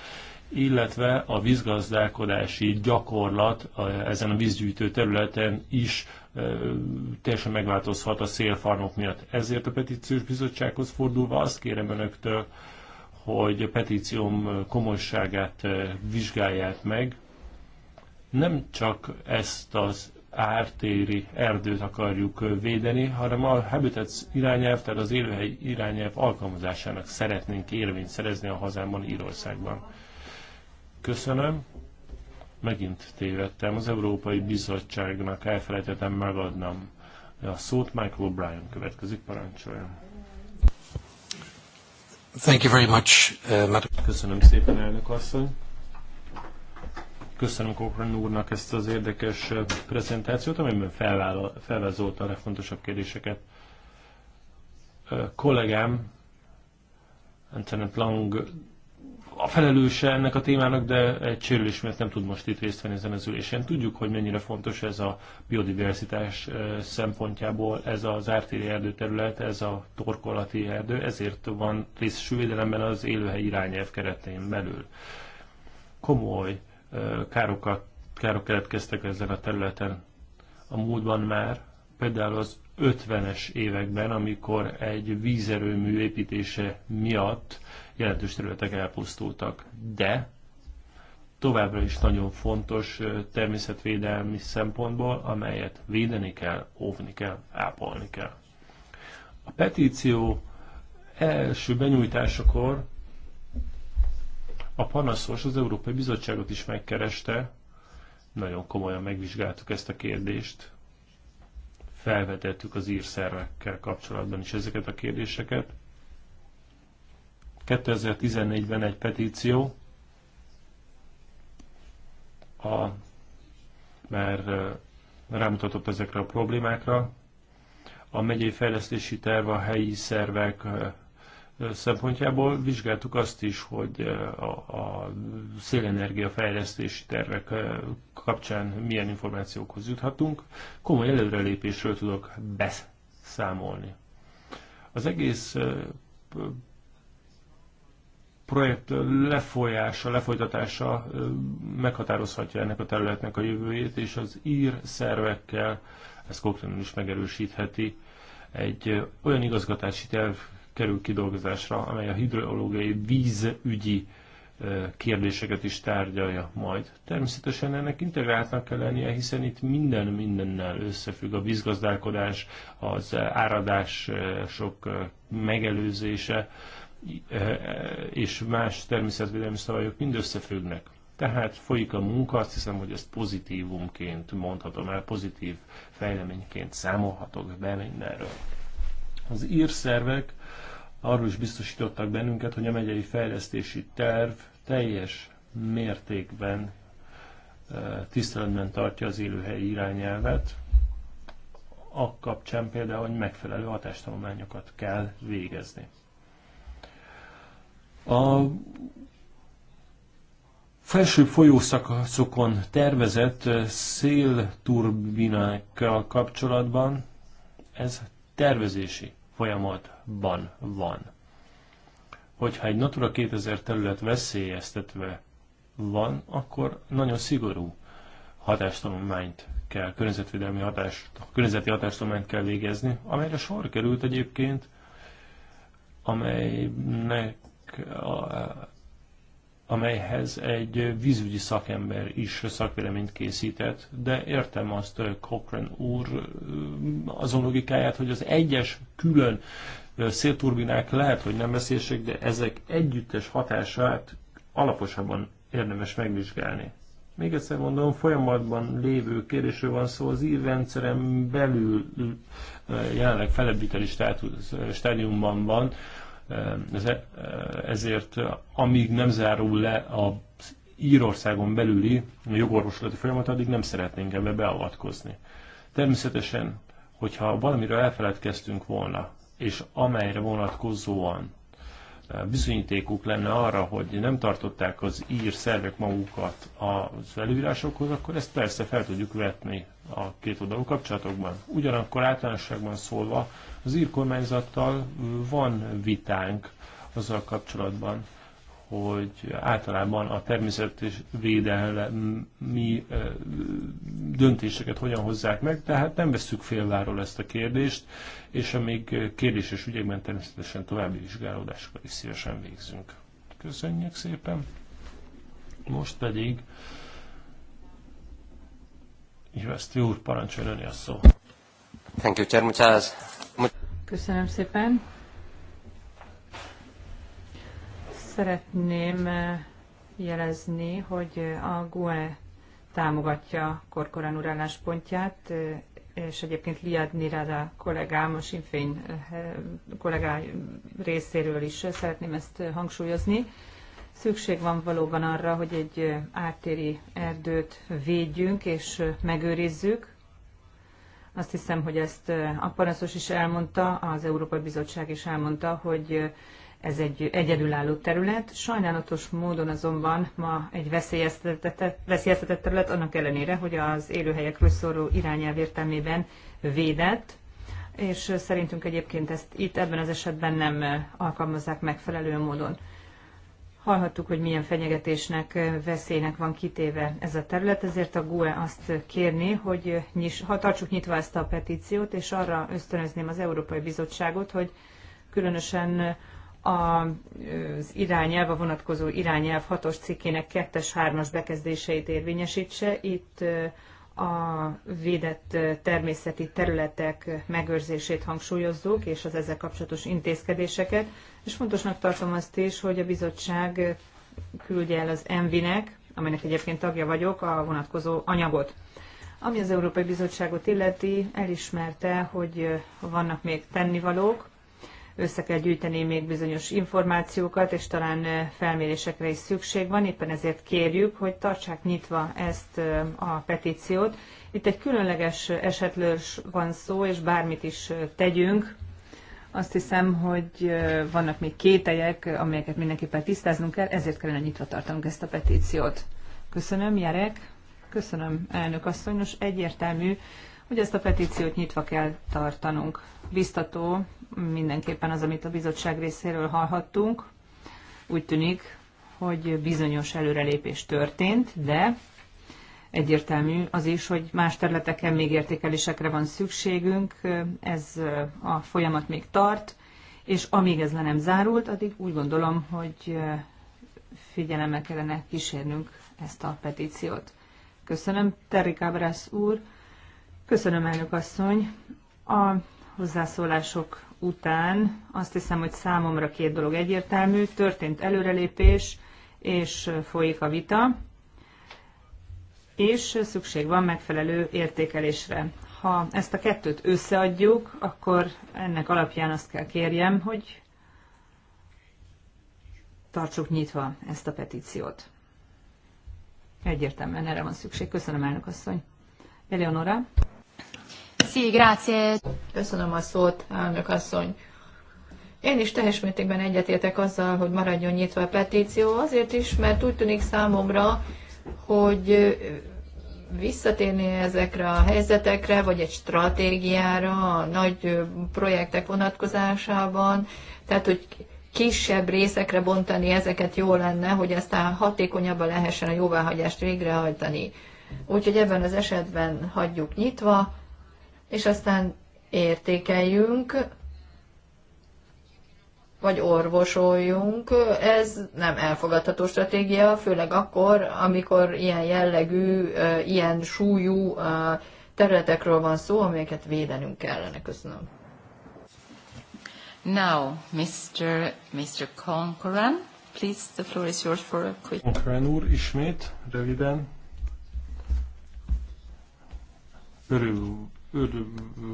illetve a vízgazdálkodási gyakorlat ezen a vízgyűjtő területen is teljesen megváltozhat a szélfarmok miatt. Ezért a petíciós bizottsághoz fordulva azt kérem önöktől, hogy a petícióm komolyságát vizsgálják meg, nem csak ezt az ártéri erdőt akarjuk védeni, hanem a Habitat irányelv, tehát az élőhely irányelv alkalmazásának szeretnénk érvényt szerezni a hazámban, Írországban. Köszönöm. Megint tévedtem. Az Európai Bizottságnak elfelejtettem megadnom a szót. Michael O'Brien következik, parancsoljon. Thank you very much, uh, Köszönöm szépen, elnök asszony. Köszönöm Kokran úrnak ezt az érdekes prezentációt, amiben felvázolta a legfontosabb kérdéseket. A kollégám, Antenet Lang a felelőse ennek a témának, de egy sérülés miatt nem tud most itt részt venni ezen az ülésen. Tudjuk, hogy mennyire fontos ez a biodiversitás szempontjából, ez az ártéri erdőterület, ez a torkolati erdő, ezért van részesvédelemben az élőhely irányelv keretén belül. Komoly károkat, károk keletkeztek ezen a területen a múltban már, például az 50-es években, amikor egy vízerőmű építése miatt jelentős területek elpusztultak. De továbbra is nagyon fontos természetvédelmi szempontból, amelyet védeni kell, óvni kell, ápolni kell. A petíció első benyújtásakor a panaszos az Európai Bizottságot is megkereste, nagyon komolyan megvizsgáltuk ezt a kérdést, felvetettük az írszervekkel kapcsolatban is ezeket a kérdéseket. 2014-ben egy petíció, a, mert rámutatott ezekre a problémákra. A megyei fejlesztési terv, a helyi szervek, szempontjából vizsgáltuk azt is, hogy a, szélenergia fejlesztési tervek kapcsán milyen információkhoz juthatunk. Komoly előrelépésről tudok beszámolni. Az egész projekt lefolyása, lefolytatása meghatározhatja ennek a területnek a jövőjét, és az ír szervekkel, ezt Cochrane is megerősítheti, egy olyan igazgatási terv kerül kidolgozásra, amely a hidrológiai vízügyi kérdéseket is tárgyalja majd. Természetesen ennek integráltnak kell lennie, hiszen itt minden mindennel összefügg a vízgazdálkodás, az áradás sok megelőzése és más természetvédelmi szabályok mind összefüggnek. Tehát folyik a munka, azt hiszem, hogy ezt pozitívumként mondhatom el, pozitív fejleményként számolhatok be mindenről. Az írszervek arról is biztosítottak bennünket, hogy a megyei fejlesztési terv teljes mértékben tiszteletben tartja az élőhelyi irányelvet, a kapcsán például, hogy megfelelő hatástanulmányokat kell végezni. A felső folyószakaszokon tervezett szélturbinákkal kapcsolatban ez tervezési folyamatban van. Hogyha egy Natura 2000 terület veszélyeztetve van, akkor nagyon szigorú hatástanulmányt kell, környezetvédelmi hatás, környezeti hatástanulmányt kell végezni, amelyre sor került egyébként, amelynek amelyhez egy vízügyi szakember is szakvéleményt készített, de értem azt eh, Cochrane úr eh, azon logikáját, hogy az egyes külön eh, szélturbinák lehet, hogy nem veszélyesek, de ezek együttes hatását alaposabban érdemes megvizsgálni. Még egyszer mondom, folyamatban lévő kérdésről van szó, az írrendszeren belül jelenleg felebbviteli stádiumban van, E, ezért amíg nem zárul le a Írországon belüli jogorvoslati folyamat, addig nem szeretnénk ebbe beavatkozni. Természetesen, hogyha valamiről elfeledkeztünk volna, és amelyre vonatkozóan bizonyítékuk lenne arra, hogy nem tartották az ír szervek magukat az előírásokhoz, akkor ezt persze fel tudjuk vetni a két oldalú kapcsolatokban. Ugyanakkor általánosságban szólva az ír kormányzattal van vitánk azzal kapcsolatban, hogy általában a természetvédelmi döntéseket hogyan hozzák meg, tehát nem veszük félváról ezt a kérdést, és amíg kérdéses ügyekben természetesen további vizsgálódásokat is szívesen végzünk. Köszönjük szépen! Most pedig Iveszti úr, parancsoljon a szó. Thank you, Chair. Muchas Köszönöm szépen. Szeretném eh, jelezni, hogy eh, a GUE támogatja Korkorán úr álláspontját, eh, és egyébként Liad Nirada kollégám, a Sinfény kollégá részéről is szeretném ezt hangsúlyozni. Szükség van valóban arra, hogy egy ártéri erdőt védjünk és megőrizzük, azt hiszem, hogy ezt a panaszos is elmondta, az Európai Bizottság is elmondta, hogy ez egy egyedülálló terület. Sajnálatos módon azonban ma egy veszélyeztetett, veszélyeztetett terület, annak ellenére, hogy az élőhelyekről szóló irányelv értelmében védett, és szerintünk egyébként ezt itt ebben az esetben nem alkalmazzák megfelelő módon. Hallhattuk, hogy milyen fenyegetésnek, veszélynek van kitéve ez a terület, ezért a GUE azt kérni, hogy nyis, ha tartsuk nyitva ezt a petíciót, és arra ösztönözném az Európai Bizottságot, hogy különösen az irányelv, a vonatkozó irányelv hatos cikkének 2-es, 3-as bekezdéseit érvényesítse. Itt a védett természeti területek megőrzését hangsúlyozzuk, és az ezzel kapcsolatos intézkedéseket, és fontosnak tartom azt is, hogy a bizottság küldje el az ENVI-nek, amelynek egyébként tagja vagyok, a vonatkozó anyagot. Ami az Európai Bizottságot illeti, elismerte, hogy vannak még tennivalók, össze kell gyűjteni még bizonyos információkat, és talán felmérésekre is szükség van. Éppen ezért kérjük, hogy tartsák nyitva ezt a petíciót. Itt egy különleges esetlős van szó, és bármit is tegyünk, azt hiszem, hogy vannak még kételyek, amelyeket mindenképpen tisztáznunk kell, ezért kellene nyitva tartanunk ezt a petíciót. Köszönöm, Jerek. Köszönöm, elnök asszony. Nos, egyértelmű, hogy ezt a petíciót nyitva kell tartanunk. Biztató mindenképpen az, amit a bizottság részéről hallhattunk. Úgy tűnik, hogy bizonyos előrelépés történt, de egyértelmű az is, hogy más területeken még értékelésekre van szükségünk, ez a folyamat még tart, és amíg ez le nem zárult, addig úgy gondolom, hogy figyelemmel kellene kísérnünk ezt a petíciót. Köszönöm, Terry Cabrász úr, köszönöm, elnök asszony. A hozzászólások után azt hiszem, hogy számomra két dolog egyértelmű, történt előrelépés, és folyik a vita és szükség van megfelelő értékelésre. Ha ezt a kettőt összeadjuk, akkor ennek alapján azt kell kérjem, hogy tartsuk nyitva ezt a petíciót. Egyértelműen erre van szükség. Köszönöm, elnök asszony. Eleonora? Sí, grazie. Köszönöm a szót, elnök asszony. Én is teljes mértékben egyetértek azzal, hogy maradjon nyitva a petíció, azért is, mert úgy tűnik számomra, hogy visszatérni ezekre a helyzetekre, vagy egy stratégiára, a nagy projektek vonatkozásában, tehát hogy kisebb részekre bontani ezeket jó lenne, hogy aztán hatékonyabban lehessen a jóváhagyást végrehajtani. Úgyhogy ebben az esetben hagyjuk nyitva, és aztán értékeljünk, vagy orvosoljunk. Ez nem elfogadható stratégia, főleg akkor, amikor ilyen jellegű, ilyen súlyú területekről van szó, amelyeket védenünk kellene. Köszönöm. Now, Mr. Mr. Conqueran, please, the floor is yours for a quick... Conqueran úr, ismét, röviden. Örül,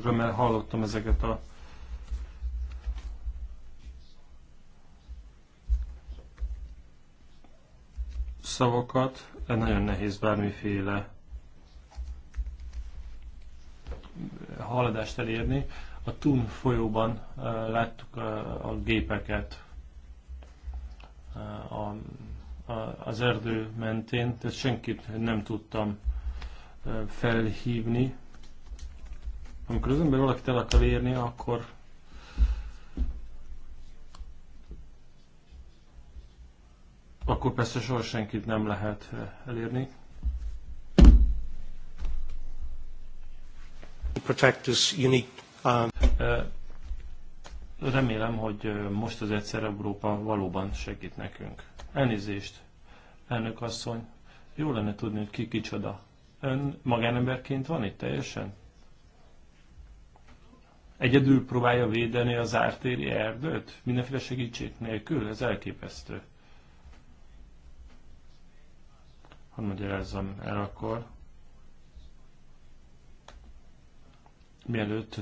örömmel hallottam ezeket a szavakat, nagyon nehéz bármiféle haladást elérni. A Tun folyóban láttuk a gépeket az erdő mentén, tehát senkit nem tudtam felhívni. Amikor az ember valakit el akar érni, akkor akkor persze soha senkit nem lehet eh, elérni. Protect this unique, um... Eh, remélem, hogy eh, most az egyszer Európa valóban segít nekünk. Elnézést, elnök asszony. Jó lenne tudni, hogy ki kicsoda. Ön magánemberként van itt teljesen? Egyedül próbálja védeni az ártéri erdőt? Mindenféle segítség nélkül? Ez elképesztő. Hadd magyarázzam el akkor, mielőtt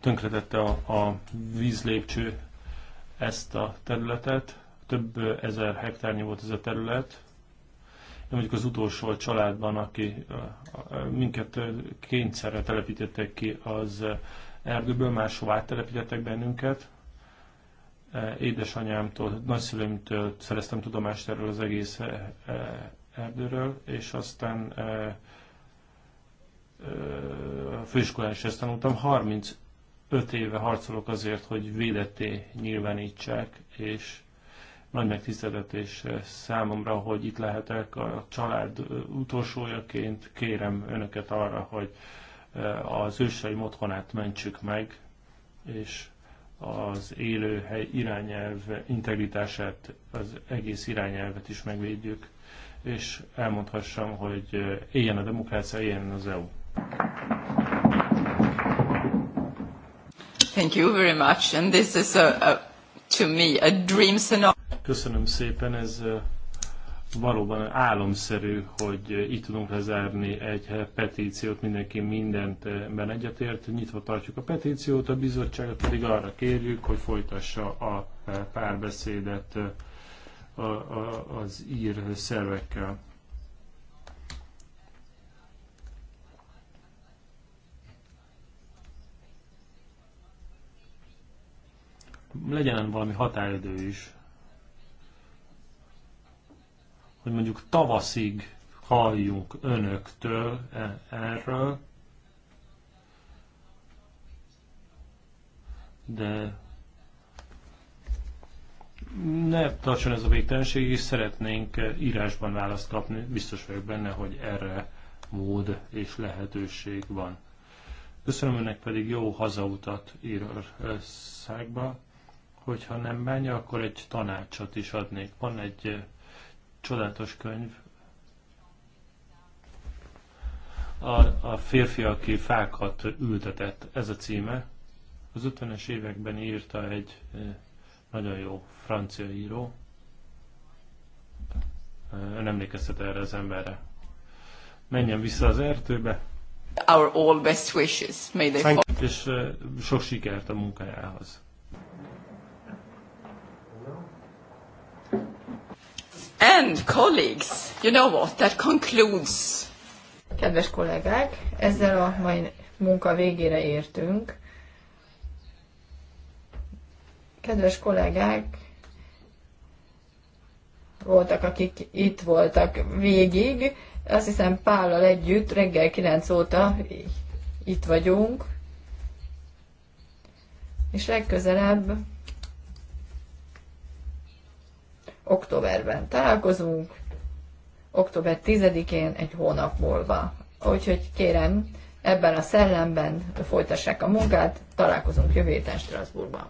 tönkretette a, a vízlépcső ezt a területet, több ezer hektárnyi volt ez a terület. Én mondjuk az utolsó a családban, aki minket kényszerre telepítettek ki az erdőből, máshová telepítettek bennünket. E, édesanyámtól, nagyszülőmtől szereztem tudomást erről az egész e, e, erdőről, és aztán a főiskolán is ezt tanultam. 35 éve harcolok azért, hogy védetté nyilvánítsák, és nagy megtiszteletés számomra, hogy itt lehetek a család utolsójaként. Kérem önöket arra, hogy az őseim otthonát mentsük meg, és az élőhely irányelv integritását, az egész irányelvet is megvédjük, és elmondhassam, hogy éljen a demokrácia, éljen az EU. Thank you very much, and this is a, a to me a dream scenario. Köszönöm szépen, ez valóban álomszerű, hogy itt tudunk lezárni egy eh, petíciót, mindenki mindenben eh, egyetért, nyitva tartjuk a petíciót, a bizottságot pedig arra kérjük, hogy folytassa a eh, párbeszédet az ír szervekkel. Legyen valami határidő is, hogy mondjuk tavaszig halljuk önöktől e, erről, de ne tartson ez a végtelenség, és szeretnénk írásban választ kapni. Biztos vagyok benne, hogy erre mód és lehetőség van. Köszönöm önnek pedig jó hazautat Írországba. Hogyha nem bánja, akkor egy tanácsot is adnék. Van egy Csodálatos könyv. A, a férfi, aki fákat ültetett, ez a címe. Az 50-es években írta egy eh, nagyon jó francia író. Ön eh, emlékeztet erre az emberre. Menjen vissza az erdőbe. Our all best wishes. May they fall. És eh, sok sikert a munkájához. And colleagues, you know what, that concludes. Kedves kollégák, ezzel a mai munka végére értünk. Kedves kollégák, voltak, akik itt voltak végig. Azt hiszem Pállal együtt reggel 9 óta itt vagyunk. És legközelebb októberben találkozunk, október 10-én, egy hónap múlva. Úgyhogy kérem, ebben a szellemben folytassák a munkát, találkozunk jövő héten Strasbourgban.